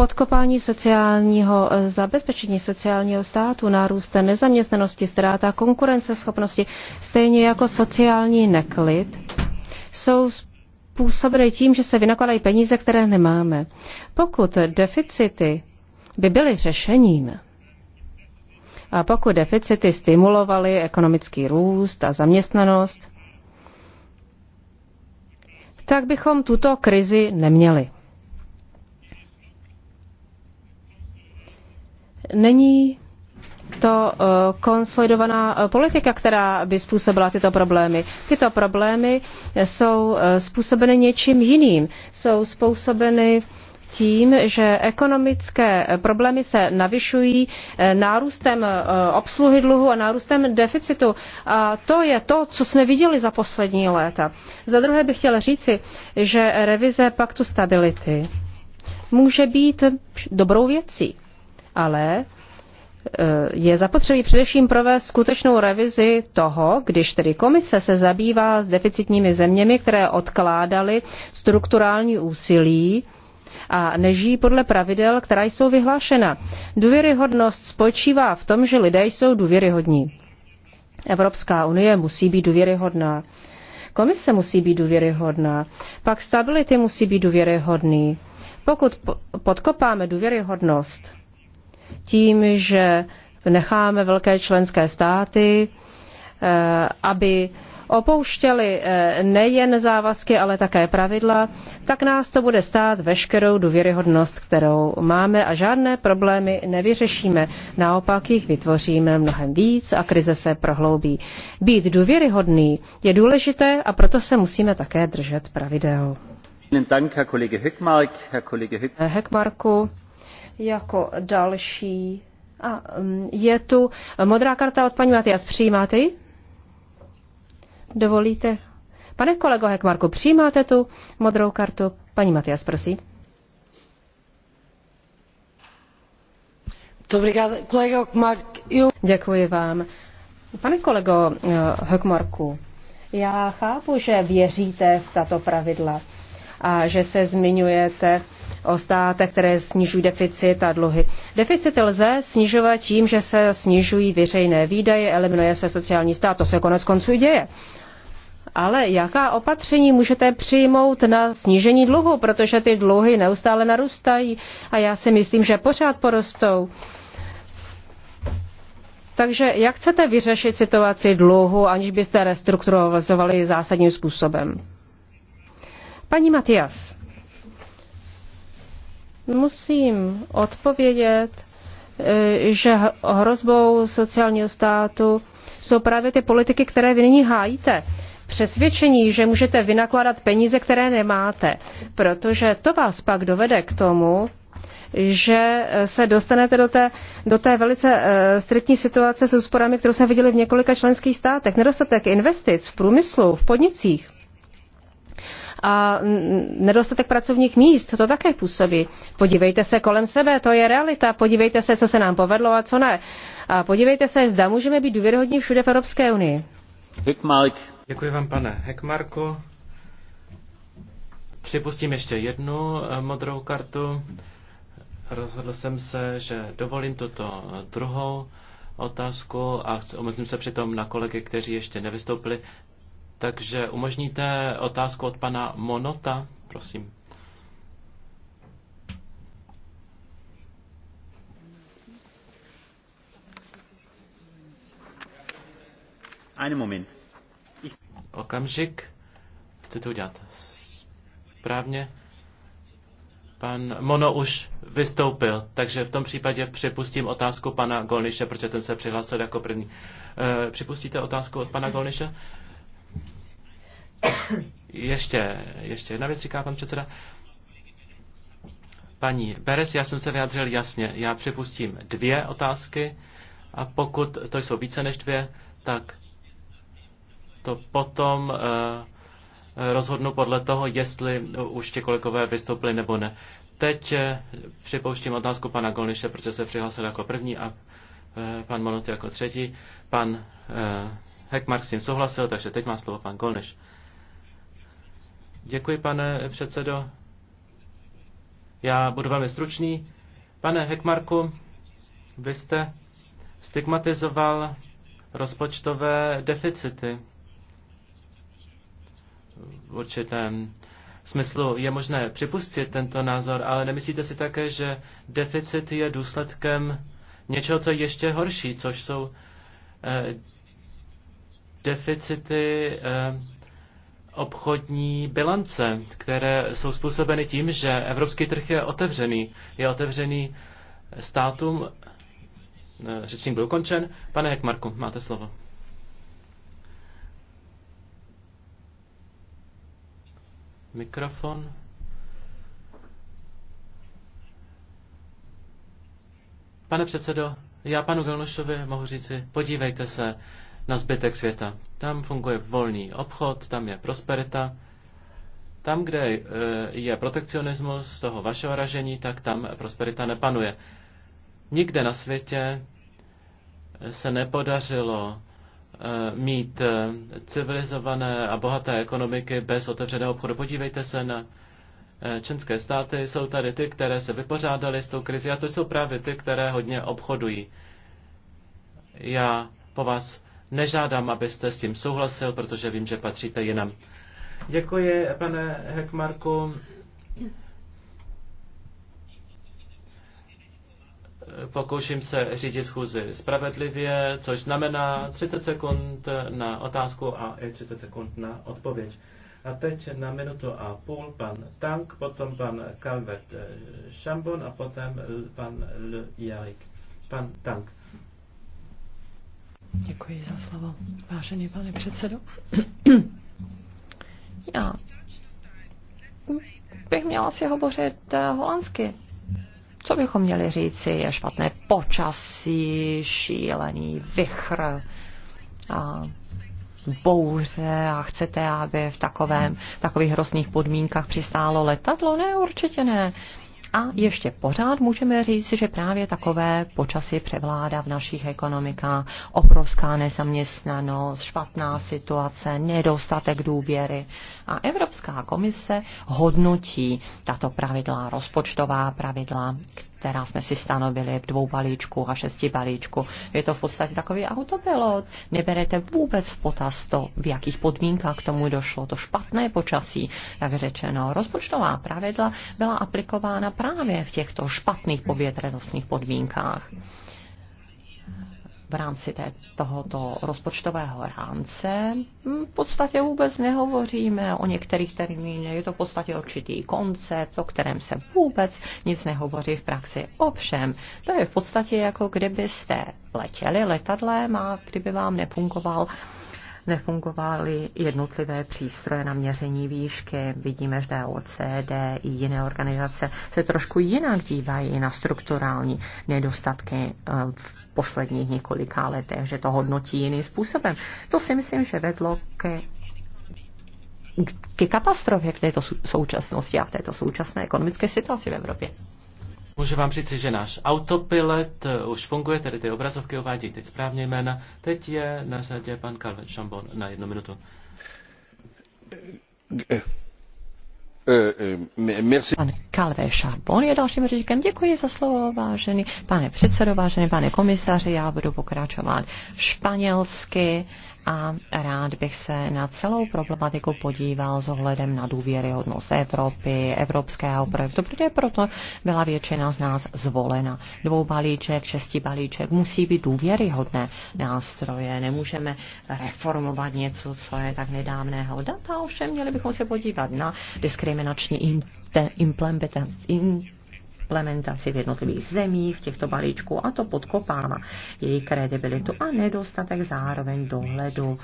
Speaker 3: podkopání sociálního eh, zabezpečení sociálního státu, nárůst nezaměstnanosti, ztráta konkurenceschopnosti, stejně jako sociální neklid, jsou způsobeny tím, že se vynakladají peníze, které nemáme. Pokud deficity by byly řešením, a pokud deficity stimulovaly ekonomický růst a zaměstnanost, tak bychom tuto krizi neměli. Není to eh, konsolidovaná eh, politika, která by způsobila tyto problémy. Tyto problémy eh, jsou způsobeny něčím jiným. Jsou způsobeny tím, že ekonomické problémy se navyšují nárůstem obsluhy dluhu a nárůstem deficitu. A to je to, co jsme viděli za poslední léta. Za druhé bych chtěla říci, že revize paktu stability může být dobrou věcí ale e, je zapotřebí především provést skutečnou revizi toho, když tedy komise se zabývá s deficitními zeměmi, které odkládaly strukturální úsilí a nežijí podle pravidel, která jsou vyhlášena. Důvěryhodnost spočívá v tom, že lidé jsou důvěryhodní. Evropská unie musí být důvěryhodná. Komise musí být důvěryhodná. Pak stability musí být důvěryhodný. Pokud podkopáme důvěryhodnost, tím, že necháme velké členské státy, eh, aby opouštěli eh, nejen závazky, ale také pravidla, tak nás to bude stát veškerou důvěryhodnost, kterou máme a žádné problémy nevyřešíme. Naopak jich vytvoříme mnohem víc a krize se prohloubí. Být důvěryhodný je důležité a proto se musíme také držet pravidel. Heckmarku, jako další. A mm, je tu modrá karta od paní Matias. Přijímáte ji? Dovolíte? Pane kolego Hekmarku, přijímáte tu modrou kartu? Paní Matias, prosím. Děkuji vám. Pane kolego eh, Hekmarku, já chápu, že věříte v tato pravidla a že se zmiňujete o státech, které snižují deficit a dluhy. Deficit lze snižovat tím, že se snižují veřejné výdaje, eliminuje se sociální stát, to se konec konců děje. Ale jaká opatření můžete přijmout na snížení dluhu, protože ty dluhy neustále narůstají a já si myslím, že pořád porostou. Takže jak chcete vyřešit situaci dluhu, aniž byste restrukturalizovali zásadním způsobem? Paní Matias. Musím odpovědět, e, že hrozbou sociálního státu jsou právě ty politiky, které vy nyní hájíte. Přesvědčení, že můžete vynakládat peníze, které nemáte, protože to vás pak dovede k tomu, že e, se dostanete do té, do té velice e, striktní situace s úsporami, kterou jsme viděli v několika členských státech. Nedostatek investic v průmyslu, v podnicích, a nedostatek pracovních míst, to také působí. Podívejte se kolem sebe, to je realita, podívejte se, co se nám povedlo a co ne. A podívejte se, zda můžeme být důvěryhodní všude v Evropské unii.
Speaker 2: Hekmark. Děkuji vám, pane Hekmarko. Připustím ještě jednu eh, modrou kartu. Rozhodl jsem se, že dovolím tuto eh, druhou otázku a omezím se přitom na kolegy, kteří ještě nevystoupili. Takže umožníte otázku od pana Monota, prosím. Einen Moment. Ich... Okamžik. Chci to udělat správně. Pan Mono už vystoupil, takže v tom případě připustím otázku pana Golniše, protože ten se přihlásil jako první. E, připustíte otázku od pana Golniše? Ještě, ještě jedna věc, říká pan předseda. Paní Beres, já jsem se vyjádřil jasně. Já připustím dvě otázky a pokud to jsou více než dvě, tak to potom eh, rozhodnu podle toho, jestli už ti kolegové vystoupili nebo ne. Teď eh, připouštím otázku pana Golniše, protože se přihlásil jako první a eh, pan Monot jako třetí. Pan Hekmark s tím souhlasil, takže teď má slovo pan Golniš. Děkuji, pane předsedo. Já budu velmi stručný. Pane Hekmarku, vy jste stigmatizoval rozpočtové deficity. V určitém smyslu je možné připustit tento názor, ale nemyslíte si také, že deficit je důsledkem něčeho, co je ještě horší, což jsou eh, deficity eh, obchodní bilance, které jsou způsobeny tím, že evropský trh je otevřený. Je otevřený státům. Eh, řečník byl ukončen. Pane Hekmarku, máte slovo. Mikrofon. Pane předsedo, já panu Gelnošovi mohu říci, podívejte se, na zbytek světa. Tam funguje volný obchod, tam je prosperita. Tam, kde e, je protekcionismus toho vašeho ražení, tak tam prosperita nepanuje. Nikde na světě se nepodařilo e, mít e, civilizované a bohaté ekonomiky bez otevřeného obchodu. Podívejte se na čenské státy. Jsou tady ty, které se vypořádaly s tou krizi a to jsou právě ty, které hodně obchodují. Já po vás Nežádám, abyste s tím souhlasil, protože vím, že patříte jinam. Děkuji, pane Hekmarku. Pokouším se řídit schůzi spravedlivě, což znamená 30 sekund na otázku a i 30 sekund na odpověď. A teď na minutu a půl pan Tank, potom pan Calvert Šambon a potom pan L. Jarek. Pan Tank.
Speaker 1: Děkuji za slovo, vážený pane předsedo. [CLEARS THROAT] Já bych měla si hovořit eh, holandsky. Co bychom měli říci? Je špatné počasí, šílený vychr a bouře a chcete, aby v takovém, takových hrozných podmínkách přistálo letadlo? Ne, určitě ne. A ještě pořád můžeme říct, že právě takové počasí převládá v našich ekonomikách. Obrovská nezaměstnanost, špatná situace, nedostatek důvěry. A Evropská komise hodnotí tato pravidla, rozpočtová pravidla, která jsme si stanovili v dvou balíčku a šesti balíčku. Je to v podstatě takový autopilot. Neberete vůbec v potaz to, v jakých podmínkách k tomu došlo. To špatné počasí, jak řečeno. Rozpočtová pravidla byla aplikována právě v těchto špatných povětrenostních podmínkách v rámci té, tohoto rozpočtového rámce v podstatě vůbec nehovoříme o některých termínech. Je to v podstatě určitý koncept, o kterém se vůbec nic nehovoří v praxi. Ovšem, to je v podstatě jako kdybyste letěli letadlem a kdyby vám nefungoval uh, nefungovaly jednotlivé přístroje na měření výšky. Vidíme, že OCD i jiné organizace se trošku jinak dívají na strukturální nedostatky eh, v posledních několika letech, že to hodnotí jiným způsobem. To si myslím, že vedlo ke ke katastrofě v této současnosti a v této současné ekonomické situaci v Evropě.
Speaker 2: Můžu vám říct, že náš autopilot eh, už funguje, tedy ty obrazovky uvádí teď správně jména. Teď je na řadě pan Calvin Šambon na jednu minutu.
Speaker 1: Eh, eh, pan Kalvé Šarbon je dalším řečníkem. Děkuji za slovo, vážený pane předsedo, vážený pane komisaři. Já budu pokračovat španělsky a rád bych se na celou problematiku podíval s ohledem na důvěryhodnost Evropy, evropského projektu, protože proto byla většina z nás zvolena. Dvou balíček, šesti balíček musí být důvěryhodné nástroje. Nemůžeme reformovat něco, co je tak nedávného data, ovšem měli bychom se podívat na diskriminační implementaci implementaci v jednotlivých zemích těchto balíčků a to podkopává její kredibilitu a nedostatek zároveň dohledu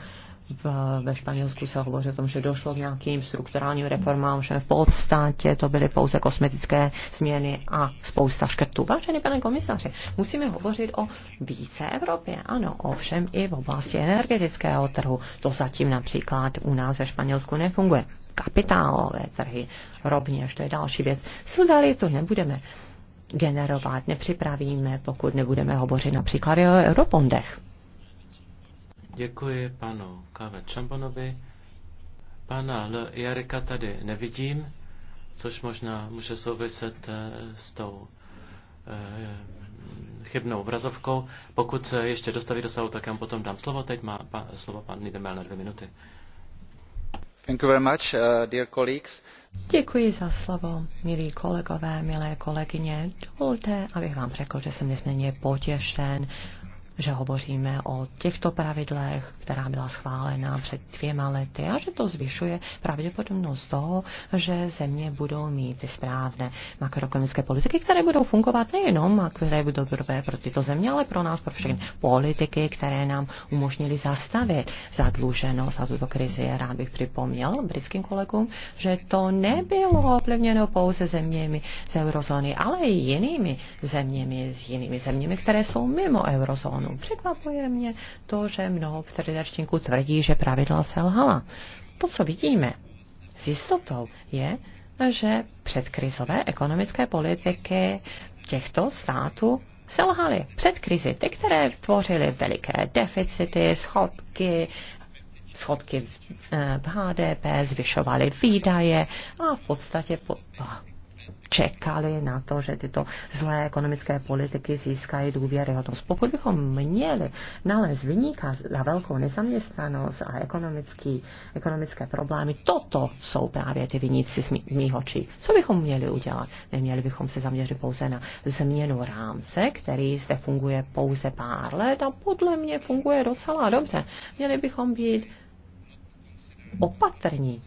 Speaker 1: v, ve Španělsku se hovoří o tom, že došlo k nějakým strukturálním reformám, že v podstatě to byly pouze kosmetické změny a spousta škrtů. Vážený pane komisaři, musíme hovořit o více Evropě, ano, ovšem i v oblasti energetického trhu. To zatím například u nás ve Španělsku nefunguje kapitálové trhy rovněž, to je další věc. Solidaritu nebudeme generovat, nepřipravíme, pokud nebudeme hovořit například o eurobondech.
Speaker 2: Děkuji panu Káve Čambonovi. Pana L. Jarika tady nevidím, což možná může souviset eh, s tou eh, chybnou obrazovkou. Pokud se ještě dostaví do salu, tak já potom dám slovo. Teď má pa, slovo pan Nidemel na dvě minuty. Uh,
Speaker 1: Děkuji za slovo, milí kolegové, milé kolegyně. Dovolte, abych vám řekl, že jsem nesmírně potěšen, že hovoříme o těchto pravidlech, která byla schválena před dvěma lety a že to zvyšuje pravděpodobnost toho, že země budou mít ty správné makroekonomické politiky, které budou fungovat nejenom a které budou dobré pro tyto země, ale pro nás, pro všechny politiky, které nám umožnili zastavit zadluženost a tuto krizi. Rád bych připomněl britským kolegům, že to nebylo ovlivněno pouze zeměmi z eurozóny, ale i jinými zeměmi, s jinými zeměmi, které jsou mimo eurozónu ano. Překvapuje mě to, že mnoho předřečníků tvrdí, že pravidla selhala. To, co vidíme s jistotou, je, že předkrizové ekonomické politiky těchto států selhaly před krizi, ty, které tvořily veliké deficity, schodky, schodky v HDP, eh, zvyšovaly výdaje a v podstatě po, čekali na to, že tyto zlé ekonomické politiky získají důvěry. tom. Pokud bychom měli nalézt vyníka za velkou nezaměstnanost a ekonomický, ekonomické problémy, toto jsou právě ty vyníci z mýho očí. Co bychom měli udělat? Neměli bychom se zaměřit pouze na změnu rámce, který zde funguje pouze pár let a podle mě funguje docela dobře. Měli bychom být opatrní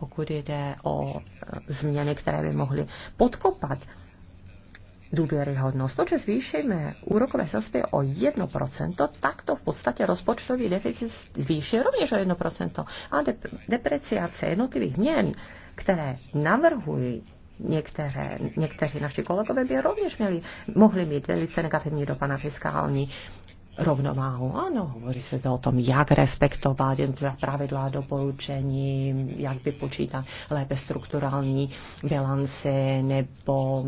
Speaker 1: pokud jde o e, změny, které by mohly podkopat důvěryhodnost. To, že zvýšíme úrokové sazby o 1%, tak to v podstatě rozpočtový deficit zvýší rovněž o 1%. A depreciace jednotlivých měn, které navrhují některé, někteří naši kolegové by rovněž měli, mohli mít velice negativní dopad na fiskální rovnováhu. Ano, hovoří se to o tom, jak respektovat jednotlivá pravidla doporučení, jak počítat lépe strukturální bilance, nebo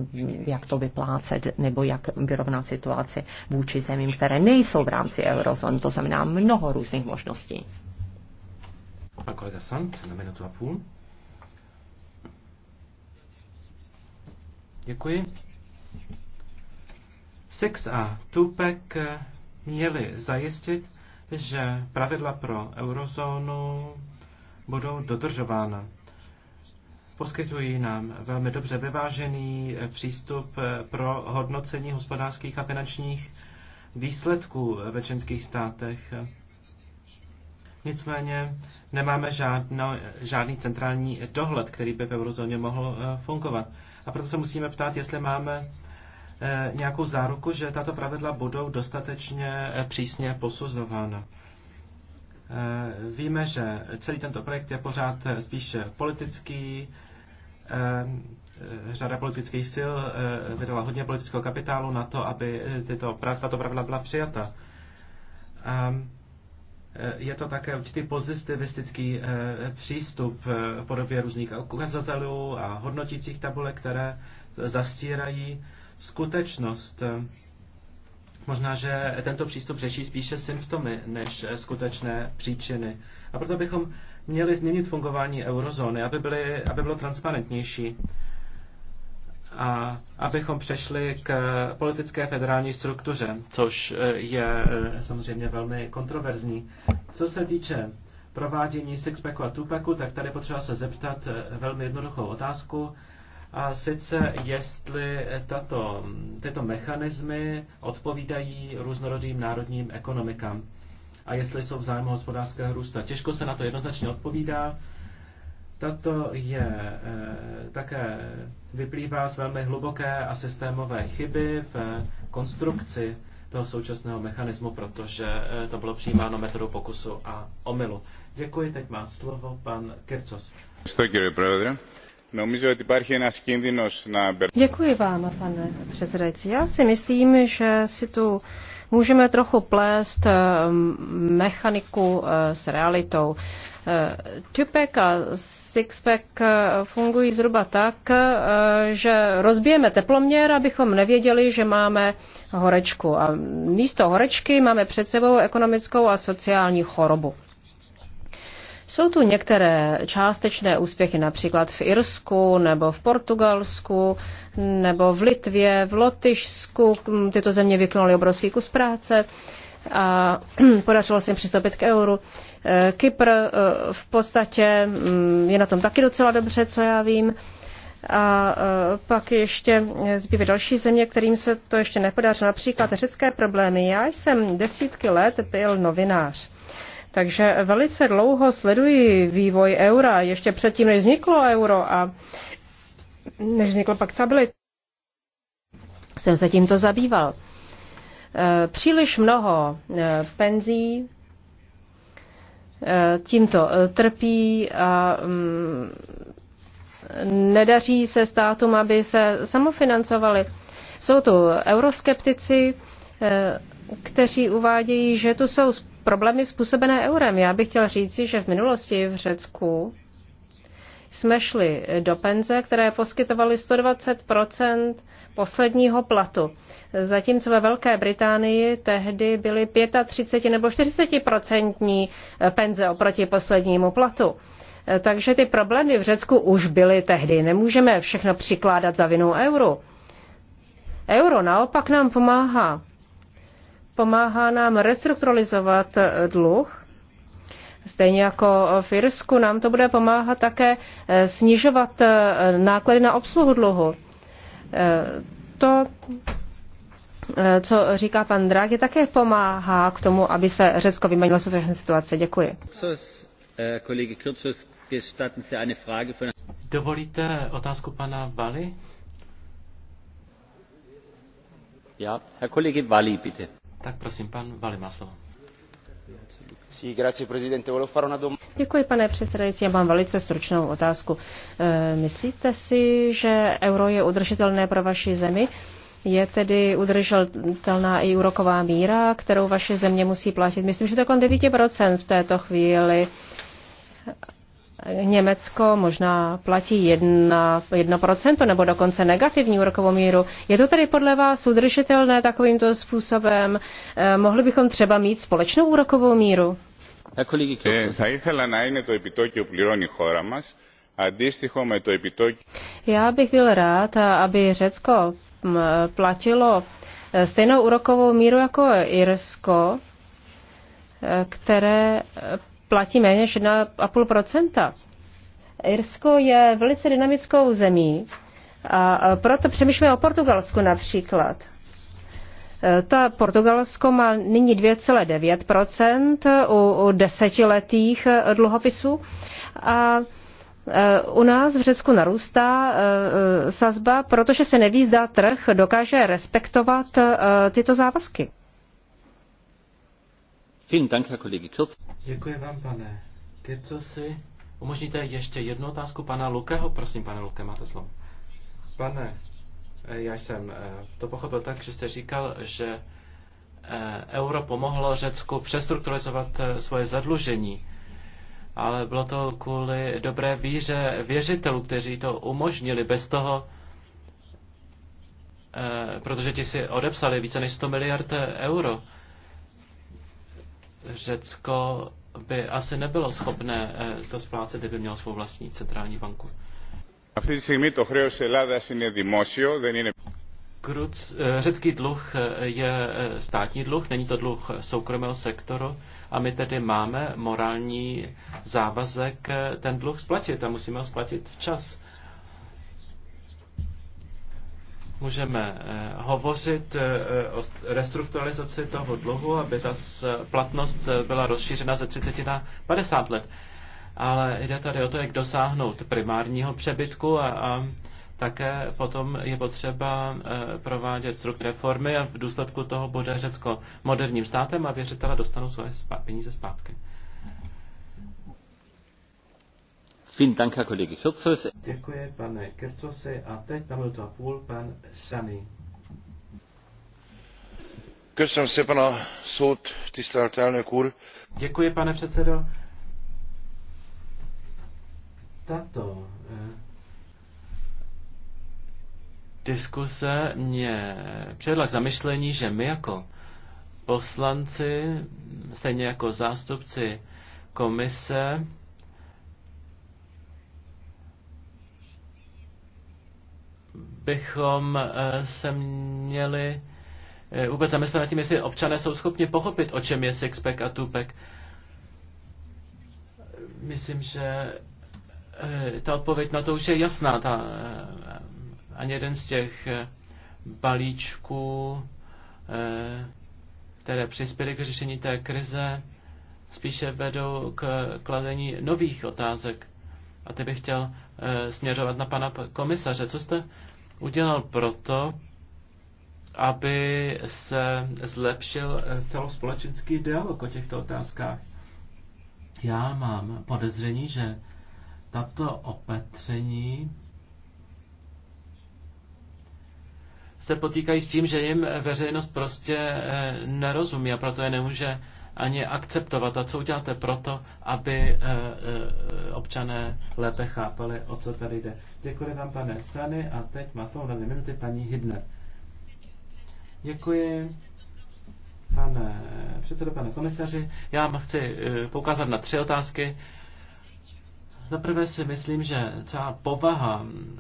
Speaker 1: jak to vyplácet, nebo jak vyrovnat situaci vůči zemím, které nejsou v rámci eurozóny. To znamená mnoho různých možností.
Speaker 2: Pan kolega Sant na minutu a půl. Děkuji. Six a Tupek měli zajistit, že pravidla pro eurozónu budou dodržována. Poskytují nám velmi dobře vyvážený eh, přístup eh, pro hodnocení hospodářských a finančních výsledků eh, ve členských státech. Nicméně nemáme žádno, žádný centrální dohled, který by v eurozóně mohl fungovat. A proto se musíme ptát, jestli máme Eh, nějakou záruku, že tato pravidla budou dostatečně eh, přísně posuzována. Eh, víme, že celý tento projekt je pořád spíše politický. Řada politických sil vydala hodně politického kapitálu na to, aby tyto, tato pravidla byla přijata. Ehm, je to také určitý pozitivistický přístup v podobě různých ukazatelů a hodnotících tabulek, které zastírají skutečnost. Možná, že tento přístup řeší spíše symptomy než skutečné příčiny. A proto bychom měli změnit fungování eurozóny, aby, byly, aby bylo transparentnější a abychom přešli k politické federální struktuře, což je eh, samozřejmě velmi kontroverzní. Co se týče provádění Sixpacku a Tupacu, tak tady potřeba se zeptat eh, velmi jednoduchou otázku. A sice jestli tato, tyto mechanismy odpovídají různorodým národním ekonomikám a jestli jsou v zájmu hospodářského růsta. Těžko se na to jednoznačně odpovídá. Tato je e, také vyplývá z velmi hluboké a systémové chyby v konstrukci toho současného mechanismu, protože e, to bylo přijímáno metodou pokusu a omylu. Děkuji, teď má slovo pan Kircos.
Speaker 7: Děkuji,
Speaker 3: Děkuji vám, pane předsedající. Já si myslím, že si tu můžeme trochu plést eh, mechaniku eh, s realitou. Eh, Tupek a Sixpack fungují zhruba tak, že rozbijeme teploměr, abychom nevěděli, že máme horečku. A místo horečky máme před sebou ekonomickou a sociální chorobu. Jsou tu některé částečné úspěchy, například v Irsku nebo v Portugalsku nebo v Litvě, v Lotyšsku. Tyto země vykonaly obrovský kus práce a [CLEARS THROAT] podařilo se jim přistoupit k euru. Eh, Kypr eh, v podstatě mm, je na tom taky docela dobře, co já vím. A eh, pak ještě zbývají další země, kterým se to ještě nepodařilo, například řecké problémy. Já jsem desítky let byl novinář takže velice dlouho sleduji vývoj eura, ještě předtím, než vzniklo euro a než vzniklo pak stabilit. Jsem se tímto zabýval. E, příliš mnoho e, penzí e, tímto trpí a mm, nedaří se státům, aby se samofinancovali. Jsou tu euroskeptici, kteří uvádějí, že tu jsou problémy způsobené eurem. Já bych chtěl říci, že v minulosti v Řecku jsme šli do penze, které poskytovaly 120 posledního platu. Zatímco ve Velké Británii tehdy byly 35 nebo 40 penze oproti poslednímu platu. Takže ty problémy v Řecku už byly tehdy. Nemůžeme všechno přikládat za vinu euru. Euro naopak nám pomáhá pomáhá nám restrukturalizovat eh, dluh. Stejně jako v Irsku nám to bude pomáhat také eh, snižovat eh, náklady na obsluhu dluhu. To, co říká pan je také pomáhá k tomu, aby se Řecko vymanilo z té situace. Děkuji.
Speaker 2: Dovolíte otázku pana Bali?
Speaker 6: Ja, Herr Kollege Walli, bitte.
Speaker 2: Tak prosím, pan Vali má slovo.
Speaker 3: Děkuji, pane předsedající. Já mám velice stručnou otázku. Eh, myslíte si, že euro je udržitelné pro vaši zemi? Je tedy udržitelná i úroková míra, kterou vaše země musí platit? Myslím, že to je kolem 9% v této chvíli. Německo možná platí 1, nebo dokonce negativní úrokovou míru. Je to tedy podle vás udržitelné takovýmto způsobem? Eh, mohli bychom třeba mít společnou úrokovou míru? Já bych byl rád, aby Řecko hm, platilo eh, stejnou úrokovou míru jako Irsko, eh, které platí méně než 1,5 Irsko je velice dynamickou zemí a proto přemýšlíme o Portugalsku například. E, ta Portugalsko má nyní 2,9 u, u desetiletých e, dluhopisů a e, u nás v Řecku narůstá sazba, protože se neví, zda trh dokáže respektovat tyto závazky.
Speaker 2: Děkuji vám, pane Kircosi. Umožníte ještě jednu otázku pana Lukeho? Prosím, pane Luke, máte slovo. Pane, eh, já jsem eh, to pochopil tak, že jste říkal, že eh, euro pomohlo Řecku přestrukturalizovat svoje zadlužení, ale bylo to kvůli dobré víře věřitelů, kteří to umožnili bez toho, protože ti si odepsali více než 100 miliard euro. Řecko by asi nebylo schopné eh, to splácet, kdyby mělo svou vlastní centrální banku. Kruc, eh, řecký dluh eh, je státní dluh, není to dluh soukromého sektoru a my tedy máme morální závazek ten dluh splatit a musíme ho splatit včas. můžeme eh, hovořit eh, eh, o restrukturalizaci toho dluhu, aby ta platnost byla rozšířena ze 30 na 50 let. Ale jde tady o to, jak dosáhnout primárního přebytku a, a také potom je potřeba provádět struktur reformy a v důsledku toho bude Řecko moderním státem a věřitele dostanou své peníze zpátky. Děkuji, pane Kercosi. A teď na minutu a půl pan Sani. Köszönöm szépen a szót, tisztelt elnök úr. Děkuji, pane předsedo. Tato eh, diskuse mě přivedla k zamyšlení, že my jako poslanci, stejně jako zástupci komise, bychom eh, se měli eh, vůbec zamyslet nad tím, jestli občané jsou schopni pochopit, o čem je Sixpack a tupek. Myslím, že eh, ta odpověď na to už je jasná. Ta, ani jeden z těch balíčků, které přispěly k řešení té krize, spíše vedou k kladení nových otázek. A ty bych chtěl e, směřovat na pana komisaře. Co jste udělal proto, aby se zlepšil eh, celospolečenský dialog o těchto otázkách? Já mám podezření, že tato opatření se potýkají s tím, že jim veřejnost prostě eh, nerozumí a proto je nemůže ani akceptovat a co uděláte proto, aby eh, eh, občané lépe chápali, o co tady jde. Děkuji vám, pane Sany, a teď má slovo na dvě minuty paní Hidner. Děkuji. Pane předsedo, pane komisaři, já vám chci eh, poukázat na tři otázky. Za prvé si myslím, že celá povaha mm,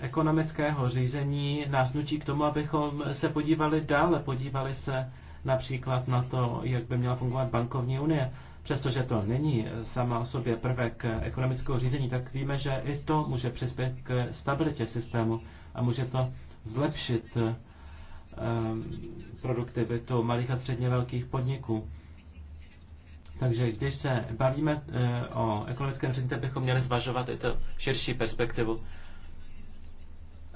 Speaker 2: ekonomického řízení nás nutí k tomu, abychom se podívali dále, podívali se například na to, jak by měla fungovat bankovní unie. Přestože to není sama o sobě prvek ekonomického řízení, tak víme, že i to může přispět k stabilitě systému a může to zlepšit eh, produktivitu malých a středně velkých podniků. Takže když se bavíme eh, o ekonomickém řízení, tak bychom měli zvažovat i to širší perspektivu.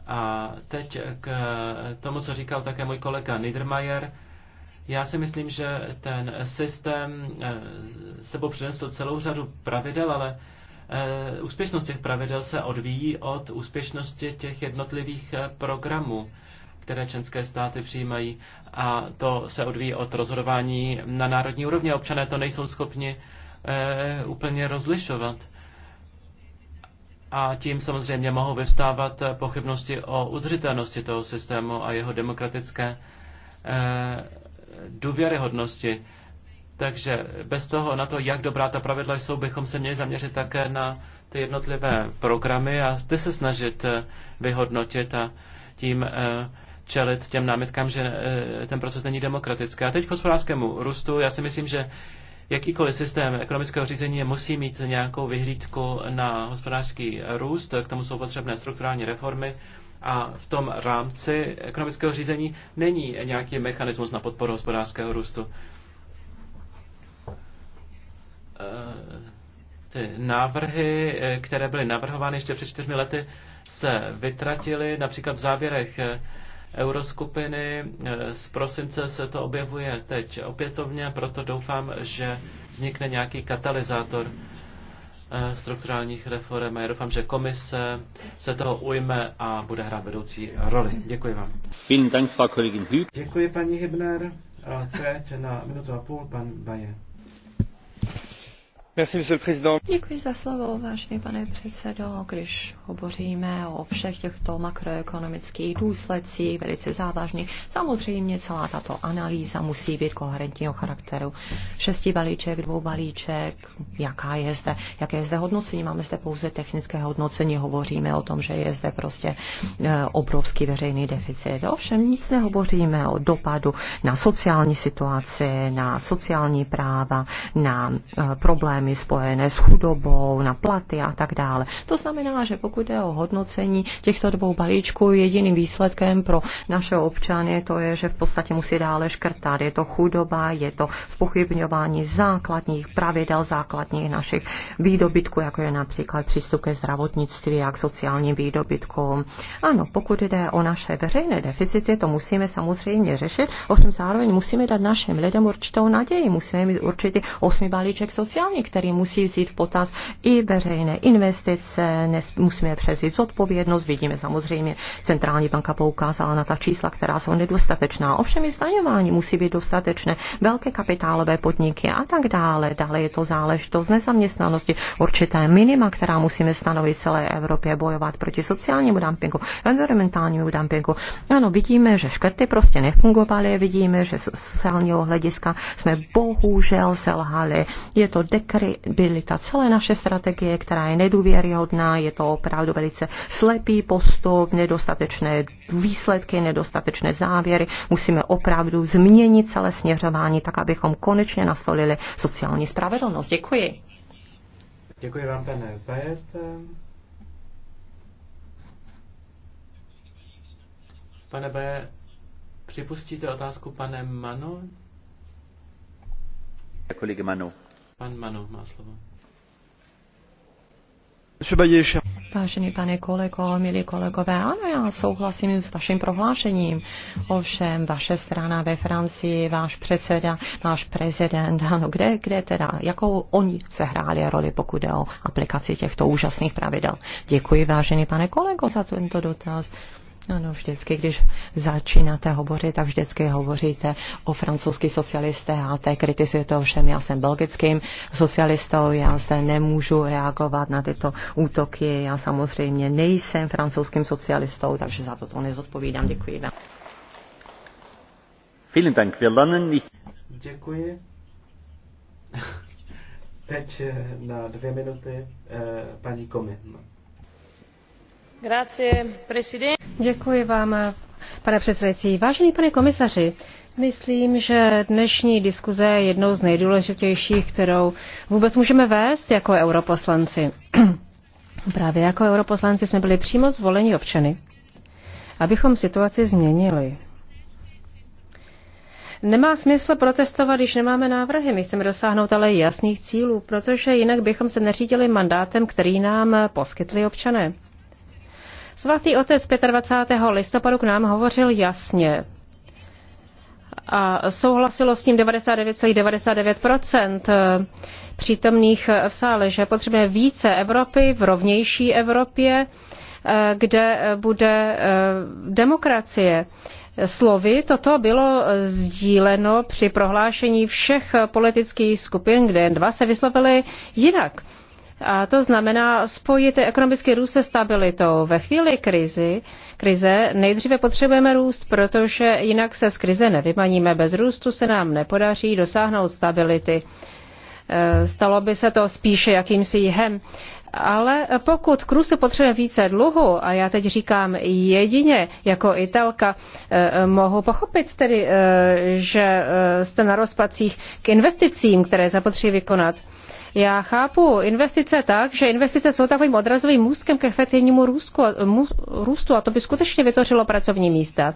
Speaker 2: A teď k tomu, co říkal také můj kolega Niedermayer, já si myslím, že ten systém eh, sebou přinesl celou řadu pravidel, ale eh, úspěšnost těch pravidel se odvíjí od úspěšnosti těch jednotlivých eh, programů, které členské státy přijímají. A to se odvíjí od rozhodování na národní úrovni. Občané to nejsou schopni úplně rozlišovat. A tím samozřejmě mohou vyvstávat pochybnosti o udržitelnosti toho systému a jeho demokratické důvěryhodnosti. Takže bez toho na to, jak dobrá ta pravidla jsou, bychom se měli zaměřit také na ty jednotlivé programy a ty se snažit eh, vyhodnotit a tím eh, čelit těm námitkám, že eh, ten proces není demokratický. A teď k hospodářskému růstu. Já si myslím, že jakýkoliv systém ekonomického řízení musí mít nějakou vyhlídku na hospodářský růst. K tomu jsou potřebné strukturální reformy a v tom rámci ekonomického řízení není nějaký mechanismus na podporu hospodářského růstu. Eh, ty návrhy, eh, které byly navrhovány ještě před čtyřmi lety, se vytratily. Například v závěrech eh, euroskupiny z prosince se to objevuje teď opětovně, proto doufám, že vznikne nějaký katalyzátor Eh, strukturálních reform a já doufám, že komise se toho ujme a bude hrát vedoucí roli. Děkuji vám. Děkuji paní Hybner. A teď na minutu a půl pan Baje.
Speaker 1: Děkuji za slovo, vážený pane předsedo. Když hovoříme o všech těchto makroekonomických důsledcích, velice závažných, samozřejmě celá tato analýza musí být koherentního charakteru. Šesti balíček, dvou balíček, jaká je zde, jaké je zde hodnocení. Máme zde pouze technické hodnocení, hovoříme o tom, že je zde prostě e, obrovský veřejný deficit. Ovšem nic nehovoříme o dopadu na sociální situaci, na sociální práva, na e, problémy problémy spojené s chudobou, na platy a tak dále. To znamená, že pokud je o hodnocení těchto dvou balíčků, jediným výsledkem pro naše občany to je, že v podstatě musí dále škrtat. Je to chudoba, je to spochybňování základních pravidel, základních našich výdobytků, jako je například přístup ke zdravotnictví a k sociálním výdobytkům. Ano, pokud jde o naše veřejné deficity, to musíme samozřejmě řešit, ovšem zároveň musíme dát našim lidem určitou naději, musíme mít určitý osmi balíček sociálních který musí vzít v potaz i veřejné investice, nes, musíme přezít zodpovědnost. Vidíme samozřejmě, centrální banka poukázala na ta čísla, která jsou nedostatečná. Ovšem i zdaňování musí být dostatečné, velké kapitálové podniky a tak dále. Dále je to záležitost nezaměstnanosti, určité minima, která musíme stanovit celé Evropě, bojovat proti sociálnímu dumpingu, environmentálnímu dumpingu. Ano, vidíme, že škrty prostě nefungovaly, vidíme, že z sociálního hlediska jsme bohužel selhali. Je to dekret kredibilita celé naše strategie, která je nedůvěryhodná, je to opravdu velice slepý postup, nedostatečné výsledky, nedostatečné závěry. Musíme opravdu změnit celé směřování, tak abychom konečně nastolili sociální spravedlnost. Děkuji. Děkuji vám, pane Pajet.
Speaker 2: Pane B, připustíte otázku pane Manu? Kolega Manu. Pan Manu má slovo.
Speaker 1: Vážený pane kolego, milí kolegové, ano, já souhlasím s vaším prohlášením. Ovšem, vaše strana ve Francii, váš předseda, váš prezident, ano, kde, kde teda, jakou oni se hráli roli, pokud jde o aplikaci těchto úžasných pravidel. Děkuji, vážený pane kolego, za tento dotaz. Ano, vždycky, když začínáte hovořit, tak vždycky hovoříte o francouzských socialistech a té to všem. Já jsem belgickým socialistou, já zde nemůžu reagovat na tyto útoky. Já samozřejmě nejsem francouzským socialistou, takže za to to nezodpovídám.
Speaker 6: Děkuji vám. Dank.
Speaker 2: Děkuji. [LAUGHS] Teď eh, na dvě minuty eh, paní Komin.
Speaker 3: Děkuji vám, pane předsedající. Vážený pane komisaři, myslím, že dnešní diskuze je jednou z nejdůležitějších, kterou vůbec můžeme vést jako europoslanci. [CLEARS THROAT] Právě jako europoslanci jsme byli přímo zvoleni občany, abychom situaci změnili. Nemá smysl protestovat, když nemáme návrhy. My chceme dosáhnout ale jasných cílů, protože jinak bychom se neřídili mandátem, který nám poskytli občané. Svatý otec 25. listopadu k nám hovořil jasně a souhlasilo s tím 99,99% ,99 eh, přítomných eh, v sále, že potřebujeme více Evropy v rovnější Evropě, eh, kde bude demokracie. Slovy toto bylo sdíleno při prohlášení všech politických skupin, kde jen dva se vyslovili jinak. A to znamená spojit ekonomický růst se stabilitou. Ve chvíli krizi, krize nejdříve potřebujeme růst, protože jinak se z krize nevymaníme. Bez růstu se nám nepodaří dosáhnout stability. E, stalo by se to spíše jakýmsi jihem. Ale pokud k růstu potřebujeme více dluhu, a já teď říkám jedině jako italka, e, mohu pochopit tedy, e, že jste na rozpacích k investicím, které zapotřebí vykonat já chápu investice tak, že investice jsou takovým odrazovým můstkem k efektivnímu růstu a to by skutečně vytvořilo pracovní místa.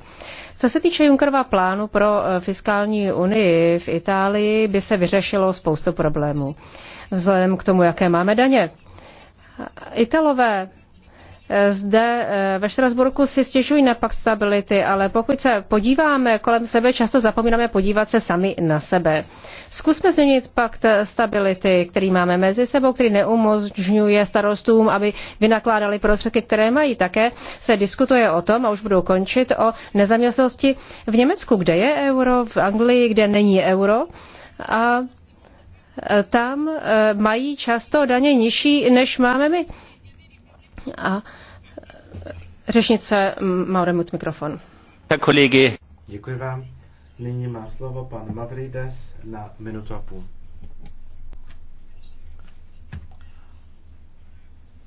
Speaker 3: Co se týče Junckerova plánu pro eh, fiskální unii v Itálii, by se vyřešilo spoustu problémů. Vzhledem k tomu, jaké máme daně. Italové Eh, zde eh, ve Štrasburku si stěžují na pak stability, ale pokud se podíváme kolem sebe, často zapomínáme podívat se sami na sebe. Zkusme změnit pakt stability, který máme mezi sebou, který neumožňuje starostům, aby vynakládali prostředky, které mají. Také se diskutuje o tom, a už budou končit, o nezaměstnosti v Německu, kde je euro, v Anglii, kde není euro. A eh, tam mají často daně nižší, než máme my. A řešnice Mauremut mikrofon.
Speaker 2: Tak Kolegy. Děkuji vám. Nyní má slovo pan Mavrides na minutu a půl.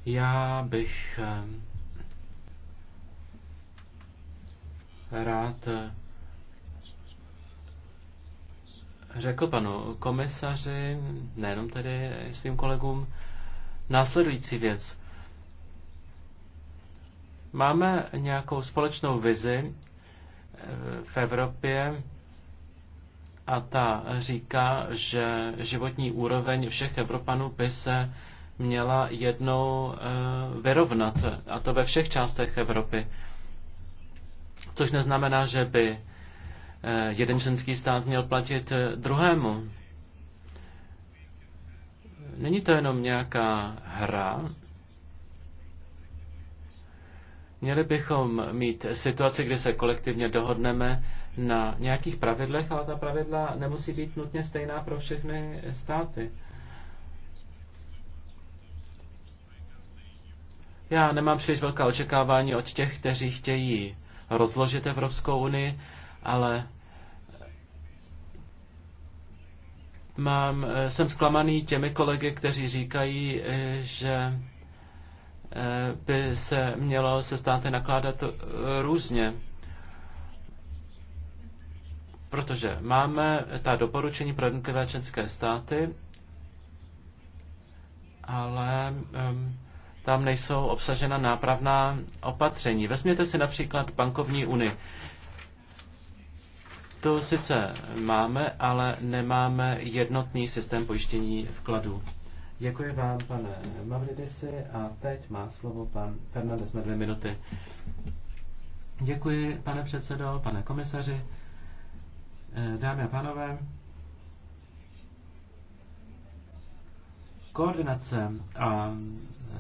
Speaker 2: Já bych eh, rád eh, řekl panu komisaři, nejenom tedy svým kolegům, následující věc. Máme nějakou společnou vizi eh, v Evropě a ta říká, že životní úroveň všech Evropanů by se měla jednou eh, vyrovnat, a to ve všech částech Evropy. Což neznamená, že by eh, jeden členský stát měl platit druhému. Není to jenom nějaká hra, Měli bychom mít situaci, kdy se kolektivně dohodneme na nějakých pravidlech, ale ta pravidla nemusí být nutně stejná pro všechny státy. Já nemám příliš velká očekávání od těch, kteří chtějí rozložit Evropskou unii, ale mám, jsem zklamaný těmi kolegy, kteří říkají, že Eh, by se mělo se státy nakládat eh, různě. Protože máme ta doporučení pro jednotlivé členské státy, ale um, tam nejsou obsažena nápravná opatření. Vezměte si například bankovní unii. To sice máme, ale nemáme jednotný systém pojištění vkladů. Děkuji vám, pane Mavridisi, a teď má slovo pan Fernandez na dvě minuty. Děkuji, pane předsedo, pane komisaři, eh, dámy a pánové. Koordinace a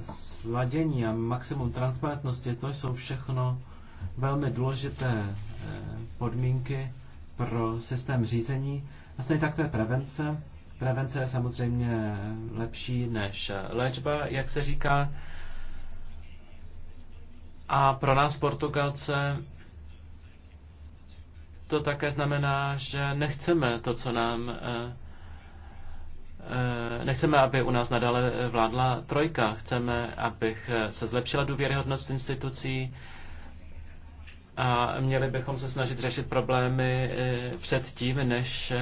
Speaker 2: sladění a maximum transparentnosti, to jsou všechno velmi důležité eh, podmínky pro systém řízení a stejně tak to je prevence Prevence je samozřejmě lepší než léčba, jak se říká. A pro nás Portugalce to také znamená, že nechceme to, co nám eh, eh, Nechceme, aby u nás nadále vládla trojka. Chceme, aby se zlepšila důvěryhodnost institucí a měli bychom se snažit řešit problémy eh, před tím, než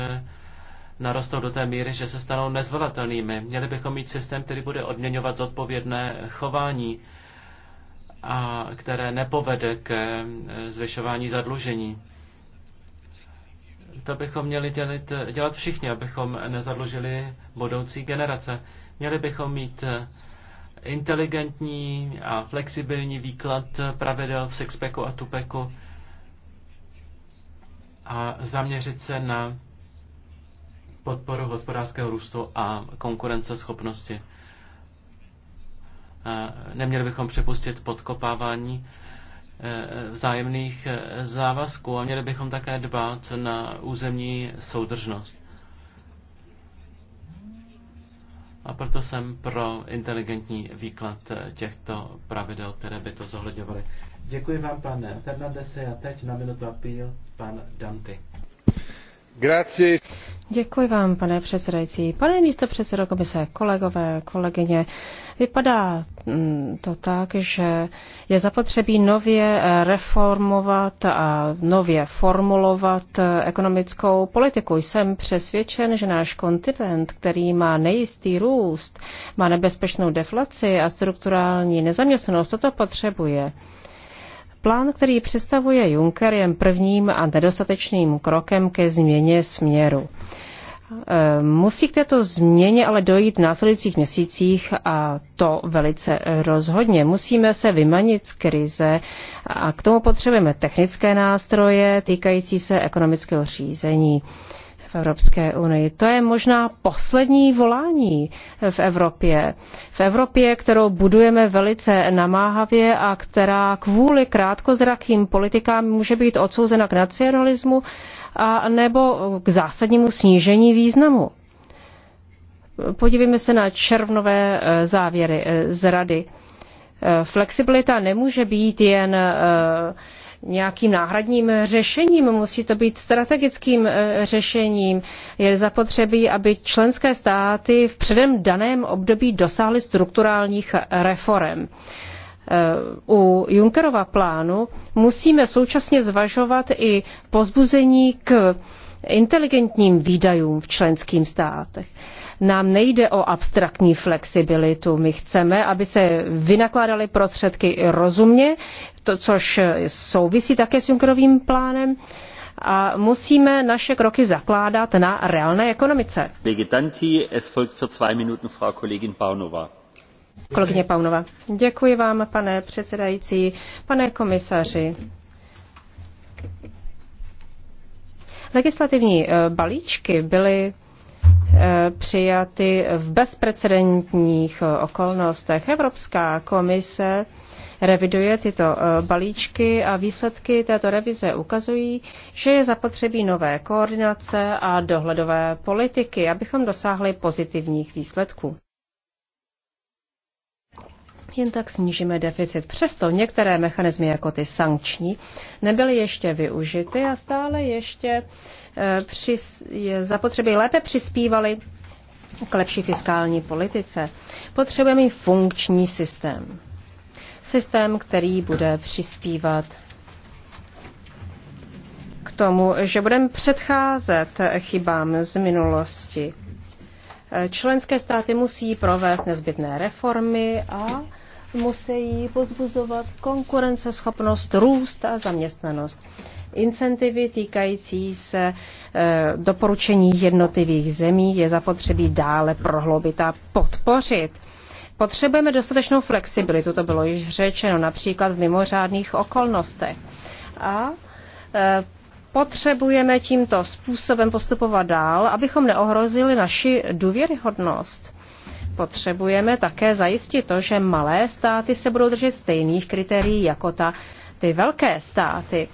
Speaker 2: narostou do té míry, že se stanou nezvolatelnými. Měli bychom mít systém, který bude odměňovat zodpovědné chování a které nepovede k eh, zvyšování zadlužení. To bychom měli dělit, dělat všichni, abychom nezadlužili budoucí generace. Měli bychom mít eh, inteligentní a flexibilní výklad pravidel v Sixpacku a Tupeku a zaměřit se na podporu hospodářského růstu a konkurenceschopnosti. E, neměli bychom připustit podkopávání e, vzájemných e, závazků a měli bychom také dbát na územní soudržnost. A proto jsem pro inteligentní výklad těchto pravidel, které by to zohledňovaly. Děkuji vám, pane Fernandese, a teď na minutu apíl pan Danty.
Speaker 5: Grazie.
Speaker 3: Děkuji vám, pane předsedající. Pane místo předsedo komise, kolegové, kolegyně, vypadá mm, to tak, že je zapotřebí nově reformovat a nově formulovat ekonomickou politiku. Jsem přesvědčen, že náš kontinent, který má nejistý růst, má nebezpečnou deflaci a strukturální nezaměstnanost, toto potřebuje. Plán, který představuje Juncker, je prvním a nedostatečným krokem ke změně směru. E, musí k této změně ale dojít v následujících měsících a to velice rozhodně. Musíme se vymanit z krize a k tomu potřebujeme technické nástroje týkající se ekonomického řízení v Evropské unii. To je možná poslední volání v Evropě. V Evropě, kterou budujeme velice namáhavě a která kvůli krátkozrakým politikám může být odsouzena k nacionalismu a nebo k zásadnímu snížení významu. Podívejme se na červnové eh, závěry eh, z rady. Eh, flexibilita nemůže být jen uh, nějakým náhradním řešením, musí to být strategickým eh, řešením. Je zapotřebí, aby členské státy v předem daném období dosáhly strukturálních reform. Eh, u Junckerova plánu musíme současně zvažovat i pozbuzení k inteligentním výdajům v členských státech nám nejde o abstraktní flexibilitu. My chceme, aby se vynakládaly prostředky rozumně, to, což souvisí také s Junckerovým plánem a musíme naše kroky zakládat na reálné ekonomice. Kolegyně Paunova. Děkuji vám, pane předsedající, pane komisaři. Legislativní eh, balíčky byly přijaty v bezprecedentních okolnostech. Evropská komise reviduje tyto e, balíčky a výsledky této revize ukazují, že je zapotřebí nové koordinace a dohledové politiky, abychom dosáhli pozitivních výsledků. Jen tak snížíme deficit. Přesto některé mechanismy, jako ty sankční, nebyly ještě využity a stále ještě Eh, při, zapotřebí lépe přispívali k lepší fiskální politice. Potřebujeme funkční systém. Systém, který bude přispívat k tomu, že budeme předcházet chybám z minulosti. Eh, členské státy musí provést nezbytné reformy a musí pozbuzovat konkurenceschopnost, růst a zaměstnanost. Incentivy týkající se e, doporučení jednotlivých zemí je zapotřebí dále prohloubit a podpořit. Potřebujeme dostatečnou flexibilitu, to bylo již řečeno, například v mimořádných okolnostech. A e, potřebujeme tímto způsobem postupovat dál, abychom neohrozili naši důvěryhodnost. Potřebujeme také zajistit to, že malé státy se budou držet stejných kritérií jako ta ty velké státy,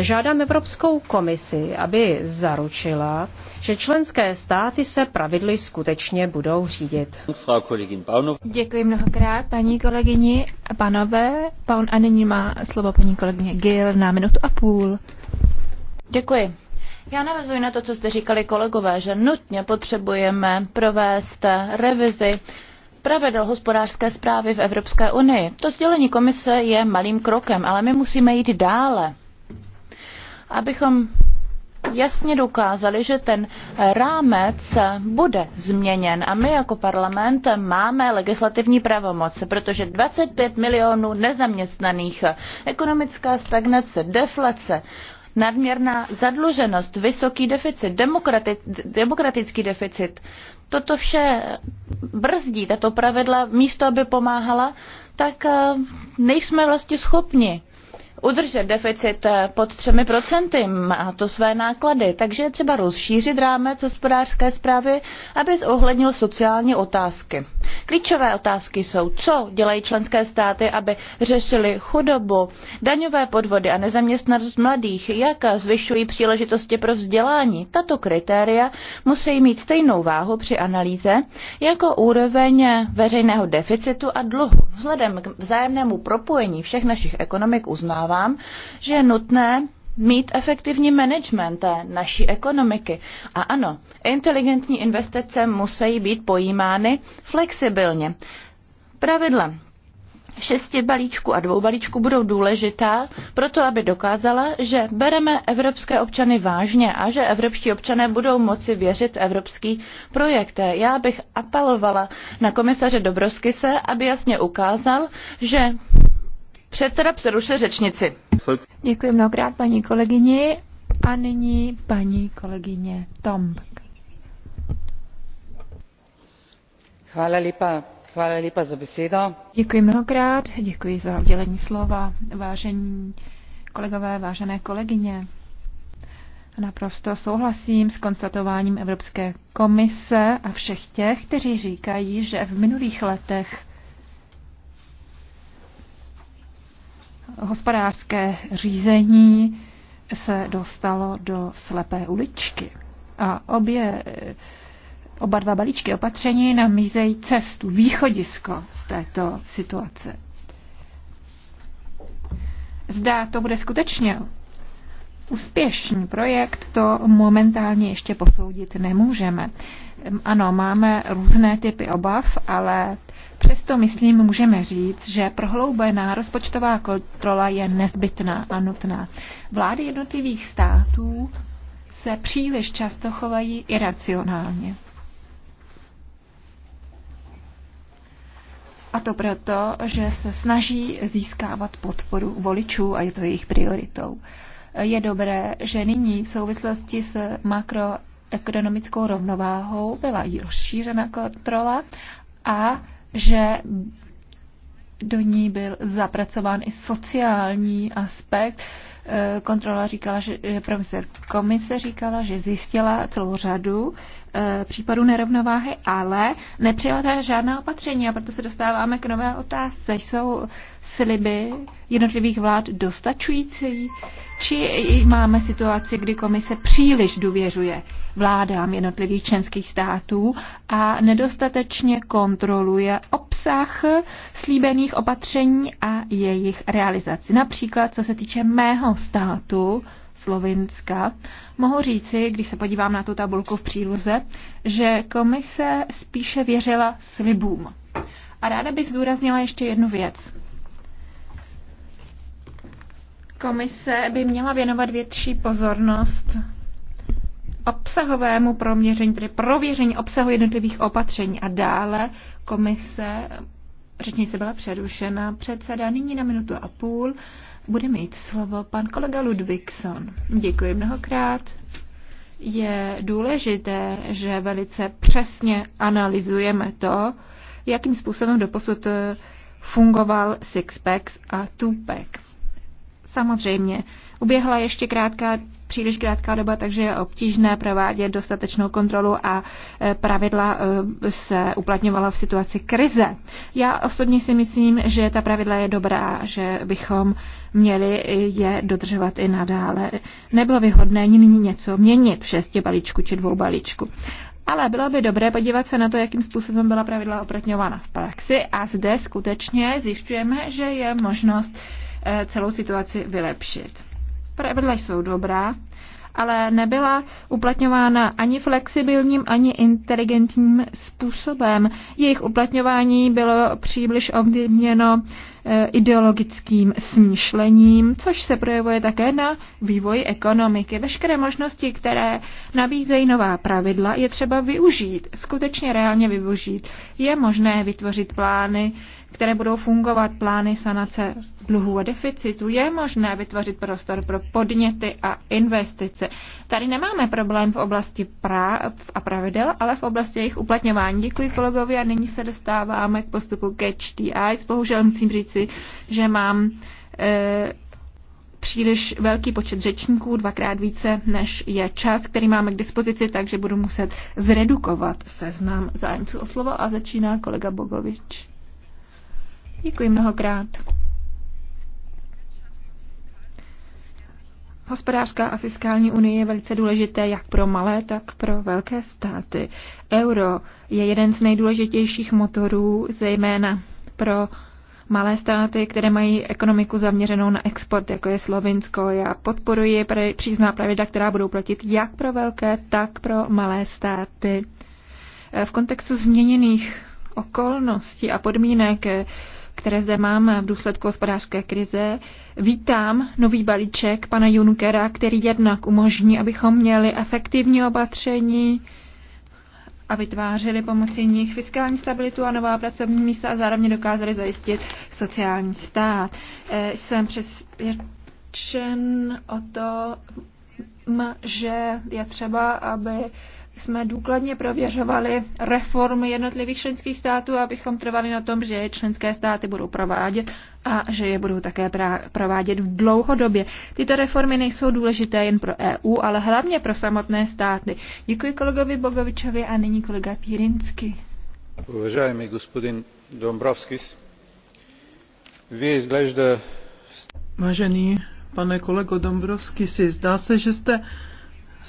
Speaker 3: žádám Evropskou komisi, aby zaručila, že členské státy se pravidly skutečně budou řídit.
Speaker 8: Děkuji mnohokrát paní
Speaker 3: kolegyni
Speaker 8: a panové. Pan a nyní má slovo paní kolegyně Gil na minutu a půl. Děkuji.
Speaker 9: Já navazuji na to, co jste říkali kolegové, že nutně potřebujeme provést revizi pravidel hospodářské zprávy v Evropské unii. To sdělení komise je malým krokem, ale my musíme jít dále, abychom jasně dokázali, že ten rámec bude změněn a my jako parlament máme legislativní pravomoc, protože 25 milionů nezaměstnaných, ekonomická stagnace, deflace, nadměrná zadluženost, vysoký deficit, demokratický deficit, toto vše brzdí, tato pravidla, místo aby pomáhala, tak eh, nejsme vlastně schopni udržet deficit eh, pod 3%, má to své náklady, takže je třeba rozšířit rámec hospodářské zprávy, aby zohlednil sociální otázky. Klíčové otázky jsou, co dělají členské státy, aby řešili chudobu, daňové podvody a nezaměstnanost mladých, jak zvyšují příležitosti pro vzdělání. Tato kritéria musí mít stejnou váhu při analýze jako úroveň veřejného deficitu a dluhu. Vzhledem k vzájemnému propojení všech našich ekonomik uznávám, že je nutné mít efektivní management naší ekonomiky. A ano, inteligentní investice musí být pojímány flexibilně. Pravidla šesti balíčku a dvou balíčku budou důležitá proto, aby dokázala, že bereme evropské občany vážně a že evropští občané budou moci věřit evropský projekt. Já bych apelovala na komisaře Dobroskise, aby jasně ukázal, že Předseda přerušil řečnici.
Speaker 8: Děkuji mnohokrát paní kolegyni a nyní paní kolegyně Tomb.
Speaker 4: Hvala lepa. Hvala lepa za besedo.
Speaker 8: Děkuji mnohokrát, děkuji za udělení slova. Vážení kolegové, vážené kolegyně, Naprosto souhlasím s konstatováním Evropské komise a všech těch, kteří říkají, že v minulých letech hospodářské řízení se dostalo do slepé uličky. A obě, oba dva balíčky opatření namízejí cestu, východisko z této situace. Zdá to bude skutečně úspěšný projekt, to momentálně ještě posoudit nemůžeme. Ano, máme různé typy obav, ale Přesto, myslím, můžeme říct, že prohloubená rozpočtová kontrola je nezbytná a nutná. Vlády jednotlivých států se příliš často chovají iracionálně. A to proto, že se snaží získávat podporu voličů a je to jejich prioritou. Je dobré, že nyní v souvislosti s makroekonomickou rovnováhou byla rozšířena kontrola a že do ní byl zapracován i sociální aspekt. Eh, kontrola říkala, že promise, komise říkala, že zjistila celou řadu eh, případů nerovnováhy, ale nepřijala žádná opatření a proto se dostáváme k nové otázce. Jsou sliby jednotlivých vlád dostačující? či máme situaci, kdy komise příliš důvěřuje vládám jednotlivých členských států a nedostatečně kontroluje obsah slíbených opatření a jejich realizaci. Například, co se týče mého státu, Slovinska, mohu říci, když se podívám na tu tabulku v příloze, že komise spíše věřila slibům. A ráda bych zdůraznila ještě jednu věc. Komise by měla věnovat větší pozornost obsahovému proměření, tedy prověření obsahu jednotlivých opatření. A dále komise, řečnice byla přerušena, předseda nyní na minutu a půl, bude mít slovo pan kolega Ludvíkson. Děkuji mnohokrát. Je důležité, že velice přesně analyzujeme to, jakým způsobem doposud fungoval Sixpacks a Tupac. Samozřejmě, uběhla ještě krátká, příliš krátká doba, takže je obtížné provádět dostatečnou kontrolu a e, pravidla e, se uplatňovala v situaci krize. Já osobně si myslím, že ta pravidla je dobrá, že bychom měli je dodržovat i nadále. Nebylo vyhodné nyní něco měnit v šesti balíčku či dvou balíčku. Ale bylo by dobré podívat se na to, jakým způsobem byla pravidla opratňována v praxi a zde skutečně zjišťujeme, že je možnost Eh, celou situaci vylepšit. Pravidla jsou dobrá, ale nebyla uplatňována ani flexibilním, ani inteligentním způsobem. Jejich uplatňování bylo příliš ovlivněno eh, ideologickým smýšlením, což se projevuje také na vývoji ekonomiky. Veškeré možnosti, které nabízejí nová pravidla, je třeba využít, skutečně reálně využít. Je možné vytvořit plány, které budou fungovat plány sanace dluhů a deficitu, je možné vytvořit prostor pro podněty a investice. Tady nemáme problém v oblasti práv a pravidel, ale v oblasti jejich uplatňování. Děkuji kolegovi a nyní se dostáváme k postupu Catch the Eyes. Bohužel musím říci, že mám e, příliš velký počet řečníků, dvakrát více, než je čas, který máme k dispozici, takže budu muset zredukovat seznam zájemců o slovo a začíná kolega Bogovič. Děkuji mnohokrát. Hospodářská a fiskální unie je velice důležité jak pro malé, tak pro velké státy. Euro je jeden z nejdůležitějších motorů, zejména pro malé státy, které mají ekonomiku zaměřenou na export, jako je Slovinsko. Já podporuji přízná pravidla, která budou platit jak pro velké, tak pro malé státy. E, v kontextu změněných okolností a podmínek e, které zde mám v důsledku hospodářské krize. Vítám nový balíček pana Junckera, který jednak umožní, abychom měli efektivní opatření a vytvářeli pomocí nich fiskální stabilitu a nová pracovní místa a zároveň dokázali zajistit sociální stát. E, jsem přesvědčen o tom, že je třeba, aby jsme důkladně prověřovali reformy jednotlivých členských států, abychom trvali na tom, že je členské státy budou provádět a že je budou také provádět v dlouhodobě. Tyto reformy nejsou důležité jen pro EU, ale hlavně pro samotné státy. Děkuji kolegovi Bogovičovi a nyní kolega
Speaker 7: Pírinsky.
Speaker 9: Uvažajme, gospodin Dombrovskis,
Speaker 2: vy
Speaker 7: zgležda... Vážený pane kolego Dombrovskis, zdá se, že jste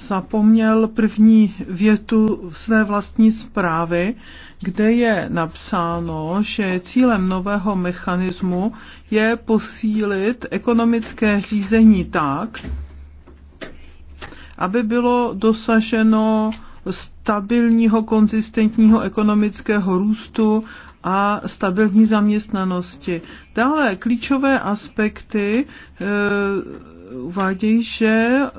Speaker 7: zapomněl první větu své vlastní zprávy, kde je napsáno, že cílem nového mechanismu je posílit ekonomické řízení tak, aby bylo dosaženo stabilního, konzistentního ekonomického růstu a stabilní zaměstnanosti. Dále klíčové aspekty e, uvádějí, že e,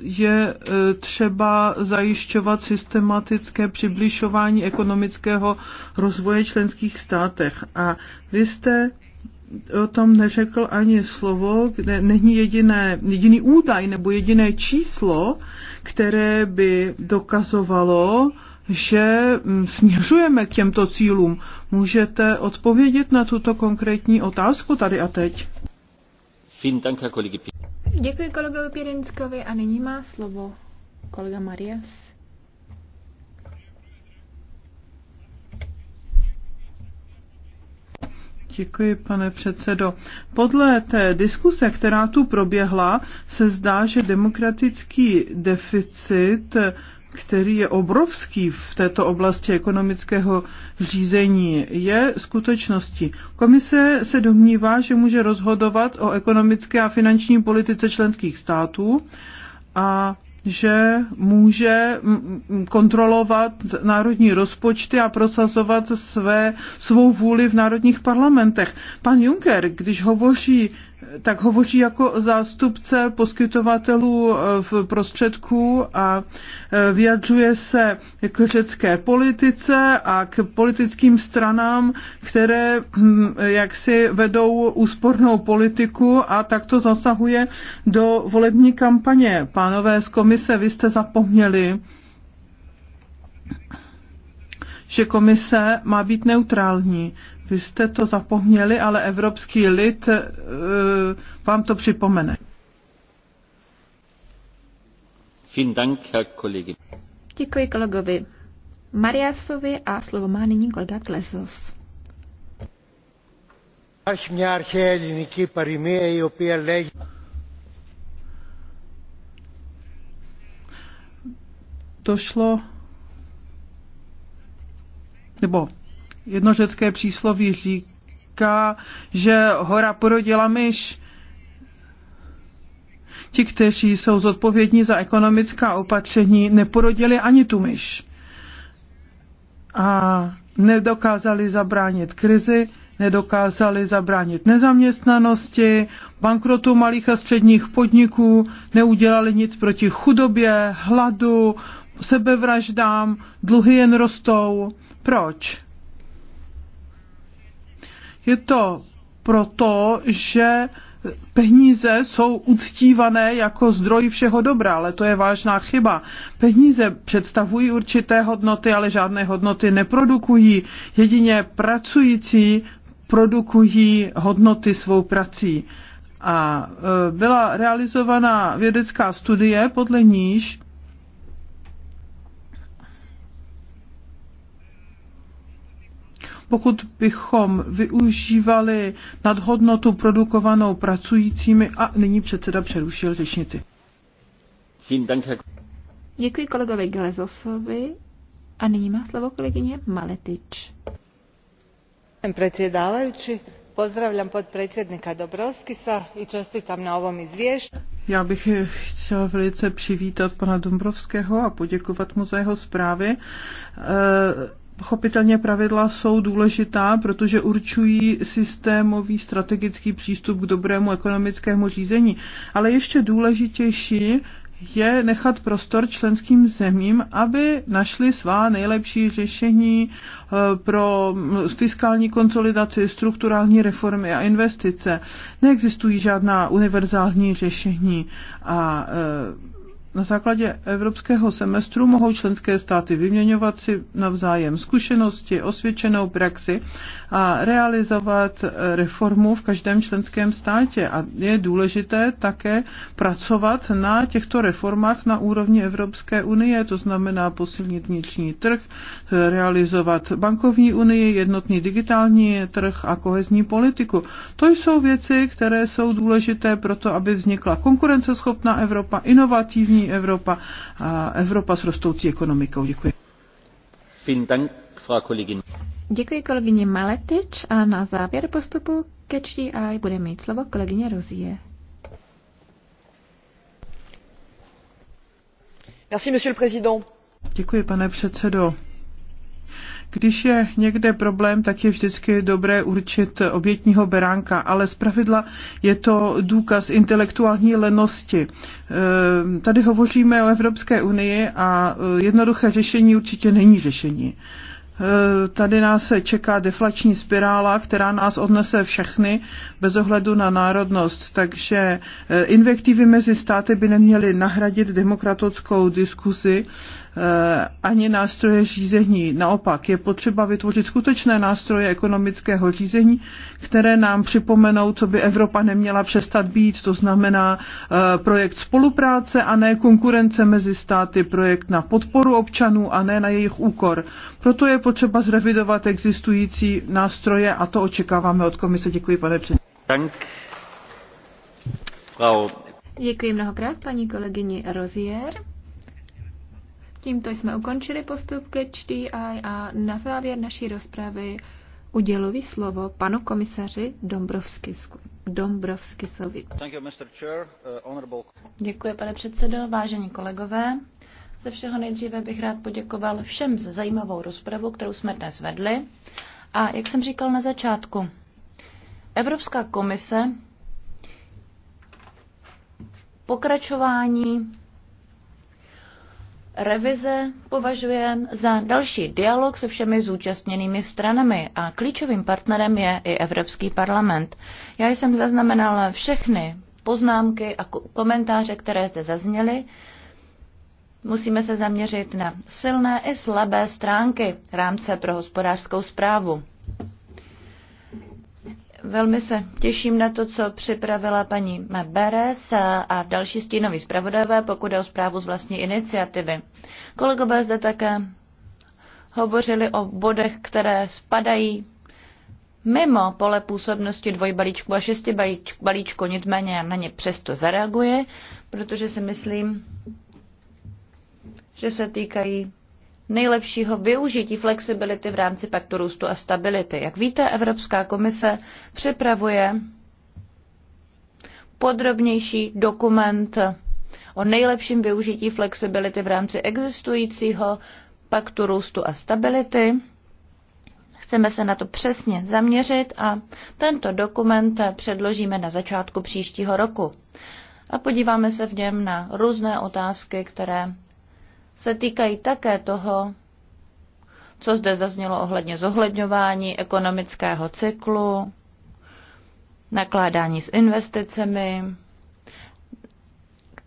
Speaker 7: je e, třeba zajišťovat systematické přibližování ekonomického rozvoje členských státech. A vy jste o tom neřekl ani slovo, kde není jediné, jediný údaj nebo jediné číslo, které by dokazovalo, že mm, směřujeme k těmto cílům. Můžete odpovědět na tuto konkrétní otázku tady a teď?
Speaker 8: Děkuji kolegovi Pěrinskovi a nyní má slovo kolega Marias.
Speaker 7: Děkuji, pane předsedo. Podle té diskuse, která tu proběhla, se zdá, že demokratický deficit který je obrovský v této oblasti ekonomického řízení, je skutečnosti. Komise se domnívá, že může rozhodovat o ekonomické a finanční politice členských států a že může kontrolovat národní rozpočty a prosazovat své, svou vůli v národních parlamentech. Pan Juncker, když hovoří tak hovoří jako zástupce poskytovatelů eh, v prostředků a eh, vyjadřuje se k řecké politice a k politickým stranám, které hm, jak si vedou úspornou politiku a tak to zasahuje do volební kampaně. Pánové z komise, vy jste zapomněli, že komise má být neutrální. Vy jste to zapomněli, ale evropský lid eh, vám to připomene.
Speaker 8: Děkuji kolegovi Mariasovi a slovo má nyní kolega Klesos.
Speaker 7: Došlo nebo Jedno řecké přísloví říká, že hora porodila myš. Ti, kteří jsou zodpovědní za ekonomická opatření, neporodili ani tu myš. A nedokázali zabránit krizi, nedokázali zabránit nezaměstnanosti, bankrotu malých a středních podniků, neudělali nic proti chudobě, hladu, sebevraždám, dluhy jen rostou. Proč? Je to proto, že peníze jsou uctívané jako zdroj všeho dobra, ale to je vážná chyba. Peníze představují určité hodnoty, ale žádné hodnoty neprodukují. Jedině pracující produkují hodnoty svou prací. A e, byla realizovaná vědecká studie, podle níž pokud bychom využívali nadhodnotu produkovanou pracujícími a nyní předseda přerušil řečnici.
Speaker 8: Děkuji kolegovi Glezosovi a nyní má slovo kolegyně Maletič. Předsedávající,
Speaker 4: pozdravím podpredsjednika Dobrovskisa i čestitam na ovom izvješću.
Speaker 7: Já bych chtěla velice přivítat pana Dombrovského a poděkovat mu za jeho zprávy. E Pochopitelně pravidla jsou důležitá, protože určují systémový strategický přístup k dobrému ekonomickému řízení. Ale ještě důležitější je nechat prostor členským zemím, aby našli svá nejlepší řešení eh, pro fiskální konsolidaci, strukturální reformy a investice. Neexistují žádná univerzální řešení a eh, na základě evropského semestru mohou členské státy vyměňovat si navzájem zkušenosti, osvědčenou praxi a realizovat eh, reformu v každém členském státě. A je důležité také pracovat na těchto reformách na úrovni Evropské unie, to znamená posilnit vnitřní trh, realizovat bankovní unii, jednotný digitální trh a kohezní politiku. To jsou věci, které jsou důležité pro to, aby vznikla konkurenceschopná Evropa, inovativní digitální Evropa a Evropa s rostoucí ekonomikou. Děkuji.
Speaker 8: Děkuji kolegyně Maletič a na závěr postupu ke HDI bude mít slovo kolegyně Rozie.
Speaker 7: Merci, monsieur le président. Děkuji, pane předsedo. Když je někde problém, tak je vždycky dobré určit obětního beránka, ale zpravidla je to důkaz intelektuální lenosti. Ehm, tady hovoříme o Evropské unii a eh, jednoduché řešení určitě není řešení. Eh, tady nás čeká deflační spirála, která nás odnese všechny bez ohledu na národnost. Takže eh, invektivy mezi státy by neměly nahradit demokratickou diskuzi Eh, ani nástroje řízení. Naopak je potřeba vytvořit skutečné nástroje ekonomického řízení, které nám připomenou, co by Evropa neměla přestat být. To znamená eh, projekt spolupráce a ne konkurence mezi státy, projekt na podporu občanů a ne na jejich úkor. Proto je potřeba zrevidovat existující nástroje a to očekáváme od komise. Děkuji, pane předsedající.
Speaker 8: Děkuji mnohokrát paní kolegyni Rozier. Tímto jsme ukončili postup ke HDI a na závěr naší rozpravy uděluji slovo panu komisaři Dombrovskisku. Dombrovskisovi.
Speaker 6: Uh,
Speaker 9: Děkuji, pane předsedo, vážení kolegové. Ze všeho nejdříve bych rád poděkoval všem za zajímavou rozpravu, kterou jsme dnes vedli. A jak jsem říkal na začátku, Evropská komise pokračování revize považuje za další dialog se všemi zúčastněnými stranami a klíčovým partnerem je i Evropský parlament. Já jsem zaznamenala všechny poznámky a komentáře, které zde zazněly. Musíme se zaměřit na silné i slabé stránky rámce pro hospodářskou zprávu. Velmi se těším na to, co připravila paní Beres a další stínový zpravodajové, pokud jde o zprávu z vlastní iniciativy. Kolegové zde také hovořili o bodech, které spadají mimo pole působnosti dvojbalíčku a šesti balíčku, nicméně na ně přesto zareaguje, protože si myslím, že se týkají nejlepšího využití flexibility v rámci paktu růstu a stability. Jak víte, Evropská komise připravuje podrobnější dokument o nejlepším využití flexibility v rámci existujícího paktu růstu a stability. Chceme se na to přesně zaměřit a tento dokument předložíme na začátku příštího roku. A podíváme se v něm na různé otázky, které se týkají také toho, co zde zaznělo ohledně zohledňování ekonomického cyklu, nakládání s investicemi,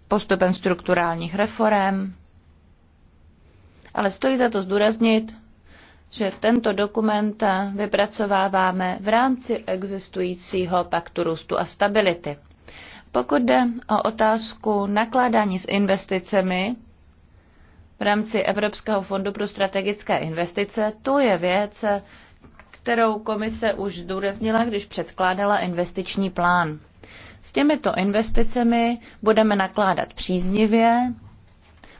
Speaker 9: postupem strukturálních reform. Ale stojí za to zdůraznit, že tento dokument vypracováváme v rámci existujícího paktu růstu a stability. Pokud jde o otázku nakládání s investicemi, v rámci Evropského fondu pro strategické investice, to je věc, kterou komise už zdůraznila, když předkládala investiční plán. S těmito investicemi budeme nakládat příznivě,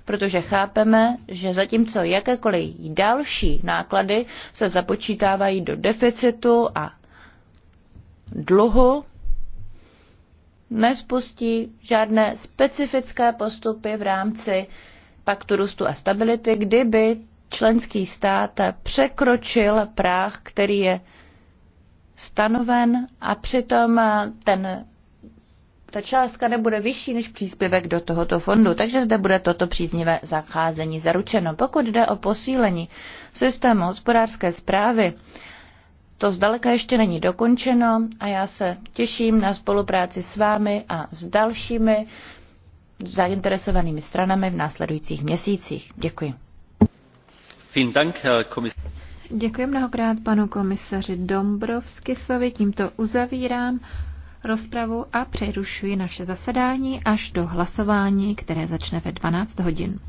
Speaker 9: protože chápeme, že zatímco jakékoliv další náklady se započítávají do deficitu a dluhu, nespustí žádné specifické postupy v rámci paktu růstu a stability, kdyby členský stát překročil práh, který je stanoven a přitom ten, ta částka nebude vyšší než příspěvek do tohoto fondu, takže zde bude toto příznivé zacházení zaručeno. Pokud jde o posílení systému hospodářské zprávy, to zdaleka ještě není dokončeno a já se těším na spolupráci s vámi a s dalšími zainteresovanými stranami v následujících měsících. Děkuji.
Speaker 8: Děkuji mnohokrát panu komisaři Dombrovskisovi. Tímto uzavírám rozpravu a přerušuji naše zasedání až do hlasování, které začne ve 12 hodin.